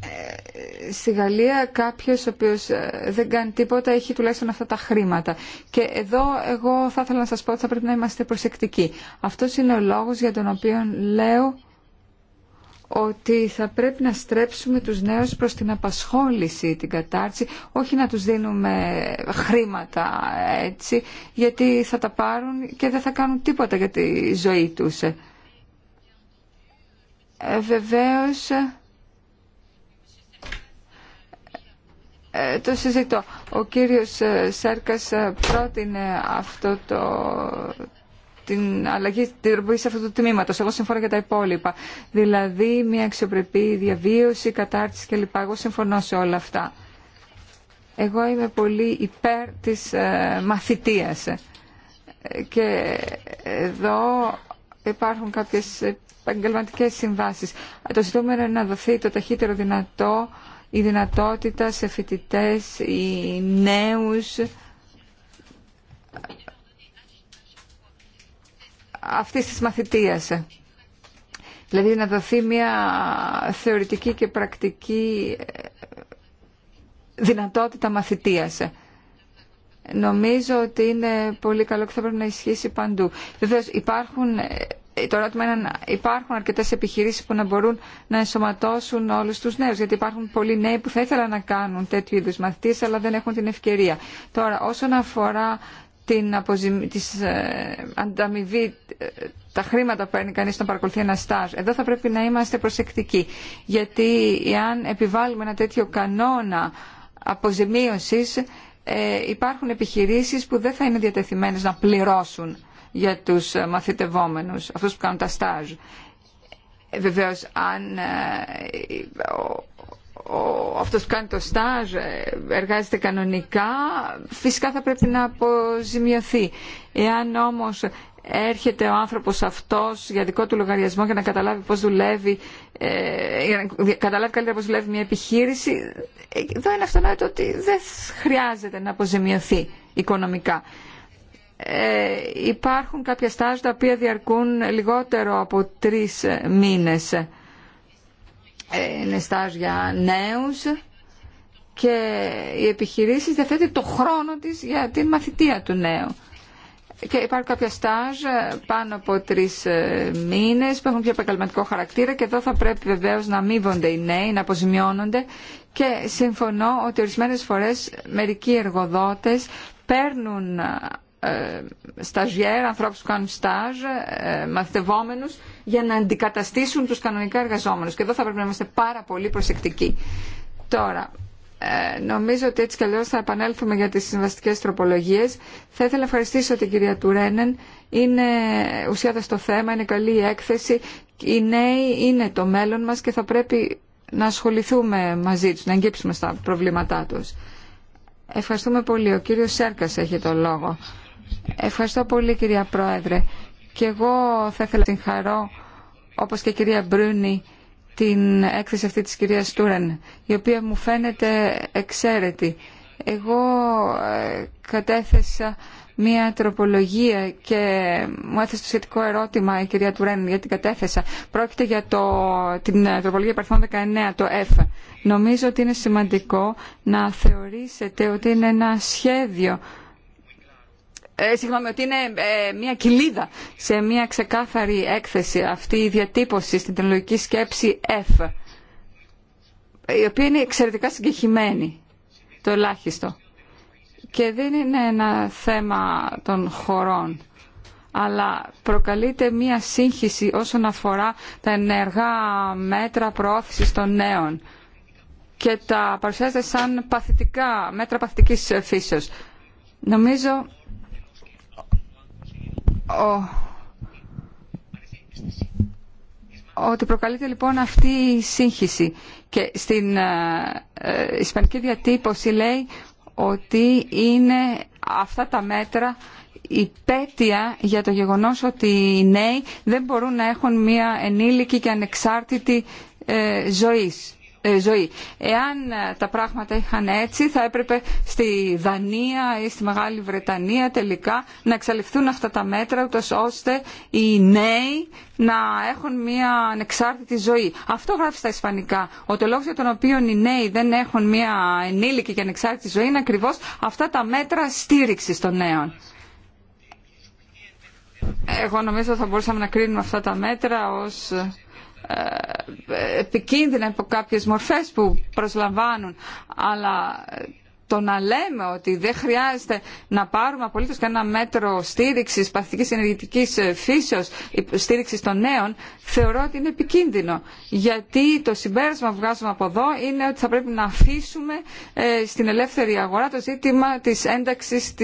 [SPEAKER 1] Ε, στη Γαλλία κάποιος ο οποίος ε, δεν κάνει τίποτα έχει τουλάχιστον αυτά τα χρήματα. Και εδώ εγώ θα ήθελα να σας πω ότι θα πρέπει να είμαστε προσεκτικοί. Αυτός είναι ο λόγος για τον οποίο λέω ότι θα πρέπει να στρέψουμε τους νέους προς την απασχόληση, την κατάρτιση, όχι να τους δίνουμε χρήματα έτσι, γιατί θα τα πάρουν και δεν θα κάνουν τίποτα για τη ζωή τους. Ε, βεβαίως, ε, το συζητώ. Ο κύριος ε, Σέρκας ε, πρότεινε αυτό το την αλλαγή τη ροή αυτού του τμήματο. Εγώ συμφωνώ για τα υπόλοιπα. Δηλαδή μια αξιοπρεπή διαβίωση, κατάρτιση κλπ. Εγώ συμφωνώ σε όλα αυτά. Εγώ είμαι πολύ υπέρ της ε, μαθητείας ε, και εδώ υπάρχουν κάποιες επαγγελματικέ συμβάσει. Το ζητούμενο είναι να δοθεί το ταχύτερο δυνατό η δυνατότητα σε φοιτητέ ή νέου αυτής της μαθητείας. Δηλαδή να δοθεί μια θεωρητική και πρακτική ε, δυνατότητα μαθητείας. Νομίζω ότι είναι πολύ καλό και θα πρέπει να ισχύσει παντού. Βεβαίω υπάρχουν, ε, το ερώτημα υπάρχουν αρκετέ επιχειρήσει που να μπορούν να ενσωματώσουν όλου του νέου. Γιατί υπάρχουν πολλοί νέοι που θα ήθελαν να κάνουν τέτοιου είδου μαθητή, αλλά δεν έχουν την ευκαιρία. Τώρα, όσον αφορά την αποζημ... της, ε, ε, τα χρήματα που παίρνει κανείς να παρακολουθεί ένα στάζ. Εδώ θα πρέπει να είμαστε προσεκτικοί, γιατί εάν επιβάλλουμε ένα τέτοιο κανόνα αποζημίωσης, ε, υπάρχουν επιχειρήσεις που δεν θα είναι διατεθειμένες να πληρώσουν για τους μαθητευόμενους, αυτούς που κάνουν τα στάζ. Βεβαίως, αν ο, αυτός που κάνει το στάζ ε, εργάζεται κανονικά, φυσικά θα πρέπει να αποζημιωθεί. Εάν όμως έρχεται ο άνθρωπος αυτός για δικό του λογαριασμό για να καταλάβει πώς δουλεύει, ε, για να καταλάβει καλύτερα πώς δουλεύει μια επιχείρηση, ε, εδώ είναι αυτονόητο ότι δεν χρειάζεται να αποζημιωθεί οικονομικά. υπάρχουν κάποια στάζ τα οποία διαρκούν λιγότερο από τρεις μήνες είναι στάζ για νέους και οι επιχειρήσει διαθέτει το χρόνο της για τη μαθητεία του νέου. Και υπάρχουν κάποια στάζ πάνω από τρει ε, μήνε που έχουν πιο επαγγελματικό χαρακτήρα και εδώ θα πρέπει βεβαίω να αμείβονται οι νέοι, να αποζημιώνονται. Και συμφωνώ ότι ορισμένε φορέ μερικοί εργοδότε παίρνουν ε, σταζιέρ, ανθρώπους που κάνουν στάζ, ε, μαθητευόμενους, για να αντικαταστήσουν τους κανονικά εργαζόμενους. Και εδώ θα πρέπει να είμαστε πάρα πολύ προσεκτικοί. Τώρα, ε, νομίζω ότι έτσι κι θα επανέλθουμε για τις συμβαστικέ τροπολογίες. Θα ήθελα να ευχαριστήσω την κυρία Τουρένεν. Είναι ουσιάδα στο θέμα, είναι καλή η έκθεση. Οι νέοι είναι το μέλλον μας και θα πρέπει να ασχοληθούμε μαζί τους, να εγγύψουμε στα προβλήματά τους. Ευχαριστούμε πολύ. Ο κύριος Σέρκα έχει το λόγο. Ευχαριστώ πολύ κυρία Πρόεδρε. Και εγώ θα ήθελα να συγχαρώ, όπως και η κυρία Μπρούνη, την έκθεση αυτή της κυρίας Τούρεν, η οποία μου φαίνεται εξαίρετη. Εγώ ε, κατέθεσα μία τροπολογία και μου έθεσε το σχετικό ερώτημα η κυρία Τουρέν γιατί κατέθεσα. Πρόκειται για το, την ε, τροπολογία παρθών 19, το F. Νομίζω ότι είναι σημαντικό να θεωρήσετε ότι είναι ένα σχέδιο ε, συγγνώμη, ότι είναι ε, μια κοιλίδα σε μια ξεκάθαρη έκθεση αυτή η διατύπωση στην τελογική σκέψη F η οποία είναι εξαιρετικά συγκεχημένη το ελάχιστο και δεν είναι ένα θέμα των χωρών αλλά προκαλείται μία σύγχυση όσον αφορά τα ενεργά μέτρα προώθησης των νέων και τα παρουσιάζεται σαν παθητικά, μέτρα παθητικής φύσεως. Νομίζω ότι προκαλείται λοιπόν αυτή η σύγχυση και στην ε, ε, ισπανική διατύπωση λέει ότι είναι αυτά τα μέτρα η υπέτεια για το γεγονός ότι οι νέοι δεν μπορούν να έχουν μια ενήλικη και ανεξάρτητη ε, ζωής. Ε, ζωή. Εάν ε, τα πράγματα είχαν έτσι θα έπρεπε στη Δανία ή στη Μεγάλη Βρετανία τελικά να εξαλειφθούν αυτά τα μέτρα ούτως ώστε οι νέοι να έχουν μια ανεξάρτητη ζωή. Αυτό γράφει στα Ισπανικά. Ο τελόγος για τον οποίο οι νέοι δεν έχουν μια ενήλικη και ανεξάρτητη ζωή είναι ακριβώ αυτά τα μέτρα στήριξη των νέων. Εγώ νομίζω θα μπορούσαμε να κρίνουμε αυτά τα μέτρα ως επικίνδυνα από κάποιες μορφές που προσλαμβάνουν αλλά το να λέμε ότι δεν χρειάζεται να πάρουμε απολύτω κανένα μέτρο στήριξη παθητική ενεργητική ε, φύσεω, ε, στήριξη των νέων, θεωρώ ότι είναι επικίνδυνο. Γιατί το συμπέρασμα που βγάζουμε από εδώ είναι ότι θα πρέπει να αφήσουμε ε, στην ελεύθερη αγορά το ζήτημα τη ένταξη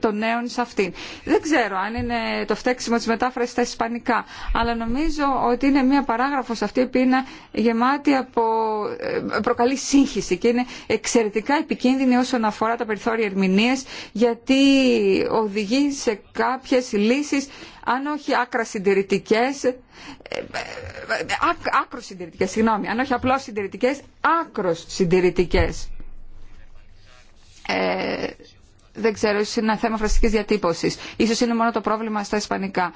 [SPEAKER 1] των νέων σε αυτήν. Δεν ξέρω αν είναι το φταίξιμο τη μετάφραση στα ισπανικά, αλλά νομίζω ότι είναι μία παράγραφο αυτή που είναι γεμάτη από. προκαλεί σύγχυση και είναι εξαιρετικά επικίνδυνη είναι όσον αφορά τα περιθώρια ερμηνεία γιατί οδηγεί σε κάποιες λύσει αν όχι άκρα συντηρητικέ. Ε, ε, άκρο συντηρητικέ, συγγνώμη, αν όχι απλώς συντηρητικέ, άκρο συντηρητικέ. Ε, δεν ξέρω, ίσω είναι ένα θέμα φραστικής διατύπωσης. Ίσως είναι μόνο το πρόβλημα στα ισπανικά.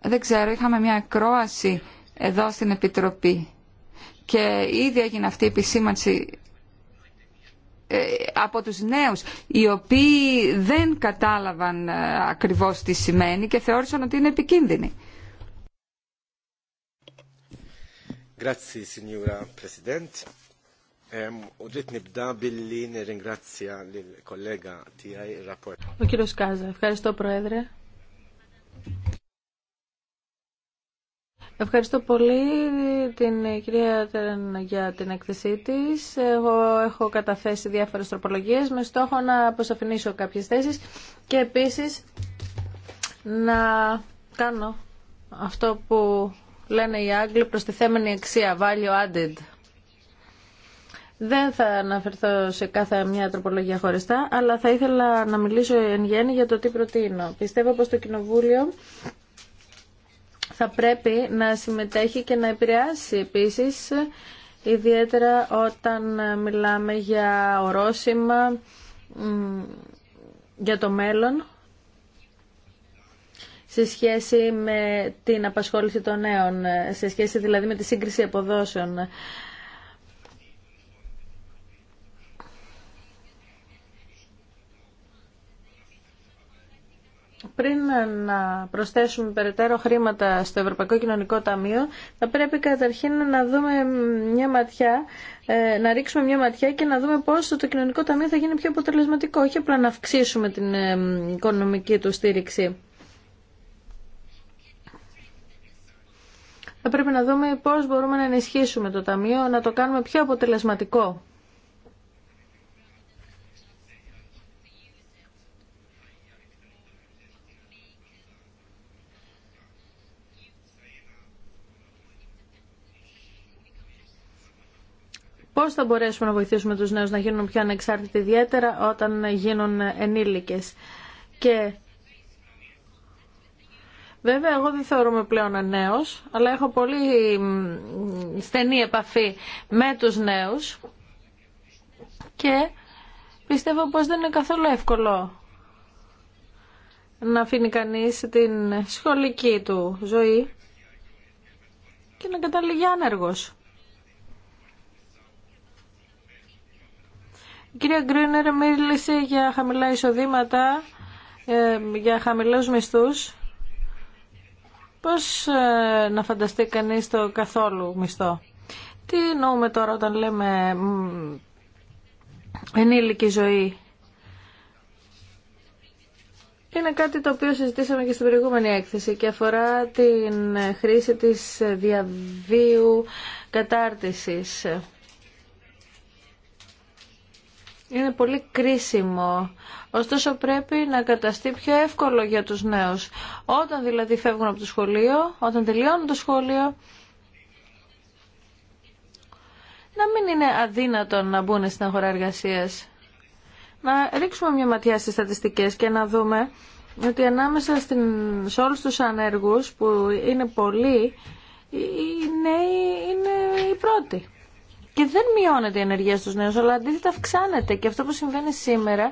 [SPEAKER 1] Δεν ξέρω, είχαμε μια ακρόαση εδώ στην Επιτροπή και ήδη έγινε αυτή η επισήμανση ε, από τους νέους οι οποίοι δεν κατάλαβαν ε, ακριβώς τι σημαίνει και θεώρησαν ότι είναι επικίνδυνη. Grazie signora Presidente. Ho detto da Belline ringrazia il collega TI Rapporto.
[SPEAKER 4] Ο κύριος Κάζα, ευχαριστώ Πρόεδρε. Ευχαριστώ πολύ την ε, κυρία Τερεν για την εκθεσή τη. Εγώ έχω καταθέσει διάφορες τροπολογίες με στόχο να αποσαφηνίσω κάποιες θέσεις και επίσης να κάνω αυτό που λένε οι Άγγλοι προστιθέμενη αξία, value added. Δεν θα αναφερθώ σε κάθε μια τροπολογία χωριστά, αλλά θα ήθελα να μιλήσω εν γέννη για το τι προτείνω. Πιστεύω πως το Κοινοβούλιο θα πρέπει να συμμετέχει και να επηρεάσει επίσης ιδιαίτερα όταν μιλάμε για ορόσημα για το μέλλον σε σχέση με την απασχόληση των νέων, σε σχέση δηλαδή με τη σύγκριση αποδόσεων. πριν να προσθέσουμε περαιτέρω χρήματα στο Ευρωπαϊκό Κοινωνικό Ταμείο, θα πρέπει καταρχήν να δούμε μια ματιά, ε, να ρίξουμε μια ματιά και να δούμε πώς το Κοινωνικό Ταμείο θα γίνει πιο αποτελεσματικό, όχι απλά να αυξήσουμε την ε, οικονομική του στήριξη. Θα πρέπει να δούμε πώς μπορούμε να ενισχύσουμε το Ταμείο, να το κάνουμε πιο αποτελεσματικό. Πώς θα μπορέσουμε να βοηθήσουμε τους νέους να γίνουν πιο ανεξάρτητοι ιδιαίτερα όταν γίνουν ενήλικες. Και Βέβαια, εγώ δεν θεωρούμε πλέον νέος, αλλά έχω πολύ στενή επαφή με τους νέους και πιστεύω πως δεν είναι καθόλου εύκολο να αφήνει κανείς την σχολική του ζωή και να καταλήγει άνεργος. Η κυρία Γκρίνερ μίλησε για χαμηλά εισοδήματα, ε, για χαμηλούς μισθούς. Πώς ε, να φανταστεί κανείς το καθόλου μισθό. Τι εννοούμε τώρα όταν λέμε ενήλικη ζωή. Είναι κάτι το οποίο συζητήσαμε και στην προηγούμενη έκθεση και αφορά την χρήση της διαβίου κατάρτισης είναι πολύ κρίσιμο. Ωστόσο πρέπει να καταστεί πιο εύκολο για τους νέους. Όταν δηλαδή φεύγουν από το σχολείο, όταν τελειώνουν το σχολείο, να μην είναι αδύνατο να μπουν στην αγορά εργασία. Να ρίξουμε μια ματιά στις στατιστικές και να δούμε ότι ανάμεσα στην, σε όλους τους ανέργους που είναι πολλοί, οι νέοι είναι οι πρώτοι και δεν μειώνεται η ενεργεία στους νέους, αλλά αντίθετα αυξάνεται. Και αυτό που συμβαίνει σήμερα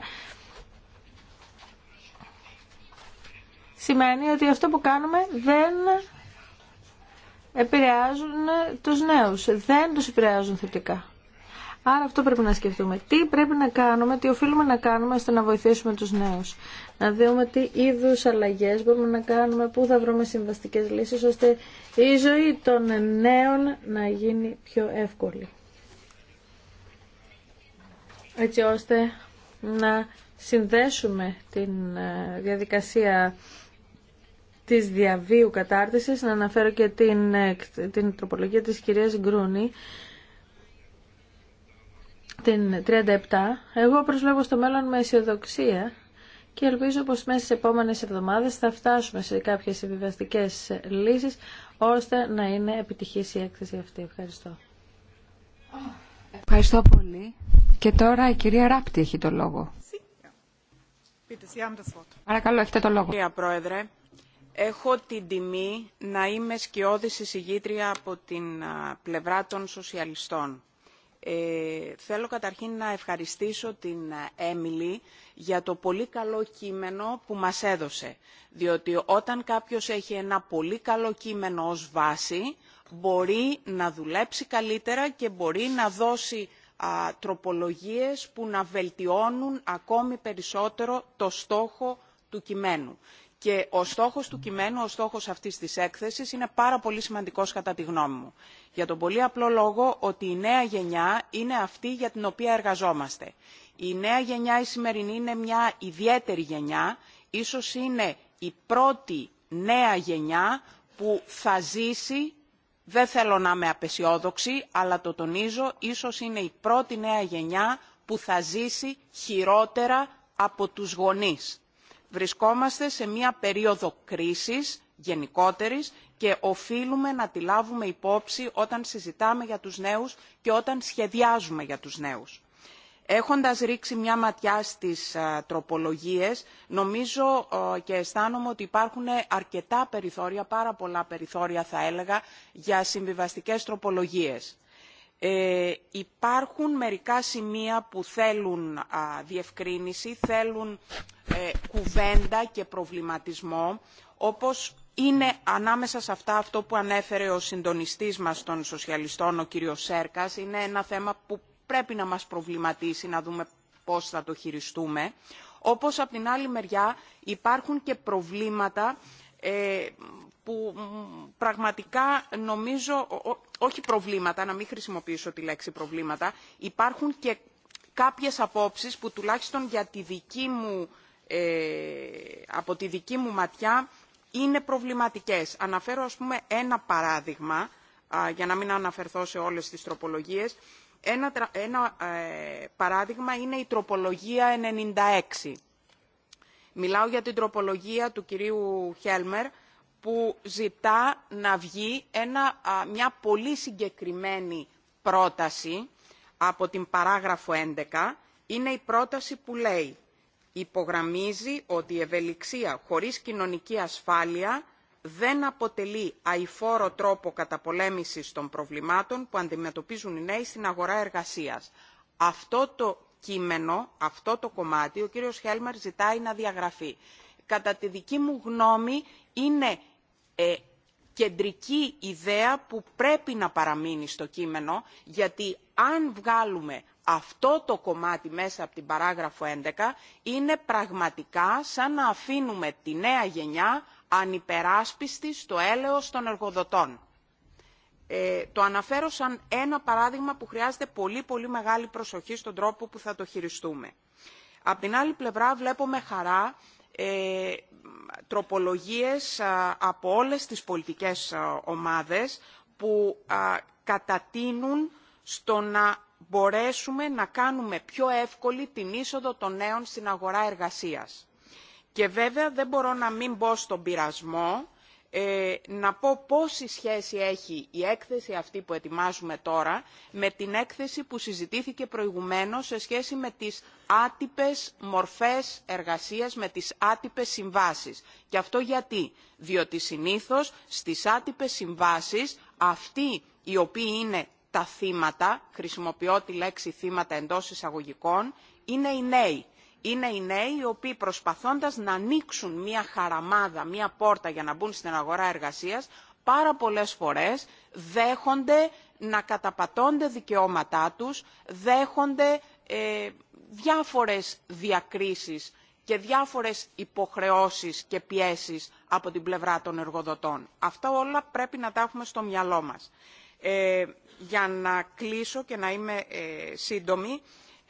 [SPEAKER 4] σημαίνει ότι αυτό που κάνουμε δεν επηρεάζουν τους νέους, δεν τους επηρεάζουν θετικά. Άρα αυτό πρέπει να σκεφτούμε. Τι πρέπει να κάνουμε, τι οφείλουμε να κάνουμε ώστε να βοηθήσουμε τους νέους. Να δούμε τι είδους αλλαγές μπορούμε να κάνουμε, πού θα βρούμε συμβαστικές λύσεις ώστε η ζωή των νέων να γίνει πιο εύκολη έτσι ώστε να συνδέσουμε την ε, διαδικασία της διαβίου κατάρτισης, να αναφέρω και την, ε, την τροπολογία της κυρίας Γκρούνη, την 37. Εγώ προσλέγω στο μέλλον με αισιοδοξία και ελπίζω πως μέσα στις επόμενες εβδομάδες θα φτάσουμε σε κάποιες επιβαστικές λύσεις ώστε να είναι επιτυχής η έκθεση αυτή. Ευχαριστώ.
[SPEAKER 1] Ευχαριστώ πολύ. Και τώρα η κυρία Ράπτη έχει το λόγο. Παρακαλώ, έχετε το λόγο.
[SPEAKER 3] Κυρία Πρόεδρε, έχω την τιμή να είμαι σκιώδης εισηγήτρια από την πλευρά των σοσιαλιστών. Ε, θέλω καταρχήν να ευχαριστήσω την Έμιλη για το πολύ καλό κείμενο που μας έδωσε. Διότι όταν κάποιος έχει ένα πολύ καλό κείμενο ως βάση, μπορεί να δουλέψει καλύτερα και μπορεί να δώσει τροπολογίες που να βελτιώνουν ακόμη περισσότερο το στόχο του κειμένου. Και ο στόχος του κειμένου, ο στόχος αυτής της έκθεσης είναι πάρα πολύ σημαντικός κατά τη γνώμη μου. Για τον πολύ απλό λόγο ότι η νέα γενιά είναι αυτή για την οποία εργαζόμαστε. Η νέα γενιά η σημερινή είναι μια ιδιαίτερη γενιά, ίσως είναι η πρώτη νέα γενιά που θα ζήσει δεν θέλω να είμαι απεσιόδοξη, αλλά το τονίζω, ίσως είναι η πρώτη νέα γενιά που θα ζήσει χειρότερα από τους γονείς. Βρισκόμαστε σε μια περίοδο κρίσης γενικότερης και οφείλουμε να τη λάβουμε υπόψη όταν συζητάμε για τους νέους και όταν σχεδιάζουμε για τους νέους έχοντας ρίξει μια ματιά στις τροπολογίες νομίζω και αισθάνομαι ότι υπάρχουν αρκετά περιθώρια πάρα πολλά περιθώρια θα έλεγα για συμβιβαστικές τροπολογίες. Ε, υπάρχουν μερικά σημεία που θέλουν διευκρίνηση θέλουν ε, κουβέντα και προβληματισμό όπως είναι ανάμεσα σε αυτά αυτό που ανέφερε ο συντονιστής μας των σοσιαλιστών ο κ. Σέρκας είναι ένα θέμα που πρέπει να μας προβληματίσει να δούμε πώς θα το χειριστούμε. Όπως από την άλλη μεριά υπάρχουν και προβλήματα ε, που πραγματικά νομίζω, όχι προβλήματα, να μην χρησιμοποιήσω τη λέξη προβλήματα, υπάρχουν και κάποιες απόψεις που τουλάχιστον για τη δική μου, ε, από τη δική μου ματιά είναι προβληματικές. Αναφέρω ας πούμε ένα παράδειγμα, για να μην αναφερθώ σε όλες τις τροπολογίες, ένα, ένα ε, παράδειγμα είναι η τροπολογία 96. Μιλάω για την τροπολογία του κυρίου Χέλμερ που ζητά να βγει ένα, μια πολύ συγκεκριμένη πρόταση από την παράγραφο 11. Είναι η πρόταση που λέει «Υπογραμμίζει ότι η ευελιξία χωρίς κοινωνική ασφάλεια δεν αποτελεί αηφόρο τρόπο καταπολέμησης των προβλημάτων που αντιμετωπίζουν οι νέοι στην αγορά εργασίας. Αυτό το κείμενο, αυτό το κομμάτι, ο κύριος Χέλμαρ ζητάει να διαγραφεί. Κατά τη δική μου γνώμη είναι ε, κεντρική ιδέα που πρέπει να παραμείνει στο κείμενο, γιατί αν βγάλουμε αυτό το κομμάτι μέσα από την παράγραφο 11, είναι πραγματικά σαν να αφήνουμε τη νέα γενιά ανυπεράσπιστη στο έλεος των εργοδοτών. Ε, το αναφέρω σαν ένα παράδειγμα που χρειάζεται πολύ πολύ μεγάλη προσοχή στον τρόπο που θα το χειριστούμε. Απ' την άλλη πλευρά βλέπω με χαρά ε, τροπολογίες ε, από όλες τις πολιτικές ε, ομάδες που α, ε, κατατείνουν στο να μπορέσουμε να κάνουμε πιο εύκολη την είσοδο των νέων στην αγορά εργασίας και βέβαια δεν μπορώ να μην μπω στον πειρασμό ε, να πω πόση σχέση έχει η έκθεση αυτή που ετοιμάζουμε τώρα με την έκθεση που συζητήθηκε προηγουμένως σε σχέση με τις άτυπες μορφές εργασίας, με τις άτυπες συμβάσεις. Και αυτό γιατί. Διότι συνήθως στις άτυπες συμβάσεις αυτοί οι οποίοι είναι τα θύματα, χρησιμοποιώ τη λέξη θύματα εντός εισαγωγικών, είναι οι νέοι είναι οι νέοι οι οποίοι προσπαθώντας να ανοίξουν μια χαραμάδα, μια πόρτα για να μπουν στην αγορά εργασίας, πάρα πολλές φορές δέχονται να καταπατώνται δικαιώματά τους, δέχονται ε, διάφορες διακρίσεις και διάφορες υποχρεώσεις και πιέσεις από την πλευρά των εργοδοτών. Αυτά όλα πρέπει να τα έχουμε στο μυαλό μας. Ε, για να κλείσω και να είμαι ε, σύντομη,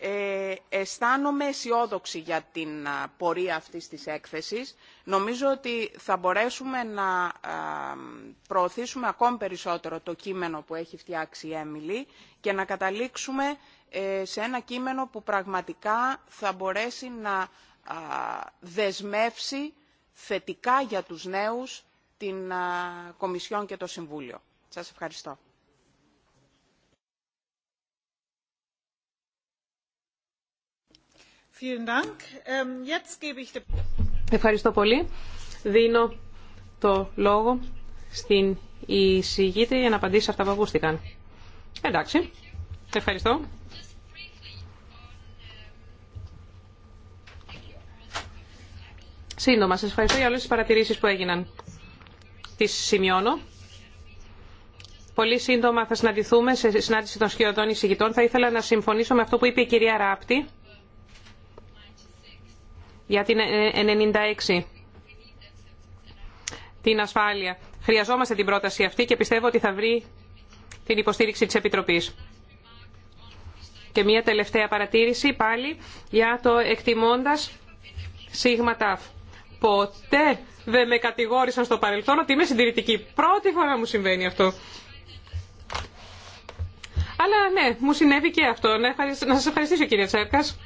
[SPEAKER 3] ε, αισθάνομαι αισιόδοξη για την πορεία αυτής της έκθεσης. Νομίζω ότι θα μπορέσουμε να προωθήσουμε ακόμη περισσότερο το κείμενο που έχει φτιάξει η Έμιλη και να καταλήξουμε ε, σε ένα κείμενο που πραγματικά θα μπορέσει να δεσμεύσει θετικά για τους νέους την Κομισιόν και το Συμβούλιο. Σας ευχαριστώ.
[SPEAKER 2] Ähm, ευχαριστώ πολύ. Δίνω το λόγο στην εισηγήτρια για να απαντήσει σε αυτά που ακούστηκαν. Εντάξει. Ευχαριστώ. Σύντομα, σας ευχαριστώ για όλες τις παρατηρήσεις που έγιναν. Τις σημειώνω. Πολύ σύντομα θα συναντηθούμε σε συνάντηση των σχεδόντων εισηγητών. Θα ήθελα να συμφωνήσω με αυτό που είπε η κυρία Ράπτη για την 96, ε, την ασφάλεια. Χρειαζόμαστε την πρόταση αυτή και πιστεύω ότι θα βρει την υποστήριξη της Επιτροπής. Και μια τελευταία παρατήρηση πάλι για το εκτιμώντας σίγμα ταφ. Ποτέ δεν με κατηγόρησαν στο παρελθόν ότι είμαι συντηρητική. Πρώτη φορά μου συμβαίνει αυτό. Αλλά ναι, μου συνέβη και αυτό. Να σας ευχαριστήσω κύριε Τσέρκας.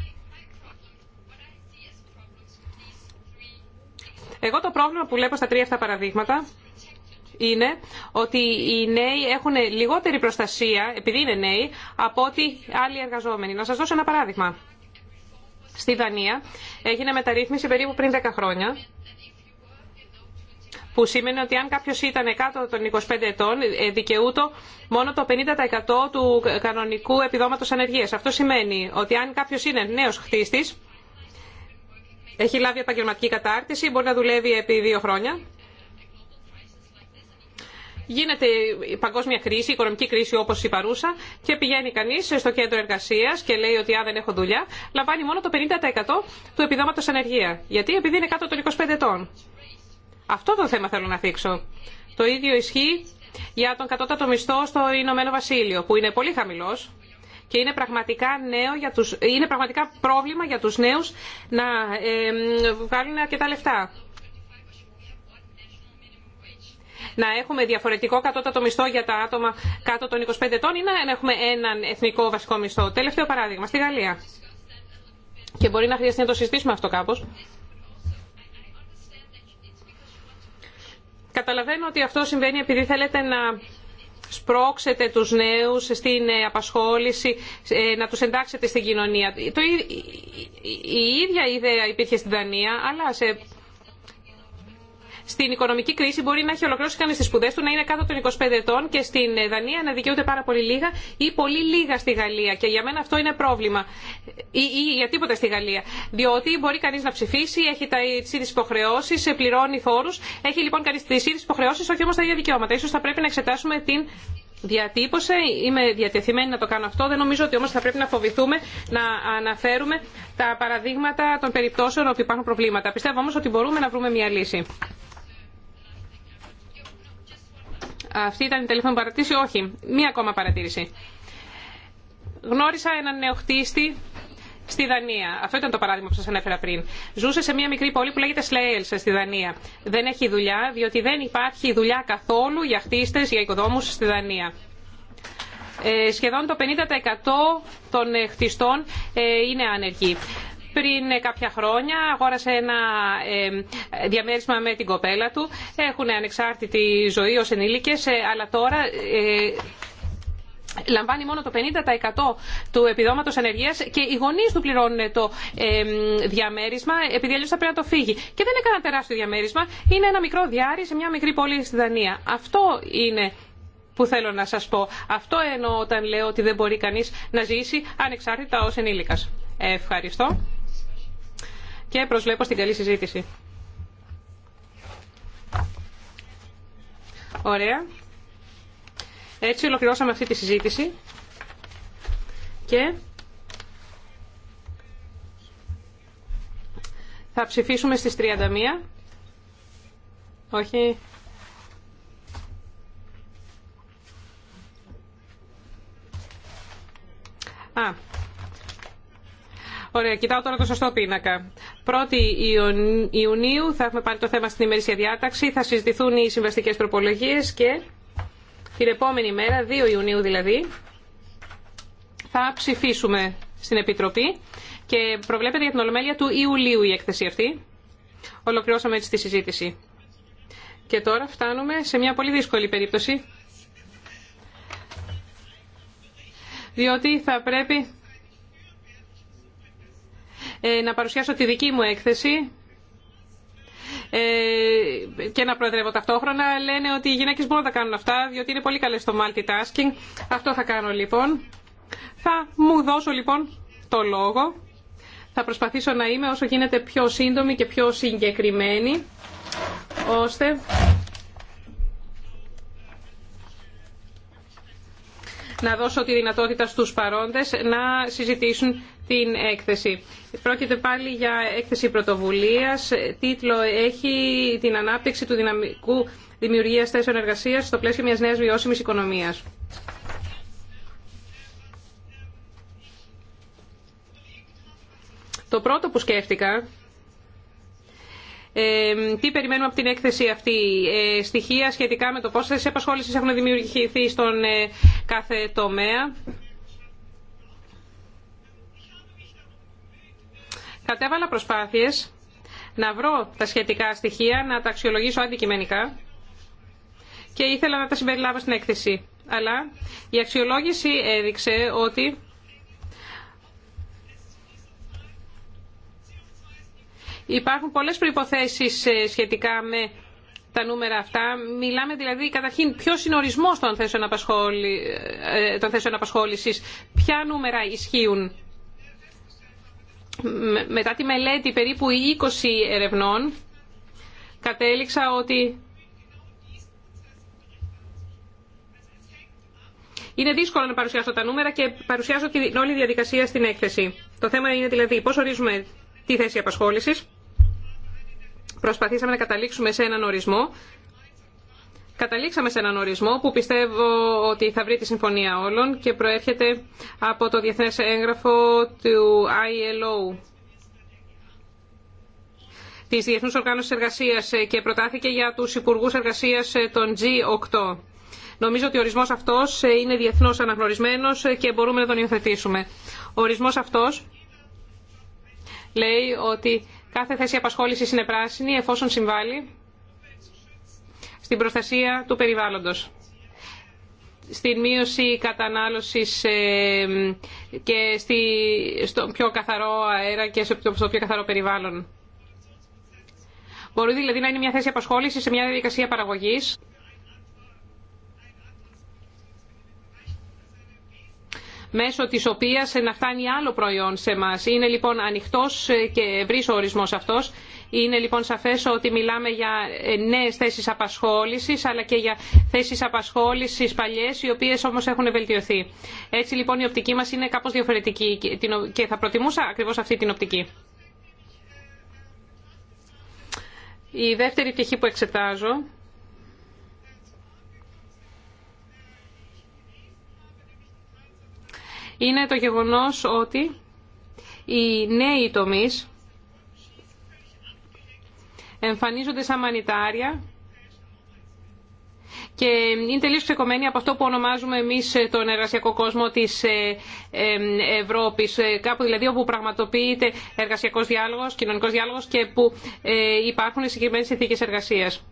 [SPEAKER 2] Εγώ το πρόβλημα που βλέπω στα τρία αυτά παραδείγματα είναι ότι οι νέοι έχουν λιγότερη προστασία, επειδή είναι νέοι, από ότι άλλοι εργαζόμενοι. Να σας δώσω ένα παράδειγμα. Στη Δανία έγινε μεταρρύθμιση περίπου πριν 10 χρόνια, που σήμαινε ότι αν κάποιος ήταν κάτω των 25 ετών, ε, δικαιούτο μόνο το 50% του κανονικού επιδόματος ανεργίας. Αυτό σημαίνει ότι αν κάποιος είναι νέος χτίστης, έχει λάβει επαγγελματική κατάρτιση, μπορεί να δουλεύει επί δύο χρόνια. Γίνεται η παγκόσμια κρίση, η οικονομική κρίση όπως η παρούσα και πηγαίνει κανείς στο κέντρο εργασίας και λέει ότι αν δεν έχω δουλειά, λαμβάνει μόνο το 50% του επιδόματος ανεργία. Γιατί, επειδή είναι κάτω των 25 ετών. Αυτό το θέμα θέλω να θίξω. Το ίδιο ισχύει για τον κατώτατο μισθό στο Ηνωμένο Βασίλειο, που είναι πολύ χαμηλός και είναι πραγματικά, νέο για τους, είναι πραγματικά πρόβλημα για τους νέους να ε, βγάλουν αρκετά λεφτά. Να έχουμε διαφορετικό κατώτατο μισθό για τα άτομα κάτω των 25 ετών ή να έχουμε έναν εθνικό βασικό μισθό. Τελευταίο παράδειγμα, στη Γαλλία. Και μπορεί να χρειαστεί να το συζητήσουμε αυτό κάπως. Καταλαβαίνω ότι αυτό συμβαίνει επειδή θέλετε να σπρώξετε τους νέους στην ε, απασχόληση, ε, να τους εντάξετε στην κοινωνία. Το, η ίδια ιδέα υπήρχε στην Δανία, αλλά σε στην οικονομική κρίση μπορεί να έχει ολοκληρώσει κανεί τι σπουδέ του, να είναι κάτω των 25 ετών και στην ε, Δανία να δικαιούται πάρα πολύ λίγα ή πολύ λίγα στη Γαλλία. Και για μένα αυτό είναι πρόβλημα. Ή, ή για τίποτα στη Γαλλία. Διότι μπορεί κανεί να ψηφίσει, έχει τι ίδιε υποχρεώσει, ε, πληρώνει φόρου. Έχει λοιπόν κανεί τι ίδιε υποχρεώσει, όχι όμω τα ίδια δικαιώματα. σω θα πρέπει να εξετάσουμε την διατύπωσε. Είμαι διατεθειμένη να το κάνω αυτό. Δεν νομίζω ότι όμω θα πρέπει να φοβηθούμε να αναφέρουμε τα παραδείγματα των περιπτώσεων όπου υπάρχουν προβλήματα. Πιστεύω όμω ότι μπορούμε να βρούμε μια λύση. Αυτή ήταν η τελευταία παρατήρηση. Όχι, μία ακόμα παρατήρηση. Γνώρισα έναν νεοχτίστη στη Δανία. Αυτό ήταν το παράδειγμα που σα ανέφερα πριν. Ζούσε σε μια μικρή πόλη που λέγεται Σλέελ στη Δανία. Δεν έχει δουλειά, διότι δεν υπάρχει δουλειά καθόλου για χτίστε, για οικοδόμου στη Δανία. Ε, σχεδόν το 50% των ε, χτιστών ε, είναι άνεργοι. Πριν κάποια χρόνια αγόρασε ένα ε, διαμέρισμα με την κοπέλα του. Έχουν ανεξάρτητη ζωή ως ενήλικες, ε, αλλά τώρα ε, λαμβάνει μόνο το 50% του επιδόματο ενέργεια και οι γονεί του πληρώνουν το ε, διαμέρισμα, επειδή αλλιώ θα πρέπει να το φύγει. Και δεν είναι κανένα τεράστιο διαμέρισμα, είναι ένα μικρό διάρρη σε μια μικρή πόλη στη Δανία. Αυτό είναι που θέλω να σας πω. Αυτό εννοώ όταν λέω ότι δεν μπορεί κανείς να ζήσει ανεξάρτητα ως ενήλικας. Ευχαριστώ και προσβλέπω στην καλή συζήτηση. Ωραία. Έτσι ολοκληρώσαμε αυτή τη συζήτηση και θα ψηφίσουμε στις 31. Όχι. Α. Ωραία, κοιτάω τώρα το σωστό πίνακα. 1η Ιουνίου θα έχουμε πάλι το θέμα στην ημερήσια διάταξη, θα συζητηθούν οι συμβαστικέ προπολογίες και την επόμενη μέρα, 2 Ιουνίου δηλαδή, θα ψηφίσουμε στην Επιτροπή και προβλέπεται για την Ολομέλεια του Ιουλίου η έκθεση αυτή. Ολοκληρώσαμε έτσι τη συζήτηση. Και τώρα φτάνουμε σε μια πολύ δύσκολη περίπτωση, διότι θα πρέπει ε, να παρουσιάσω τη δική μου έκθεση ε, και να προεδρεύω ταυτόχρονα. Λένε ότι οι γυναίκες μπορούν να τα κάνουν αυτά, διότι είναι πολύ καλές στο multitasking. Αυτό θα κάνω λοιπόν. Θα μου δώσω λοιπόν το λόγο. Θα προσπαθήσω να είμαι όσο γίνεται πιο σύντομη και πιο συγκεκριμένη, ώστε να δώσω τη δυνατότητα στους παρόντες να συζητήσουν την έκθεση. Πρόκειται πάλι για έκθεση πρωτοβουλίας. Τίτλο έχει την ανάπτυξη του δυναμικού δημιουργίας θέσεων εργασίας στο πλαίσιο μιας νέας βιώσιμης οικονομίας. Το πρώτο που σκέφτηκα ε, τι περιμένουμε από την έκθεση αυτή. Ε, στοιχεία σχετικά με το πόσες επασχόλησεις έχουν δημιουργηθεί στον ε, κάθε τομέα. Κατέβαλα προσπάθειες να βρω τα σχετικά στοιχεία, να τα αξιολογήσω αντικειμενικά και ήθελα να τα συμπεριλάβω στην έκθεση. Αλλά η αξιολόγηση έδειξε ότι υπάρχουν πολλές προϋποθέσεις ε, σχετικά με τα νούμερα αυτά. Μιλάμε δηλαδή καταρχήν ποιο είναι ο των θέσεων, ε, των θέσεων απασχόλησης, ποια νούμερα ισχύουν μετά τη μελέτη περίπου 20 ερευνών κατέληξα ότι Είναι δύσκολο να παρουσιάσω τα νούμερα και παρουσιάζω την όλη διαδικασία στην έκθεση. Το θέμα είναι δηλαδή πώς ορίζουμε τη θέση απασχόλησης. Προσπαθήσαμε να καταλήξουμε σε έναν ορισμό Καταλήξαμε σε έναν ορισμό που πιστεύω ότι θα βρει τη συμφωνία όλων και προέρχεται από το διεθνές έγγραφο του ILO τη Διεθνούς Οργάνωση Εργασία και προτάθηκε για τους Υπουργού Εργασία των G8. Νομίζω ότι ο ορισμός αυτός είναι διεθνώς αναγνωρισμένος και μπορούμε να τον υιοθετήσουμε. Ο ορισμό αυτό, λέει ότι κάθε θέση απασχόληση είναι πράσινη εφόσον συμβάλλει στην προστασία του περιβάλλοντος στην μείωση κατανάλωσης ε, και στη, στο πιο καθαρό αέρα και στο πιο καθαρό περιβάλλον. Μπορεί δηλαδή να είναι μια θέση απασχόληση σε μια διαδικασία παραγωγής. μέσω της οποίας να φτάνει άλλο προϊόν σε μας. Είναι λοιπόν ανοιχτός και ευρύς ο ορισμός αυτός είναι λοιπόν σαφές ότι μιλάμε για ε, νέες θέσεις απασχόλησης αλλά και για θέσεις απασχόλησης παλιές οι οποίες όμως έχουν βελτιωθεί. Έτσι λοιπόν η οπτική μας είναι κάπως διαφορετική και θα προτιμούσα ακριβώς αυτή την οπτική. Η δεύτερη πτυχή που εξετάζω είναι το γεγονός ότι οι νέοι τομείς εμφανίζονται σαν μανιτάρια και είναι τελείως ξεκομμένοι από αυτό που ονομάζουμε εμείς τον εργασιακό κόσμο της ε, ε, Ευρώπης. Ε, κάπου δηλαδή όπου πραγματοποιείται εργασιακός διάλογος, κοινωνικός διάλογος και που υπάρχουν συγκεκριμένες συνθήκε εργασίας.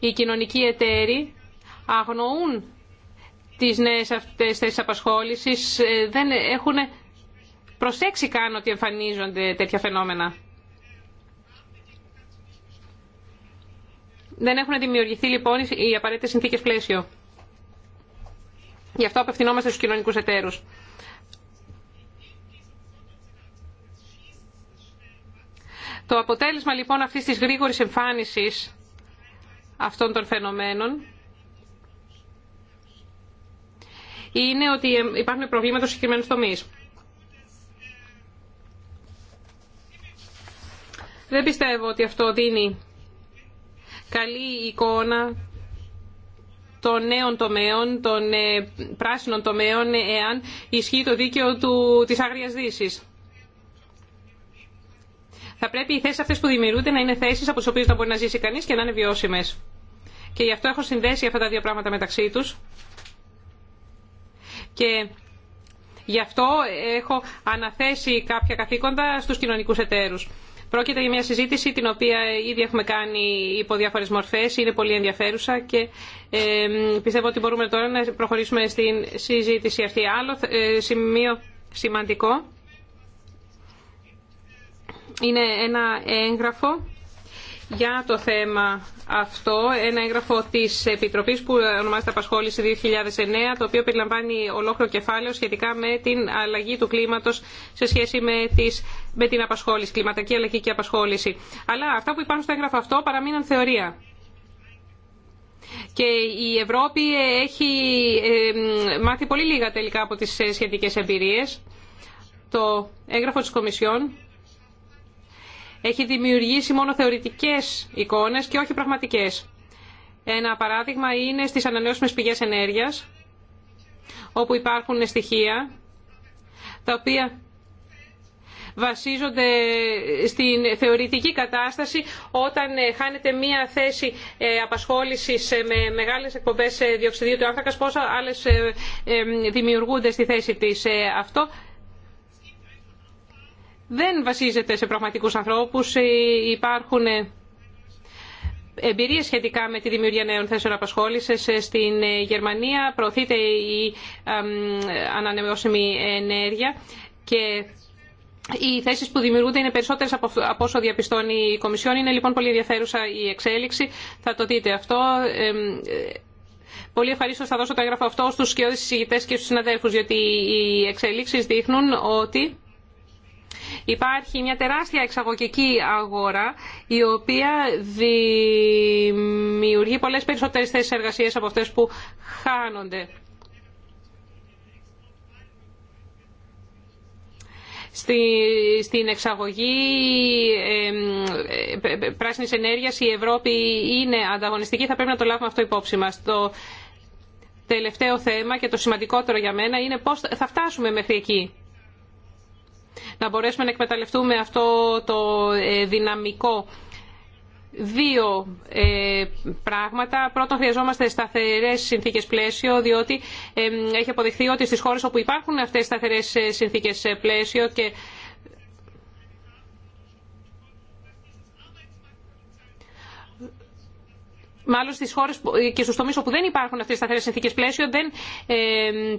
[SPEAKER 2] Οι κοινωνικοί εταίροι αγνοούν τις νέες αυτές θέσεις απασχόλησης, δεν έχουν προσέξει καν ότι εμφανίζονται τέτοια φαινόμενα. Δεν έχουν δημιουργηθεί λοιπόν οι απαραίτητε συνθήκες πλαίσιο. Γι' αυτό απευθυνόμαστε στους κοινωνικού εταίρους. Το αποτέλεσμα λοιπόν αυτής της γρήγορης εμφάνισης αυτών των φαινομένων είναι ότι υπάρχουν προβλήματα στους συγκεκριμένους τομείς. Δεν πιστεύω ότι αυτό δίνει καλή εικόνα των νέων τομέων, των ε, πράσινων τομέων, εάν ισχύει το δίκαιο του, της Άγριας Δύσης. Θα πρέπει οι θέσεις αυτές που δημιουργούνται να είναι θέσεις από τις οποίες να μπορεί να ζήσει κανείς και να είναι βιώσιμες. Και γι' αυτό έχω συνδέσει αυτά τα δύο πράγματα μεταξύ τους. Και γι' αυτό έχω αναθέσει κάποια καθήκοντα στους κοινωνικούς εταίρους. Πρόκειται για μια συζήτηση την οποία ήδη έχουμε κάνει υπό διάφορες μορφές, είναι πολύ ενδιαφέρουσα και ε, πιστεύω ότι μπορούμε τώρα να προχωρήσουμε στην συζήτηση αυτή. Άλλο ε, σημείο σημαντικό είναι ένα έγγραφο για το θέμα αυτό ένα έγγραφο τη Επιτροπής που ονομάζεται Απασχόληση 2009 το οποίο περιλαμβάνει ολόκληρο κεφάλαιο σχετικά με την αλλαγή του κλίματος σε σχέση με, τις, με την απασχόληση, κλιματική αλλαγή και απασχόληση. Αλλά αυτά που υπάρχουν στο έγγραφο αυτό παραμείναν θεωρία. Και η Ευρώπη έχει μάθει πολύ λίγα τελικά από τις ε, σχετικές εμπειρίες. Το έγγραφο της Κομισιόν έχει δημιουργήσει μόνο θεωρητικές εικόνες και όχι πραγματικές. Ένα παράδειγμα είναι στις ανανεώσιμες πηγές ενέργειας, όπου υπάρχουν στοιχεία τα οποία βασίζονται στην θεωρητική κατάσταση όταν ε, χάνεται μία θέση ε, απασχόλησης ε, με μεγάλες εκπομπές διοξιδίου του άνθρακα πόσα άλλες δημιουργούνται στη θέση της. Αυτό δεν βασίζεται σε πραγματικούς ανθρώπους. Ε, υπάρχουν ε, εμπειρίες σχετικά με τη δημιουργία νέων θέσεων απασχόλησης. Ε, στην Γερμανία προωθείται η ανανεώσιμη ενέργεια και οι θέσεις που δημιουργούνται είναι περισσότερες από όσο διαπιστώνει η Κομισιόν. Είναι λοιπόν πολύ ενδιαφέρουσα η εξέλιξη. Θα το δείτε αυτό. Πολύ ευχαρίστω θα δώσω το έγγραφο αυτό στους σκιώδεις συζητητές και στους συναδέλφους, διότι οι εξέλιξεις δείχνουν ότι Υπάρχει μια τεράστια εξαγωγική αγορά η οποία δημιουργεί πολλές περισσότερες θέσεις εργασίας από αυτές που χάνονται. στην εξαγωγή ε, ε, πράσινης ενέργειας η Ευρώπη είναι ανταγωνιστική. Θα πρέπει να το λάβουμε αυτό υπόψη μας. Το τελευταίο θέμα και το σημαντικότερο για μένα είναι πώς θα φτάσουμε μέχρι εκεί να μπορέσουμε να εκμεταλλευτούμε αυτό το ε, δυναμικό. Δύο ε, πράγματα. Πρώτον, χρειαζόμαστε σταθερέ συνθήκε πλαίσιο, διότι ε, έχει αποδειχθεί ότι στι χώρε όπου υπάρχουν αυτέ οι σταθερέ συνθήκε πλαίσιο και μάλλον στις χώρες και στους τομείς όπου δεν υπάρχουν αυτές οι σταθερές συνθήκες πλαίσιο δεν ε,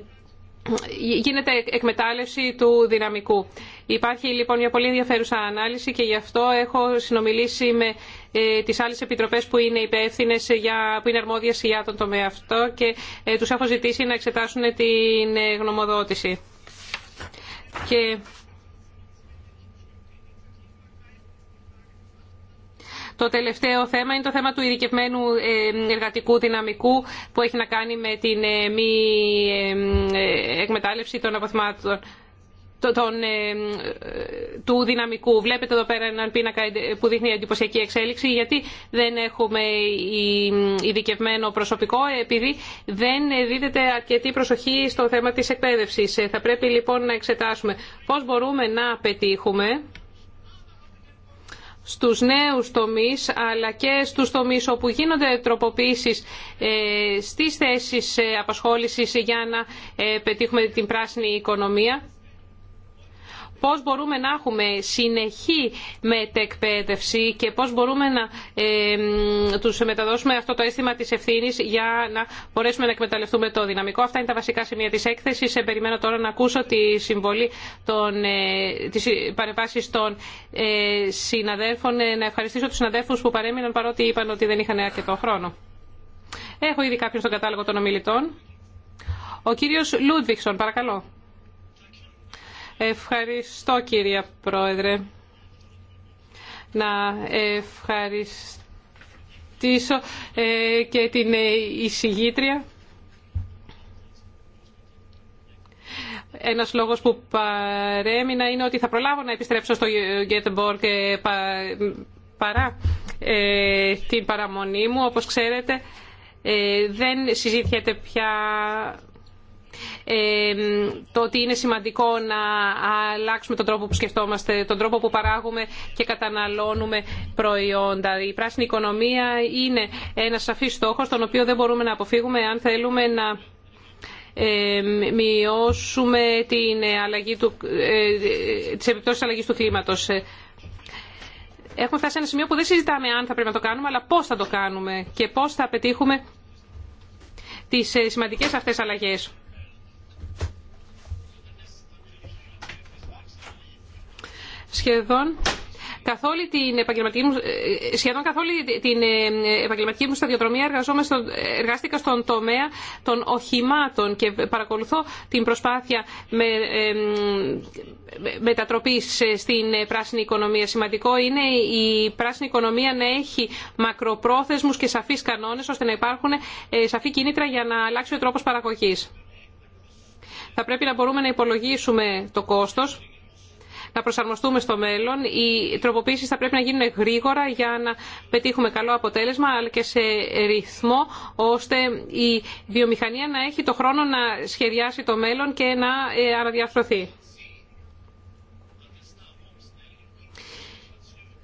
[SPEAKER 2] γίνεται εκμετάλλευση του δυναμικού. Υπάρχει λοιπόν μια πολύ ενδιαφέρουσα ανάλυση και γι' αυτό έχω συνομιλήσει με ε, τις άλλες επιτροπές που είναι υπεύθυνες, για, που είναι αρμόδιες για τον τομέα αυτό και ε, τους έχω ζητήσει να εξετάσουν την ε, γνωμοδότηση. Το τελευταίο θέμα είναι το θέμα του ειδικευμένου ε, εργατικού δυναμικού που έχει να κάνει με την ε, μη ε, εκμετάλλευση των αποθυμάτων τον, του δυναμικού. Βλέπετε εδώ πέρα έναν πίνακα που δείχνει εντυπωσιακή εξέλιξη. Γιατί δεν έχουμε ειδικευμένο προσωπικό, επειδή δεν δίδεται αρκετή προσοχή στο θέμα της εκπαίδευσης. Θα πρέπει λοιπόν να εξετάσουμε πώς μπορούμε να πετύχουμε στους νέους τομείς αλλά και στους τομείς όπου γίνονται τροποποίησεις ε, στις θέσεις ε, απασχόλησης για να ε, πετύχουμε την πράσινη οικονομία πώς μπορούμε να έχουμε συνεχή μετεκπαίδευση και πώς μπορούμε να ε, τους μεταδώσουμε αυτό το αίσθημα της ευθύνης για να μπορέσουμε να εκμεταλλευτούμε το δυναμικό. Αυτά είναι τα βασικά σημεία της έκθεσης. Ε, περιμένω τώρα να ακούσω τη συμβολή των, ε, της παρεμβάσης των ε, συναδέλφων. Ε, να ευχαριστήσω τους συναδέλφους που παρέμειναν παρότι είπαν ότι δεν είχαν αρκετό χρόνο. Έχω ήδη κάποιον στον κατάλογο των ομιλητών. Ο κύριος Λούντβιξον, παρακαλώ. Ευχαριστώ κύριε Πρόεδρε. Να ευχαριστήσω ε, και την ε, εισηγήτρια. Ένας λόγος που παρέμεινα είναι ότι θα προλάβω να επιστρέψω στο Γκέτεμπορκ παρά ε, την παραμονή μου. Όπως ξέρετε δεν συζήτιεται πια το ότι είναι σημαντικό να αλλάξουμε τον τρόπο που σκεφτόμαστε, τον τρόπο που παράγουμε και καταναλώνουμε προϊόντα. Η πράσινη οικονομία είναι ένας σαφής στόχος, τον οποίο δεν μπορούμε να αποφύγουμε αν θέλουμε να μειώσουμε την αλλαγή του, ε, τις επιπτώσεις αλλαγής του κλίματος. Έχουμε φτάσει σε ένα σημείο που δεν συζητάμε αν θα πρέπει να το κάνουμε, αλλά πώς θα το κάνουμε και πώς θα πετύχουμε τις ε, σημαντικές αυτές αλλαγές. Σχεδόν καθ' όλη την επαγγελματική μου, ε, σχεδόν καθ' την ε, επαγγελματική μου σταδιοδρομία εργάστηκα στον τομέα των οχημάτων και παρακολουθώ την προσπάθεια με, ε, μετατροπής στην πράσινη οικονομία. Σημαντικό είναι η πράσινη οικονομία να έχει μακροπρόθεσμους και σαφείς κανόνες ώστε να υπάρχουν σαφή κίνητρα για να αλλάξει ο τρόπος παραγωγής. Θα πρέπει να μπορούμε να υπολογίσουμε το κόστος να προσαρμοστούμε στο μέλλον. Οι τροποποιήσει θα πρέπει να γίνουν γρήγορα για να πετύχουμε καλό αποτέλεσμα, αλλά και σε ρυθμό, ώστε η βιομηχανία να έχει το χρόνο να σχεδιάσει το μέλλον και να ε, αναδιαρθρωθεί.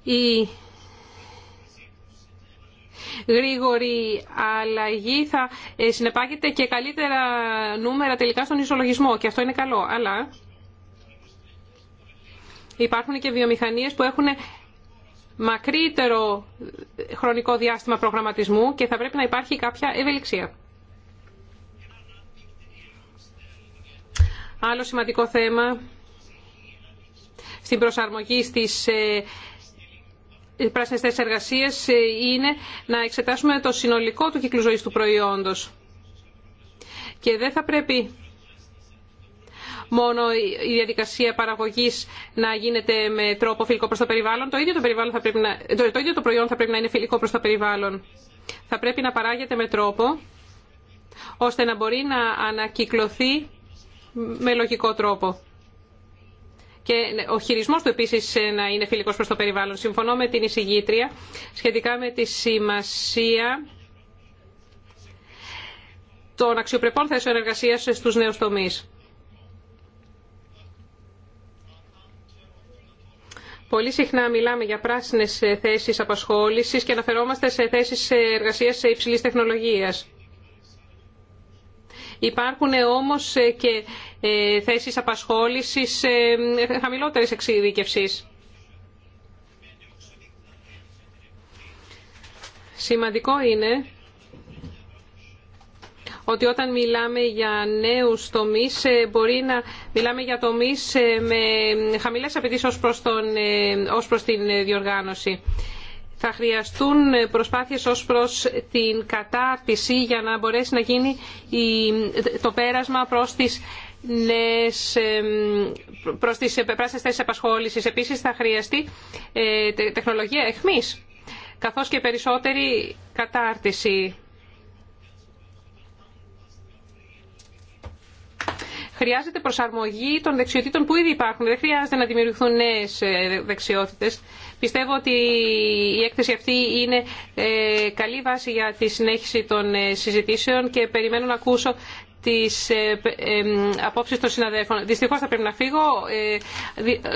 [SPEAKER 2] Η γρήγορη αλλαγή θα ε, συνεπάγεται και καλύτερα νούμερα τελικά στον ισολογισμό και αυτό είναι καλό. Αλλά Υπάρχουν και βιομηχανίες που έχουν μακρύτερο χρονικό διάστημα προγραμματισμού και θα πρέπει να υπάρχει κάποια ευελιξία. Άλλο σημαντικό θέμα στην προσαρμογή στις ε, πράσινες θέσεις εργασίας ε, είναι να εξετάσουμε το συνολικό του κύκλου ζωής του προϊόντος. Και δεν θα πρέπει μόνο η διαδικασία παραγωγής να γίνεται με τρόπο φιλικό προς το περιβάλλον. Το ίδιο το, περιβάλλον θα πρέπει να, το, το, ίδιο το προϊόν θα πρέπει να είναι φιλικό προς το περιβάλλον. Θα πρέπει να παράγεται με τρόπο ώστε να μπορεί να ανακυκλωθεί με λογικό τρόπο. Και ο χειρισμός του επίσης να είναι φιλικός προς το περιβάλλον. Συμφωνώ με την εισηγήτρια σχετικά με τη σημασία των αξιοπρεπών θέσεων εργασίας στους νέους τομείς. Πολύ συχνά μιλάμε για πράσινες ε, θέσεις απασχόλησης και αναφερόμαστε σε θέσεις ε, εργασίας ε, υψηλή τεχνολογία. Υπάρχουν όμως και θέσεις απασχόλησης χαμηλότερης εξειδικευσής. Σημαντικό είναι ότι όταν μιλάμε για νέους τομείς ε, μπορεί να μιλάμε για τομείς ε, με χαμηλές απαιτήσεις ως προς, τον, ε, προς την διοργάνωση. Θα χρειαστούν προσπάθειες ως προς την κατάρτιση για να μπορέσει να γίνει το πέρασμα προς τις προς τις πράσινες θέσεις Επίσης θα χρειαστεί τεχνολογία εχμής καθώς και περισσότερη κατάρτιση. χρειάζεται προσαρμογή των δεξιοτήτων που ήδη υπάρχουν. Δεν χρειάζεται να δημιουργηθούν νέε δεξιότητε. Πιστεύω ότι η έκθεση αυτή είναι ε, καλή βάση για τη συνέχιση των ε, συζητήσεων και περιμένω να ακούσω τι ε, απόψει των συναδέλφων. Δυστυχώ θα πρέπει να φύγω.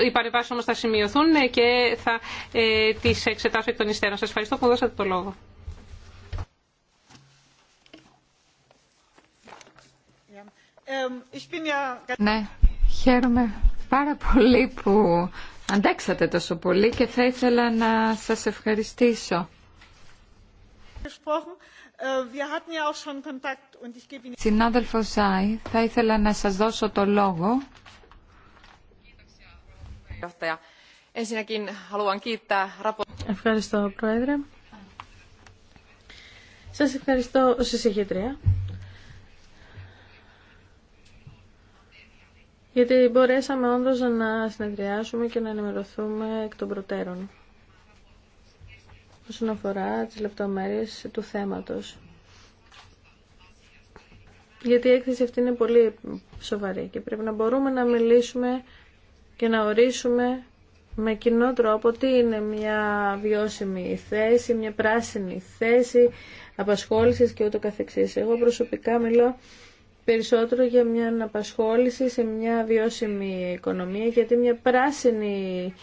[SPEAKER 2] Οι παρεμβάσει όμω θα σημειωθούν και θα τι εξετάσω εκ των υστέρων. Σα ευχαριστώ που μου δώσατε το λόγο.
[SPEAKER 1] Ναι, χαίρομαι πάρα πολύ που αντέξατε τόσο πολύ και θα ήθελα να σας ευχαριστήσω.
[SPEAKER 2] Äh, Συνάδελφο
[SPEAKER 1] Ζάι, θα ήθελα να σας δώσω το λόγο.
[SPEAKER 4] Ευχαριστώ, Πρόεδρε. Σας ευχαριστώ, Συσυχητρία. γιατί μπορέσαμε όντω να συνεδριάσουμε και να ενημερωθούμε εκ των προτέρων όσον αφορά τις λεπτομέρειες του θέματος. Γιατί η έκθεση αυτή είναι πολύ σοβαρή και πρέπει να μπορούμε να μιλήσουμε και να ορίσουμε με κοινό τρόπο τι είναι μια βιώσιμη θέση, μια πράσινη θέση απασχόλησης και ούτω καθεξής. Εγώ προσωπικά μιλώ περισσότερο για μια απασχόληση σε μια βιώσιμη οικονομία, γιατί μια πράσινη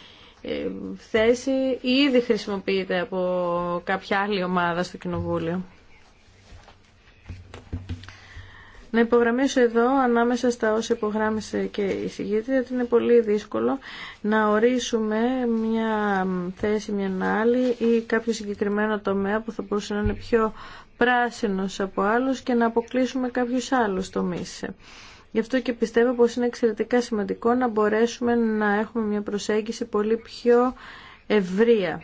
[SPEAKER 4] ε, θέση ήδη χρησιμοποιείται από κάποια άλλη ομάδα στο Κοινοβούλιο. Να υπογραμμίσω εδώ, ανάμεσα στα όσα υπογράμμισε και η συγγύτη, ότι είναι πολύ δύσκολο να ορίσουμε μια θέση, μια άλλη ή κάποιο συγκεκριμένο τομέα που θα μπορούσε να είναι πιο πράσινος από άλλους και να αποκλείσουμε κάποιους άλλους τομείς. Γι' αυτό και πιστεύω πως είναι εξαιρετικά σημαντικό να μπορέσουμε να έχουμε μια προσέγγιση πολύ πιο ευρεία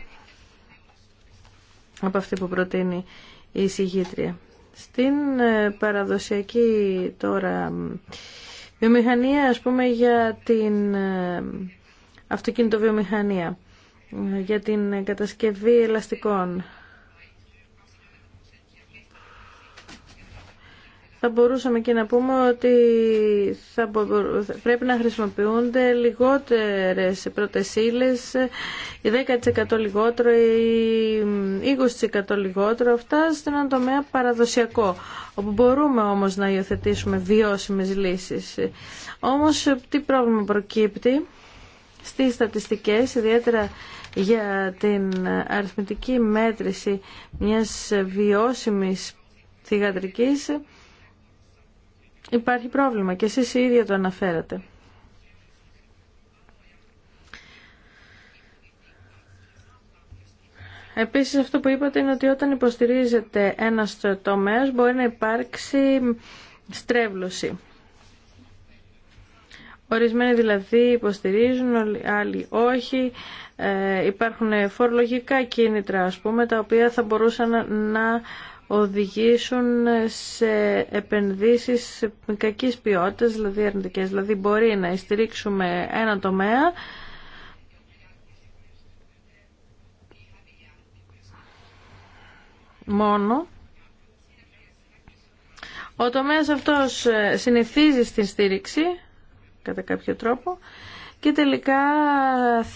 [SPEAKER 4] από αυτή που προτείνει η εισηγήτρια. Στην ε, παραδοσιακή τώρα βιομηχανία, ας πούμε για την ε, αυτοκινητοβιομηχανία, ε, για την κατασκευή ελαστικών, θα μπορούσαμε και να πούμε ότι θα πρέπει να χρησιμοποιούνται λιγότερες πρωτεσίλες, 10% λιγότερο ή 20% λιγότερο, αυτά σε έναν τομέα παραδοσιακό, όπου μπορούμε όμως να υιοθετήσουμε βιώσιμες λύσεις. Όμως τι πρόβλημα προκύπτει στις στατιστικές, ιδιαίτερα για την αριθμητική μέτρηση μιας βιώσιμης θηγατρικής, υπάρχει πρόβλημα και εσείς οι ίδιοι το αναφέρατε. Επίσης αυτό που είπατε είναι ότι όταν υποστηρίζεται ένα τομέας μπορεί να υπάρξει στρέβλωση. Ορισμένοι δηλαδή υποστηρίζουν, άλλοι όχι. Ε, υπάρχουν φορολογικά κίνητρα ας πούμε τα οποία θα μπορούσαν να οδηγήσουν σε επενδύσεις κακής ποιότητας, δηλαδή αρνητικές. Δηλαδή μπορεί να στηρίξουμε ένα τομέα μόνο ο τομέας αυτός συνηθίζει στην στήριξη κατά κάποιο τρόπο και τελικά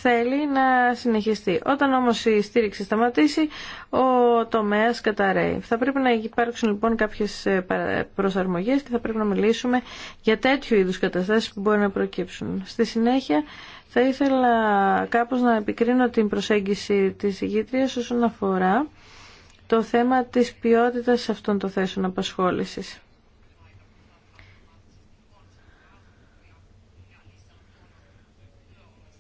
[SPEAKER 4] θέλει να συνεχιστεί. Όταν όμως η στήριξη σταματήσει, ο τομέας καταραίει. Θα πρέπει να υπάρξουν λοιπόν κάποιες ε, προσαρμογές και θα πρέπει να μιλήσουμε για τέτοιου είδους καταστάσεις που μπορεί να προκύψουν. Στη συνέχεια θα ήθελα κάπως να επικρίνω την προσέγγιση της ηγήτριας όσον αφορά το θέμα της ποιότητας αυτών των θέσεων απασχόλησης.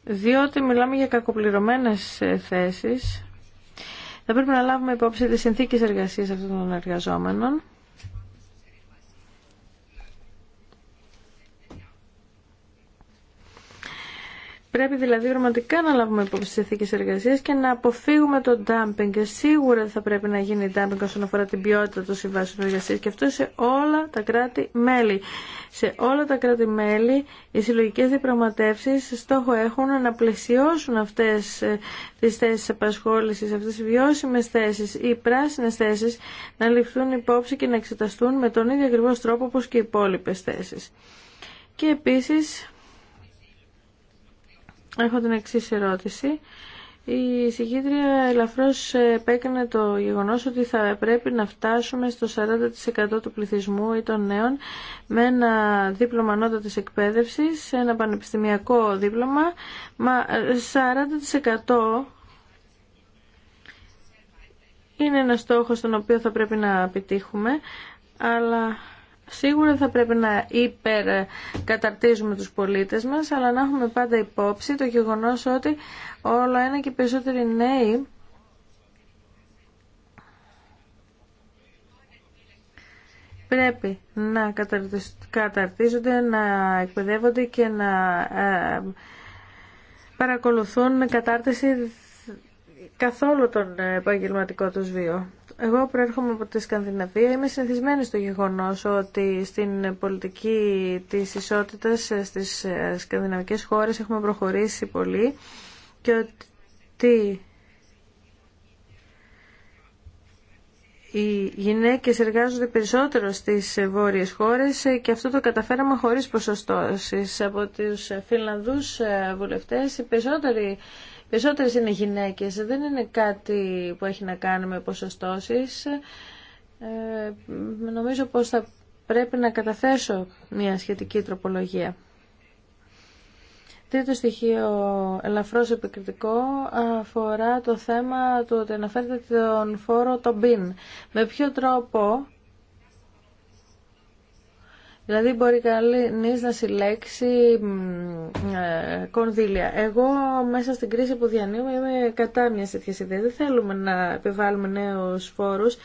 [SPEAKER 4] διότι μιλάμε για κακοπληρωμένες ε, θέσεις. Θα πρέπει να λάβουμε υπόψη τις συνθήκες εργασίας αυτών των εργαζόμενων Πρέπει δηλαδή πραγματικά να λάβουμε υπόψη τι ηθίκε εργασία και να αποφύγουμε το dumping. Και σίγουρα θα πρέπει να γίνει dumping όσον αφορά την ποιότητα των συμβάσεων εργασία. Και αυτό σε όλα τα κράτη-μέλη. Σε όλα τα κράτη-μέλη οι συλλογικέ διαπραγματεύσει στόχο έχουν να πλαισιώσουν αυτέ ε, τι θέσει απασχόληση, αυτέ τι βιώσιμε θέσει ή πράσινε θέσει να ληφθούν υπόψη και να εξεταστούν με τον ίδιο ακριβώ τρόπο όπω και οι υπόλοιπε θέσει. Και επίσης έχω την εξή ερώτηση. Η συγκίτρια ελαφρώς επέκανε το γεγονός ότι θα πρέπει να φτάσουμε στο 40% του πληθυσμού ή των νέων με ένα δίπλωμα ανώτατης εκπαίδευσης, ένα πανεπιστημιακό δίπλωμα, μα 40% ε, είναι ένα στόχο στον οποίο θα πρέπει να επιτύχουμε, αλλά Σίγουρα θα πρέπει να υπερκαταρτίζουμε τους πολίτες μας, αλλά να έχουμε πάντα υπόψη το γεγονός ότι όλο ένα και περισσότεροι νέοι πρέπει να καταρτίζονται, να εκπαιδεύονται και να ε, παρακολουθούν κατάρτιση καθόλου τον επαγγελματικό του βίο. Εγώ προέρχομαι από τη Σκανδιναβία. Είμαι συνηθισμένη στο γεγονός ότι στην πολιτική της ισότητας στις ε, σκανδιναβικές χώρες έχουμε προχωρήσει πολύ και ότι οι γυναίκες εργάζονται περισσότερο στις βόρειες χώρες και αυτό το καταφέραμε χωρίς ποσοστώσεις. Από τους Φινλανδούς ε, βουλευτές οι περισσότεροι Περισσότερες είναι γυναίκες, δεν είναι κάτι που έχει να κάνει με ποσοστώσεις. Ε, νομίζω πως θα πρέπει να καταθέσω μια σχετική τροπολογία. Τρίτο στοιχείο ελαφρώς επικριτικό αφορά το θέμα του ότι αναφέρεται τον φόρο το BIN. Με ποιο τρόπο Δηλαδή μπορεί κανεί να συλλέξει ε, κονδύλια. Εγώ μέσα στην κρίση που διανύουμε είμαι κατά μια τέτοια ιδέα. Δεν θέλουμε να επιβάλλουμε νέου φόρους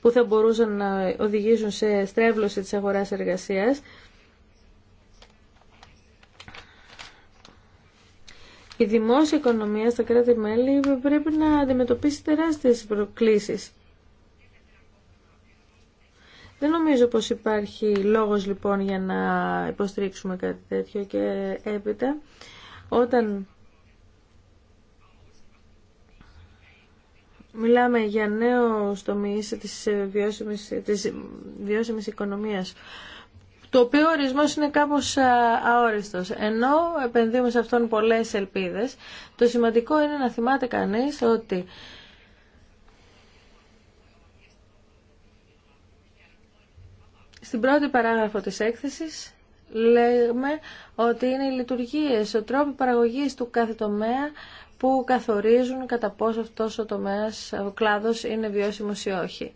[SPEAKER 4] που θα μπορούσαν να οδηγήσουν σε στρέβλωση της αγοράς εργασίας. Η δημόσια οικονομία στα κράτη-μέλη πρέπει να αντιμετωπίσει τεράστιες προκλήσεις. Δεν νομίζω πως υπάρχει λόγος λοιπόν για να υποστηρίξουμε κάτι τέτοιο και έπειτα όταν Μιλάμε για νέο τομεί της βιώσιμης, της βιώσιμης οικονομίας, το οποίο ορισμός είναι κάπως αόριστος. Ενώ επενδύουμε σε αυτόν πολλές ελπίδες, το σημαντικό είναι να θυμάται κανείς ότι Στην πρώτη παράγραφο της έκθεσης λέμε ότι είναι οι λειτουργίες, ο τρόπο παραγωγής του κάθε τομέα που καθορίζουν κατά πόσο αυτός ο τομέας, ο κλάδος είναι βιώσιμος ή όχι.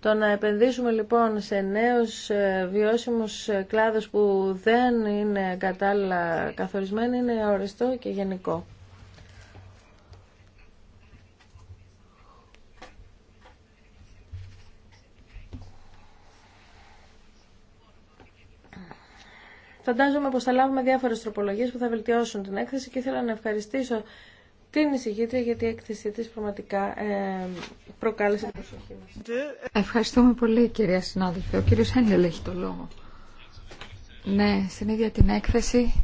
[SPEAKER 4] Το να επενδύσουμε λοιπόν σε νέους ε, βιώσιμους ε, κλάδους που δεν είναι κατάλληλα καθορισμένοι είναι οριστό και γενικό. Φαντάζομαι πω θα λάβουμε διάφορε τροπολογίε που θα βελτιώσουν την έκθεση και ήθελα να ευχαριστήσω την εισηγήτρια γιατί η έκθεσή τη πραγματικά ε, προκάλεσε την προσοχή μα.
[SPEAKER 1] Ευχαριστούμε πολύ κυρία συνάδελφε. Ο κύριο Ένιελ έχει το λόγο. Ναι, στην ίδια την έκθεση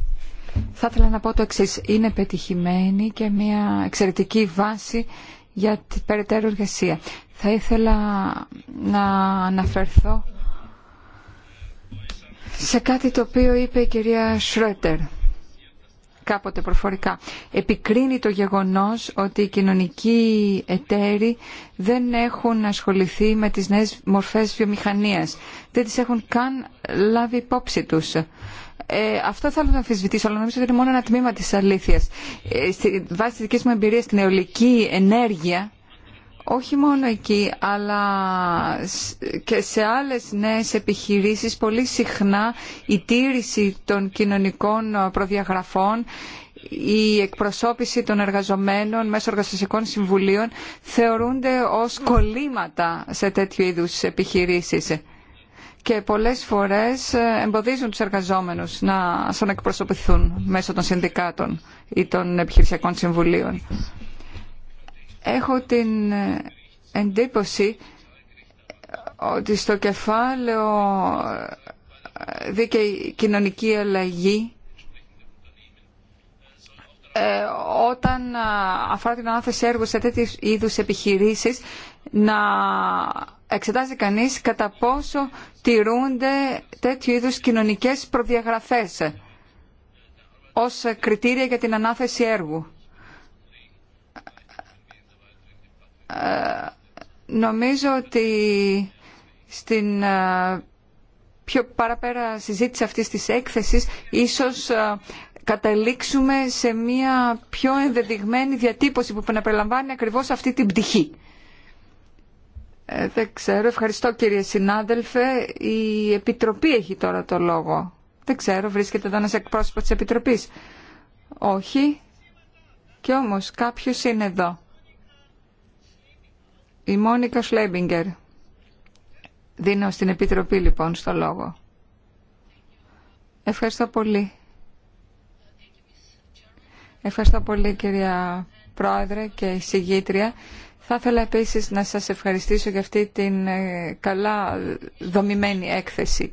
[SPEAKER 1] θα ήθελα να πω το εξή Είναι πετυχημένη και μια εξαιρετική βάση για την περαιτέρω εργασία. Θα ήθελα να αναφερθώ σε κάτι το οποίο είπε η κυρία Σρέτερ κάποτε προφορικά. Επικρίνει το γεγονός ότι οι κοινωνικοί εταίροι δεν έχουν ασχοληθεί με τις νέες μορφές βιομηχανίας. Δεν τις έχουν καν λάβει υπόψη τους. Ε, αυτό θέλω να αμφισβητήσω, αλλά νομίζω ότι είναι μόνο ένα τμήμα της αλήθειας. Ε, στη βάση της μου εμπειρίας στην αιωλική ενέργεια όχι μόνο εκεί, αλλά και σε άλλες νέες επιχειρήσεις πολύ συχνά η τήρηση των κοινωνικών ε, προδιαγραφών η εκπροσώπηση των εργαζομένων μέσω εργασιακών συμβουλίων θεωρούνται ως κολλήματα σε τέτοιου είδους επιχειρήσεις και πολλές φορές ε, εμποδίζουν τους εργαζόμενους να σαν εκπροσωπηθούν μέσω των συνδικάτων ή των επιχειρησιακών συμβουλίων. Έχω την εντύπωση ότι στο κεφάλαιο ε, δίκαιη κοινωνική αλλαγή ε, όταν ε, αφορά την ανάθεση έργου σε τέτοιου είδου επιχειρήσεις να εξετάζει κανείς κατά πόσο τηρούνται τέτοιου είδου κοινωνικές προδιαγραφές ως κριτήρια για την ανάθεση έργου. Ε, νομίζω ότι στην ε, πιο παραπέρα συζήτηση αυτής της έκθεσης ίσως ε, καταλήξουμε σε μια πιο ενδεδειγμένη διατύπωση που να περιλαμβάνει ακριβώς αυτή την πτυχή. Ε, δεν ξέρω. Ευχαριστώ κύριε συνάδελφε. Η Επιτροπή έχει τώρα το λόγο. Δεν ξέρω. Βρίσκεται εδώ ένας εκπρόσωπος της Επιτροπής. Όχι. Και όμως κάποιος είναι εδώ. Η Μόνικα Σλέμπιγκερ. Δίνω στην Επιτροπή λοιπόν στο λόγο. Ευχαριστώ πολύ. Ευχαριστώ πολύ κυρία Πρόεδρε και συγγήτρια. Θα ήθελα επίσης να σας ευχαριστήσω για αυτή την ε, καλά δομημένη έκθεση.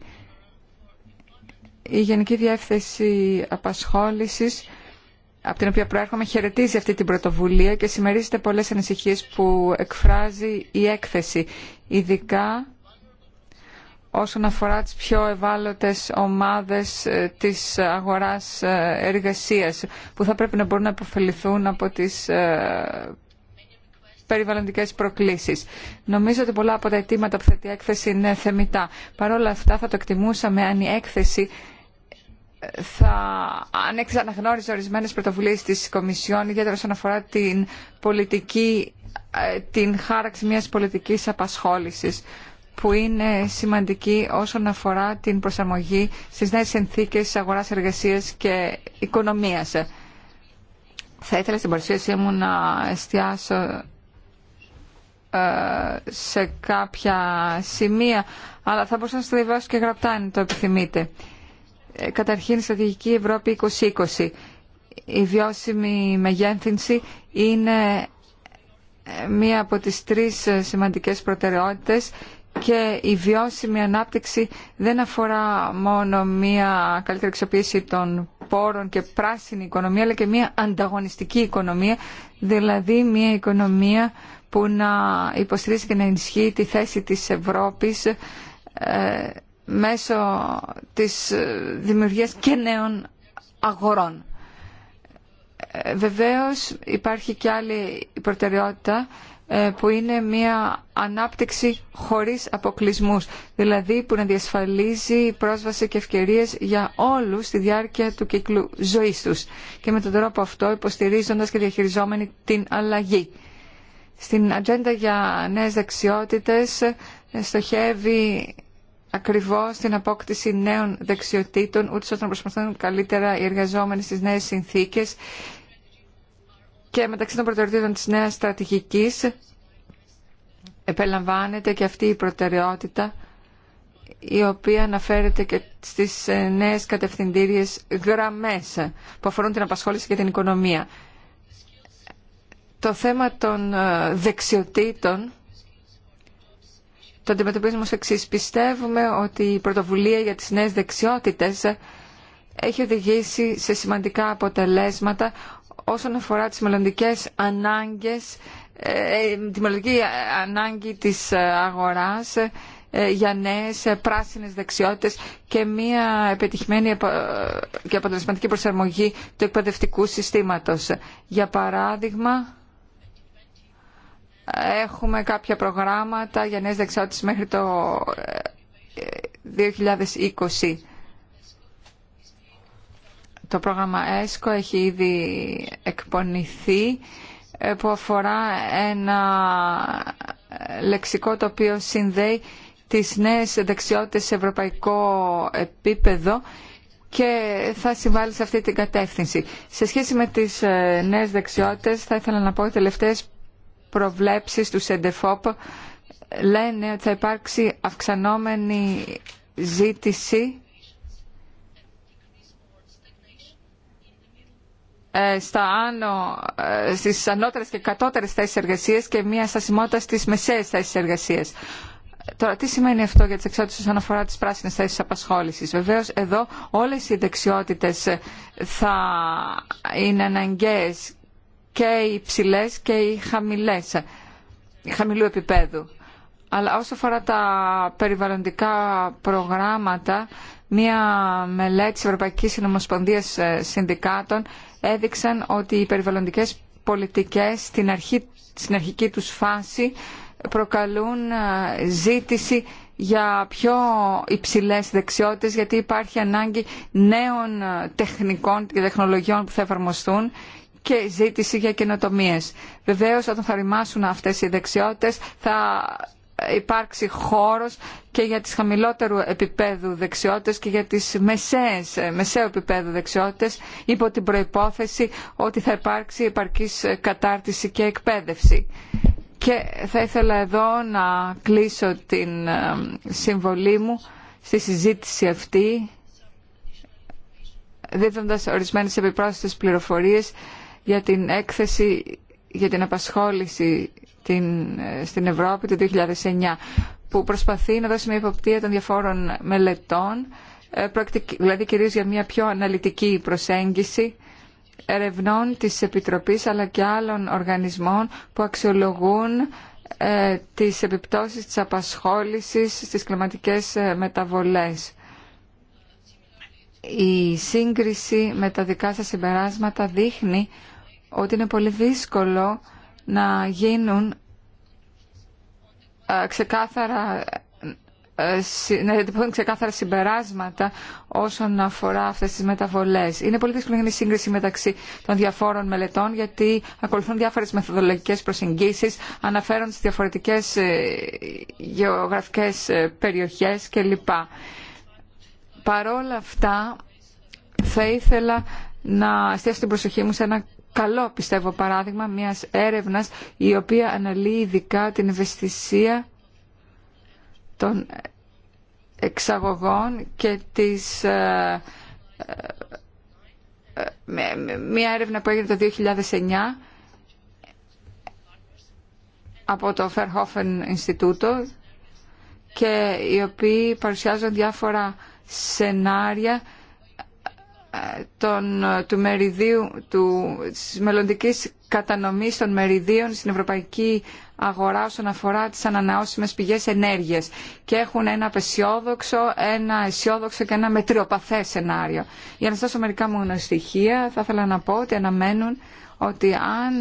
[SPEAKER 1] Η Γενική Διεύθυνση Απασχόλησης από την οποία προέρχομαι χαιρετίζει αυτή την πρωτοβουλία και συμμερίζεται πολλές ανησυχίες που εκφράζει η έκθεση, ειδικά όσον αφορά τις πιο ευάλωτες ομάδες ε, της αγοράς ε, εργασίας που θα πρέπει να μπορούν να υποφεληθούν από τις ε, περιβαλλοντικές προκλήσεις. Νομίζω ότι πολλά από τα αιτήματα που θέτει η έκθεση είναι θεμητά. Παρ' όλα αυτά θα το εκτιμούσαμε αν η έκθεση θα έχει αναγνώριση ορισμένε πρωτοβουλίε τη Κομισιόν, ιδιαίτερα όσον αφορά την πολιτική, ε, την χάραξη μια πολιτική απασχόληση που είναι σημαντική όσον αφορά την προσαρμογή στις νέες συνθήκες αγοράς εργασίας και οικονομίας. Θα ήθελα στην παρουσίασή μου να εστιάσω ε, σε κάποια σημεία, αλλά θα μπορούσα να σας διαβάσω και γραπτά αν το επιθυμείτε. Ε, καταρχήν, η στρατηγική Ευρώπη 2020. Η βιώσιμη μεγέθυνση, είναι ε, μία από τις τρεις ε, σημαντικές προτεραιότητες και η βιώσιμη ανάπτυξη δεν αφορά μόνο μία καλύτερη εξοπλίση των πόρων και πράσινη οικονομία, αλλά και μία ανταγωνιστική οικονομία, δηλαδή μία οικονομία που να υποστηρίζει και να ενισχύει τη θέση της Ευρώπης μέσω της ε, δημιουργίας και νέων αγορών. Ε, βεβαίως υπάρχει και άλλη προτεραιότητα ε, που είναι μια ανάπτυξη χωρίς αποκλεισμούς, δηλαδή που να διασφαλίζει πρόσβαση και ευκαιρίες για όλους στη διάρκεια του κύκλου ζωής τους και με τον τρόπο αυτό υποστηρίζοντας και διαχειριζόμενοι την αλλαγή. Στην ατζέντα για νέες δεξιότητες στοχεύει ακριβώς την απόκτηση νέων δεξιοτήτων, ούτως ώστε να προσπαθούν καλύτερα οι εργαζόμενοι στις νέες συνθήκες και μεταξύ των προτεραιοτήτων της νέας στρατηγικής επελαμβάνεται και αυτή η προτεραιότητα η οποία αναφέρεται και στις ε, νέες κατευθυντήριες γραμμές που αφορούν την απασχόληση και την οικονομία. Το θέμα των ε, δεξιοτήτων το αντιμετωπίζουμε ως εξής. Πιστεύουμε ότι η πρωτοβουλία για τις νέες δεξιότητες έχει οδηγήσει σε σημαντικά αποτελέσματα όσον αφορά τις μελλοντικές ανάγκες, ε, ε, τη μελλοντική ανάγκη της αγοράς ε, για νέες πράσινες δεξιότητες και μια επιτυχημένη και αποτελεσματική προσαρμογή του εκπαιδευτικού συστήματος. Για παράδειγμα, έχουμε κάποια προγράμματα για νέες δεξιότητες μέχρι το 2020. Ε, το πρόγραμμα ΕΣΚΟ έχει ήδη εκπονηθεί ε, που αφορά ένα ε, λεξικό το οποίο συνδέει τις νέες δεξιότητες σε ευρωπαϊκό επίπεδο και θα συμβάλλει σε αυτή την κατεύθυνση. Σε σχέση με τις νέες δεξιότητες θα ήθελα να πω οι τελευταίες προβλέψεις του ΣΕΝΤΕΦΟΠ λένε ότι θα υπάρξει αυξανόμενη ζήτηση ε, στα άνω, ε, στις ανώτερες και κατώτερες θέσεις εργασίας και μια στασιμότητα στις μεσαίες θέσεις εργασίας. Τώρα, τι σημαίνει αυτό για τις εξότητες όσον αφορά τις πράσινες θέσεις απασχόλησης. Βεβαίως, εδώ όλες οι δεξιότητες θα είναι αναγκαίες και οι ψηλές και οι χαμηλές, χαμηλού επίπεδου. Αλλά όσο αφορά τα περιβαλλοντικά προγράμματα, μία μελέτη της Ευρωπαϊκής Συνομοσπονδίας ε, Συνδικάτων έδειξαν ότι οι περιβαλλοντικές πολιτικές στην, στην αρχική τους φάση προκαλούν ε, ζήτηση για πιο υψηλές δεξιότητες γιατί υπάρχει ανάγκη νέων ε, τεχνικών και τεχνολογιών που θα εφαρμοστούν και ζήτηση για καινοτομίε. Βεβαίω, όταν θα ρημάσουν αυτέ οι δεξιότητε, θα υπάρξει χώρος και για τις χαμηλότερου επίπεδου δεξιότητες και για τις μεσαίες, ε, μεσαίου επίπεδου δεξιότητες υπό την προϋπόθεση ότι θα υπάρξει επαρκής κατάρτιση και εκπαίδευση. Και θα ήθελα εδώ να κλείσω την ε, συμβολή μου στη συζήτηση αυτή δίδοντας ορισμένες επιπρόσθετες πληροφορίες για την έκθεση για την απασχόληση την, ε, στην Ευρώπη το 2009 που προσπαθεί να δώσει μια υποπτία των διαφόρων μελετών ε, δηλαδή κυρίως για μια πιο αναλυτική προσέγγιση ερευνών της Επιτροπής αλλά και άλλων οργανισμών που αξιολογούν ε, τις επιπτώσεις της απασχόλησης στις κλιματικές ε, μεταβολές. Η σύγκριση με τα δικά σας συμπεράσματα δείχνει ότι είναι πολύ δύσκολο να γίνουν ε, ξεκάθαρα ε, να διατυπώνουν ξεκάθαρα συμπεράσματα όσον αφορά αυτέ τι μεταβολέ. Είναι πολύ δύσκολο να γίνει σύγκριση μεταξύ των διαφόρων μελετών, γιατί ακολουθούν διάφορε μεθοδολογικές προσεγγίσει, αναφέρονται στι διαφορετικέ ε, γεωγραφικέ περιοχέ κλπ. Παρόλα αυτά, θα ήθελα να εστιάσω την προσοχή μου σε ένα καλό πιστεύω παράδειγμα μιας έρευνας η οποία αναλύει ειδικά την ευαισθησία των εξαγωγών και της ε, ε, ε, μια έρευνα που έγινε το 2009 από το Verhoeven Ινστιτούτο και οι οποίοι παρουσιάζουν διάφορα σενάρια των, του μεριδίου, του, της μελλοντικής κατανομής των μεριδίων στην ευρωπαϊκή αγορά όσον αφορά τις ανανεώσιμες πηγές ενέργειας και έχουν ένα απεσιόδοξο, ένα αισιόδοξο και ένα μετριοπαθές σενάριο. Για να σας δώσω μερικά μόνο στοιχεία, θα ήθελα να πω ότι αναμένουν ότι αν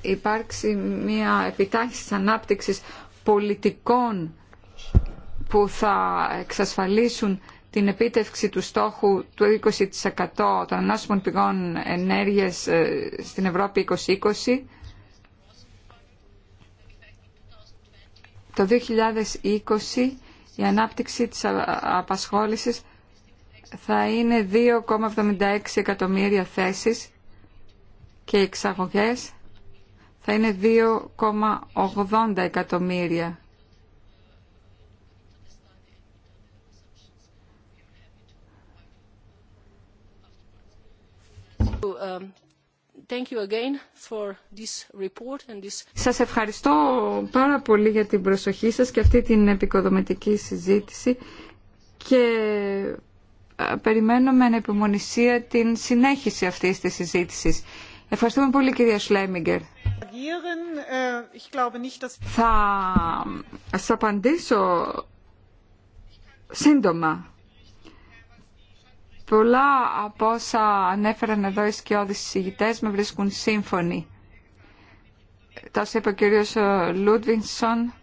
[SPEAKER 1] υπάρξει μια επιτάχυση της ανάπτυξης πολιτικών που θα εξασφαλίσουν την επίτευξη του στόχου του 20% των ανάσχημων πηγών ενέργειας ε, στην Ευρώπη 2020 το 2020 η ανάπτυξη της απασχόλησης θα είναι 2,76 εκατομμύρια θέσεις και οι εξαγωγές θα είναι 2,80 εκατομμύρια.
[SPEAKER 4] Um, thank
[SPEAKER 1] Σας ευχαριστώ πάρα πολύ για την προσοχή σας και αυτή την επικοδομητική συζήτηση και περιμένω με ανεπιμονησία την συνέχιση αυτής της συζήτησης. Ευχαριστούμε πολύ κυρία Σλέμιγκερ. Äh, Θα σας απαντήσω σύντομα. Πολλά από όσα ανέφεραν εδώ οι σκιώδεις συζητητές με βρίσκουν σύμφωνοι. όσα είπε ο κύριος Λούντβινσον,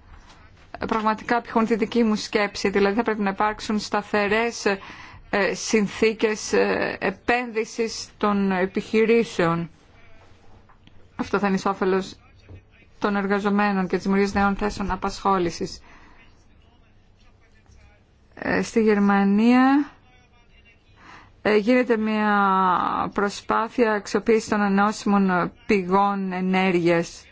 [SPEAKER 1] ε, πραγματικά πηχούν τη δική μου σκέψη, δηλαδή θα πρέπει να υπάρξουν σταθερές ε, ε, συνθήκες επένδυσης των επιχειρήσεων. Αυτό θα είναι όφελος των εργαζομένων και της δημιουργίας νέων θέσεων απασχόλησης. Στη Γερμανία ε, γίνεται μια προσπάθεια αξιοποίηση των ανώσιμων πηγών ενέργειας.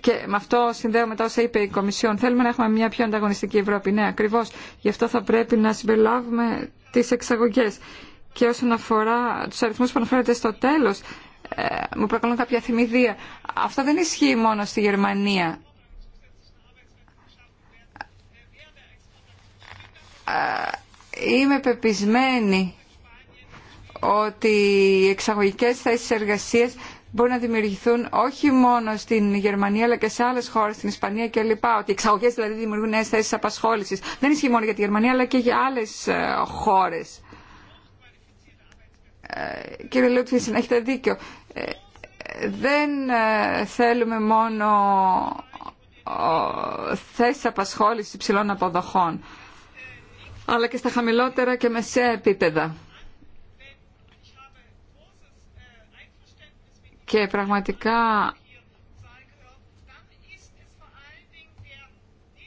[SPEAKER 1] Και με αυτό συνδέω μετά όσα είπε η Κομισιόν. Θέλουμε να έχουμε μια πιο ανταγωνιστική Ευρώπη. Ναι, ακριβώ. Γι' αυτό θα πρέπει να συμπεριλάβουμε τι εξαγωγέ. Και όσον αφορά του αριθμού που αναφέρεται στο τέλο, ε, μου προκαλούν κάποια θυμηδία. Αυτό δεν ισχύει μόνο στη Γερμανία. Ε, είμαι πεπισμένη ότι οι εξαγωγικές θέσεις εργασίας μπορούν να δημιουργηθούν όχι μόνο στην Γερμανία αλλά και σε άλλε χώρε, στην Ισπανία κλπ. Ότι οι εξαγωγέ δηλαδή δημιουργούν νέε θέσει απασχόληση. Δεν ισχύει μόνο για τη Γερμανία αλλά και για άλλε χώρε. Ε, κύριε Λούτφινσεν, έχετε δίκιο. Ε, δεν ε, θέλουμε μόνο θέσει απασχόληση υψηλών αποδοχών αλλά και στα χαμηλότερα και μεσαία επίπεδα και πραγματικά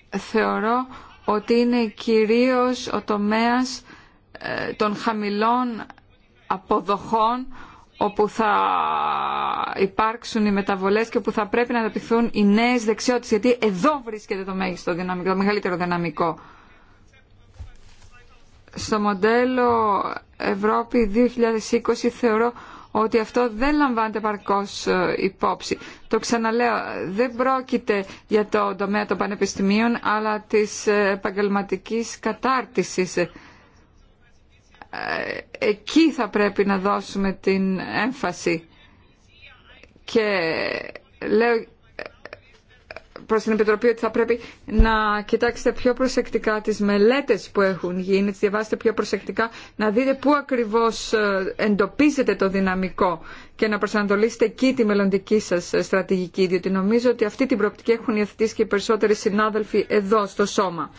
[SPEAKER 1] θεωρώ ότι είναι κυρίως ο τομέας ε, των χαμηλών αποδοχών όπου θα υπάρξουν οι μεταβολές και όπου θα πρέπει να αναπτυχθούν οι νέες δεξιότητες γιατί εδώ βρίσκεται το μέγιστο δυναμικό, το μεγαλύτερο δυναμικό. Στο μοντέλο Ευρώπη 2020 θεωρώ ότι αυτό δεν λαμβάνεται παρκώς ε, υπόψη. Το ξαναλέω, δεν πρόκειται για το τομέα των πανεπιστημίων, αλλά της ε, επαγγελματική κατάρτισης. Ε, εκεί θα πρέπει να δώσουμε την έμφαση. Και λέω προς την Επιτροπή ότι θα πρέπει να κοιτάξετε πιο προσεκτικά τις μελέτες που έχουν γίνει, τις διαβάσετε πιο προσεκτικά, να δείτε πού ακριβώς ε, εντοπίζετε το δυναμικό και να προσανατολίσετε εκεί τη μελλοντική σας στρατηγική, διότι νομίζω ότι αυτή την προοπτική έχουν υιοθετήσει και οι περισσότεροι συνάδελφοι εδώ στο σώμα.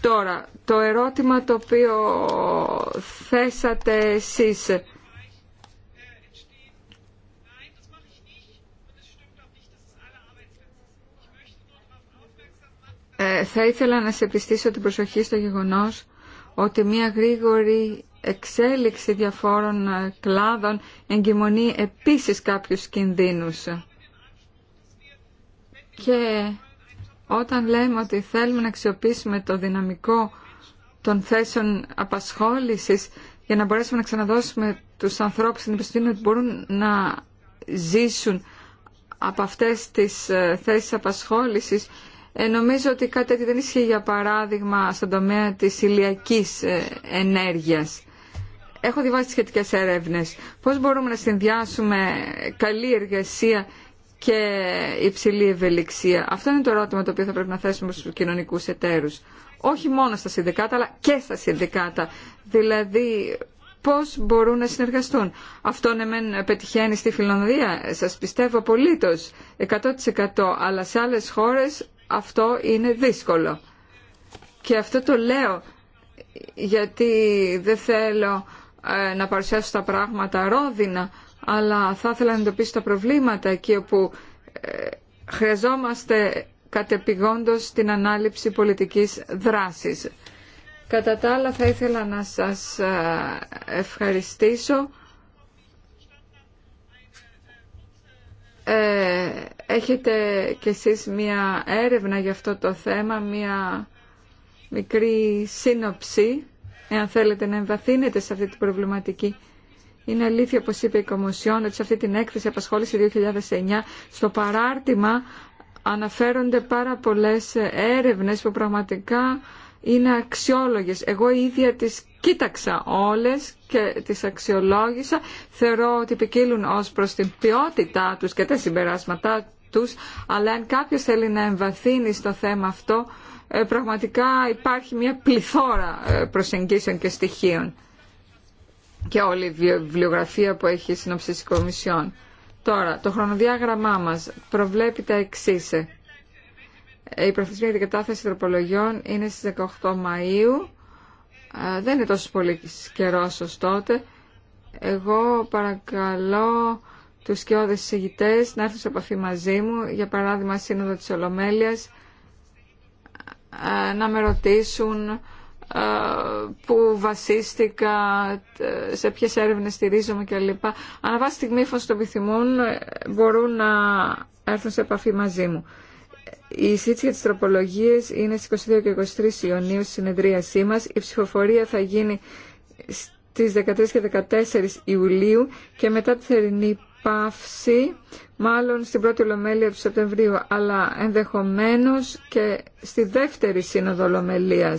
[SPEAKER 1] Τώρα, το ερώτημα το οποίο θέσατε εσείς, Ε, θα ήθελα να σε πιστήσω την προσοχή στο γεγονός ότι μια γρήγορη εξέλιξη διαφόρων ε, κλάδων εγκυμονεί επίσης κάποιους κινδύνους. Και όταν λέμε ότι θέλουμε να αξιοποιήσουμε το δυναμικό των θέσεων απασχόλησης για να μπορέσουμε να ξαναδώσουμε τους ανθρώπους στην επιστήμη ότι μπορούν να ζήσουν από αυτές τις ε, θέσεις απασχόλησης ε, νομίζω ότι κάτι τέτοιο δεν ισχύει για παράδειγμα στον τομέα της ηλιακής ε, ενέργειας. Έχω διαβάσει τις σχετικές έρευνες. Πώς μπορούμε να συνδυάσουμε καλή εργασία και υψηλή ευελιξία. Αυτό είναι το ερώτημα το οποίο θα πρέπει να θέσουμε στους κοινωνικούς εταίρους. Όχι μόνο στα συνδικάτα, αλλά και στα συνδικάτα. Δηλαδή, πώς μπορούν να συνεργαστούν. Αυτό ναι μεν πετυχαίνει στη Φιλανδία, σας πιστεύω απολύτως, 100% αλλά σε άλλε χώρε αυτό είναι δύσκολο. Και αυτό το λέω γιατί δεν θέλω ε, να παρουσιάσω τα πράγματα ρόδινα, αλλά θα ήθελα να εντοπίσω τα προβλήματα εκεί όπου ε, χρειαζόμαστε κατεπηγόντως την ανάληψη πολιτικής δράσης. Κατά τα άλλα θα ήθελα να σας ε, ευχαριστήσω Ε, έχετε κι εσείς μία έρευνα για αυτό το θέμα, μία μικρή σύνοψη, εάν θέλετε να εμβαθύνετε σε αυτή την προβληματική. Είναι αλήθεια, όπως είπε η Κομωσιόν, ότι σε αυτή την έκθεση απασχόληση 2009, στο παράρτημα αναφέρονται πάρα πολλές έρευνες που πραγματικά είναι αξιόλογες. Εγώ ίδια τις κοίταξα όλες και τις αξιολόγησα. Θεωρώ ότι επικύλουν ως προς την ποιότητά τους και τα συμπεράσματά τους, αλλά αν κάποιος θέλει να εμβαθύνει στο θέμα αυτό, ε, πραγματικά υπάρχει μια πληθώρα ε, προσεγγίσεων και στοιχείων και όλη η βιβλιογραφία που έχει συνοψίσει η Κομισιόν. Τώρα, το χρονοδιάγραμμά μας προβλέπει τα εξής. Ε, η προθεσμία για την κατάθεση τροπολογιών είναι στις 18 Μαΐου. Ε, δεν είναι τόσο πολύ καιρό ως τότε. Εγώ παρακαλώ τους σκιώδες συζητητές να έρθουν σε επαφή μαζί μου, για παράδειγμα Σύνοδο της Ολομέλειας, ε, να με ρωτήσουν που βασίστηκα, σε ποιες έρευνες στηρίζομαι κλπ. Ανά βάση στιγμή, εφόσον το επιθυμούν, μπορούν να έρθουν σε επαφή μαζί μου. Η εισήτηση για τις τροπολογίες είναι στις 22 και 23 Ιουνίου στη συνεδρίασή μας. Η ψηφοφορία θα γίνει στις 13 και 14 Ιουλίου και μετά τη θερινή πάυση, μάλλον στην πρώτη Ολομέλεια του Σεπτεμβρίου, αλλά ενδεχομένως και στη δεύτερη Σύνοδο ολομελία.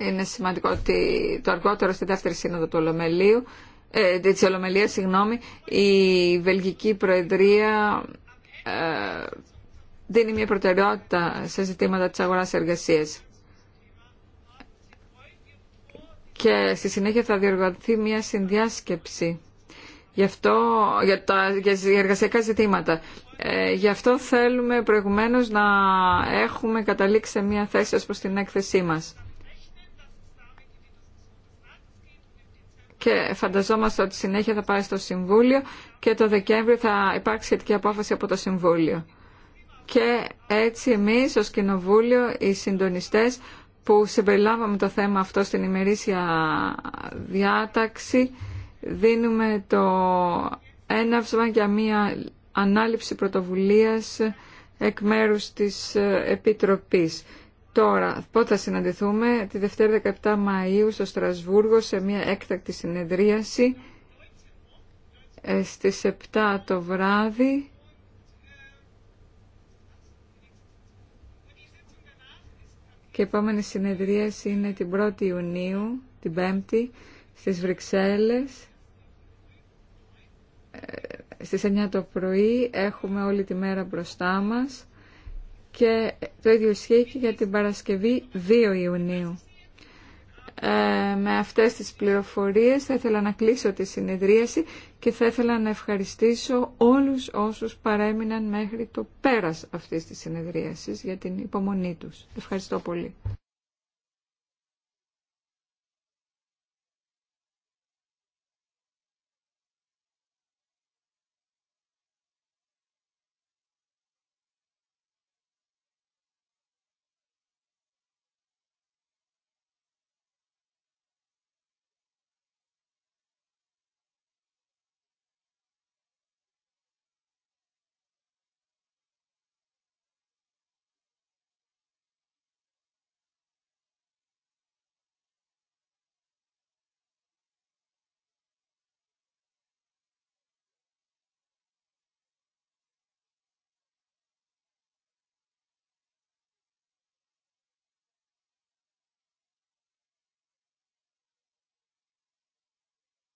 [SPEAKER 1] Είναι σημαντικό ότι το αργότερο στη δεύτερη Σύνοδο του Ολομελίου ε, της Ολομελίας, συγγνώμη, η Βελγική Προεδρία ε, δίνει μια προτεραιότητα σε ζητήματα της αγοράς εργασίας. Και στη συνέχεια θα διοργανωθεί μια συνδιάσκεψη γι αυτό, για, τα, για εργασιακά ζητήματα. Ε, γι' αυτό θέλουμε προηγουμένως να έχουμε καταλήξει σε μια θέση ως προς την έκθεσή μας. και φανταζόμαστε ότι συνέχεια θα πάει στο Συμβούλιο και το Δεκέμβριο θα υπάρξει σχετική απόφαση από το Συμβούλιο. Και έτσι εμείς ως Κοινοβούλιο, οι συντονιστές που συμπεριλάβαμε το θέμα αυτό στην ημερήσια διάταξη, δίνουμε το έναυσμα για μια ανάληψη πρωτοβουλίας εκ μέρους της Επιτροπής. Τώρα, πότε θα συναντηθούμε, τη Δευτέρα 17 Μαΐου στο Στρασβούργο σε μια έκτακτη συνεδρίαση ε, στις 7 το βράδυ. Και η επόμενη συνεδρίαση είναι την 1η Ιουνίου, την 5η, στις Βρυξέλλες. Ε, στις 9 το πρωί έχουμε όλη τη μέρα μπροστά μας και το ίδιο ισχύει και για την Παρασκευή 2 Ιουνίου. Ε, με αυτές τις πληροφορίες θα ήθελα να κλείσω τη συνεδρίαση και θα ήθελα να ευχαριστήσω όλους όσους παρέμειναν μέχρι το πέρας αυτής της συνεδρίασης για την υπομονή τους. Ευχαριστώ πολύ.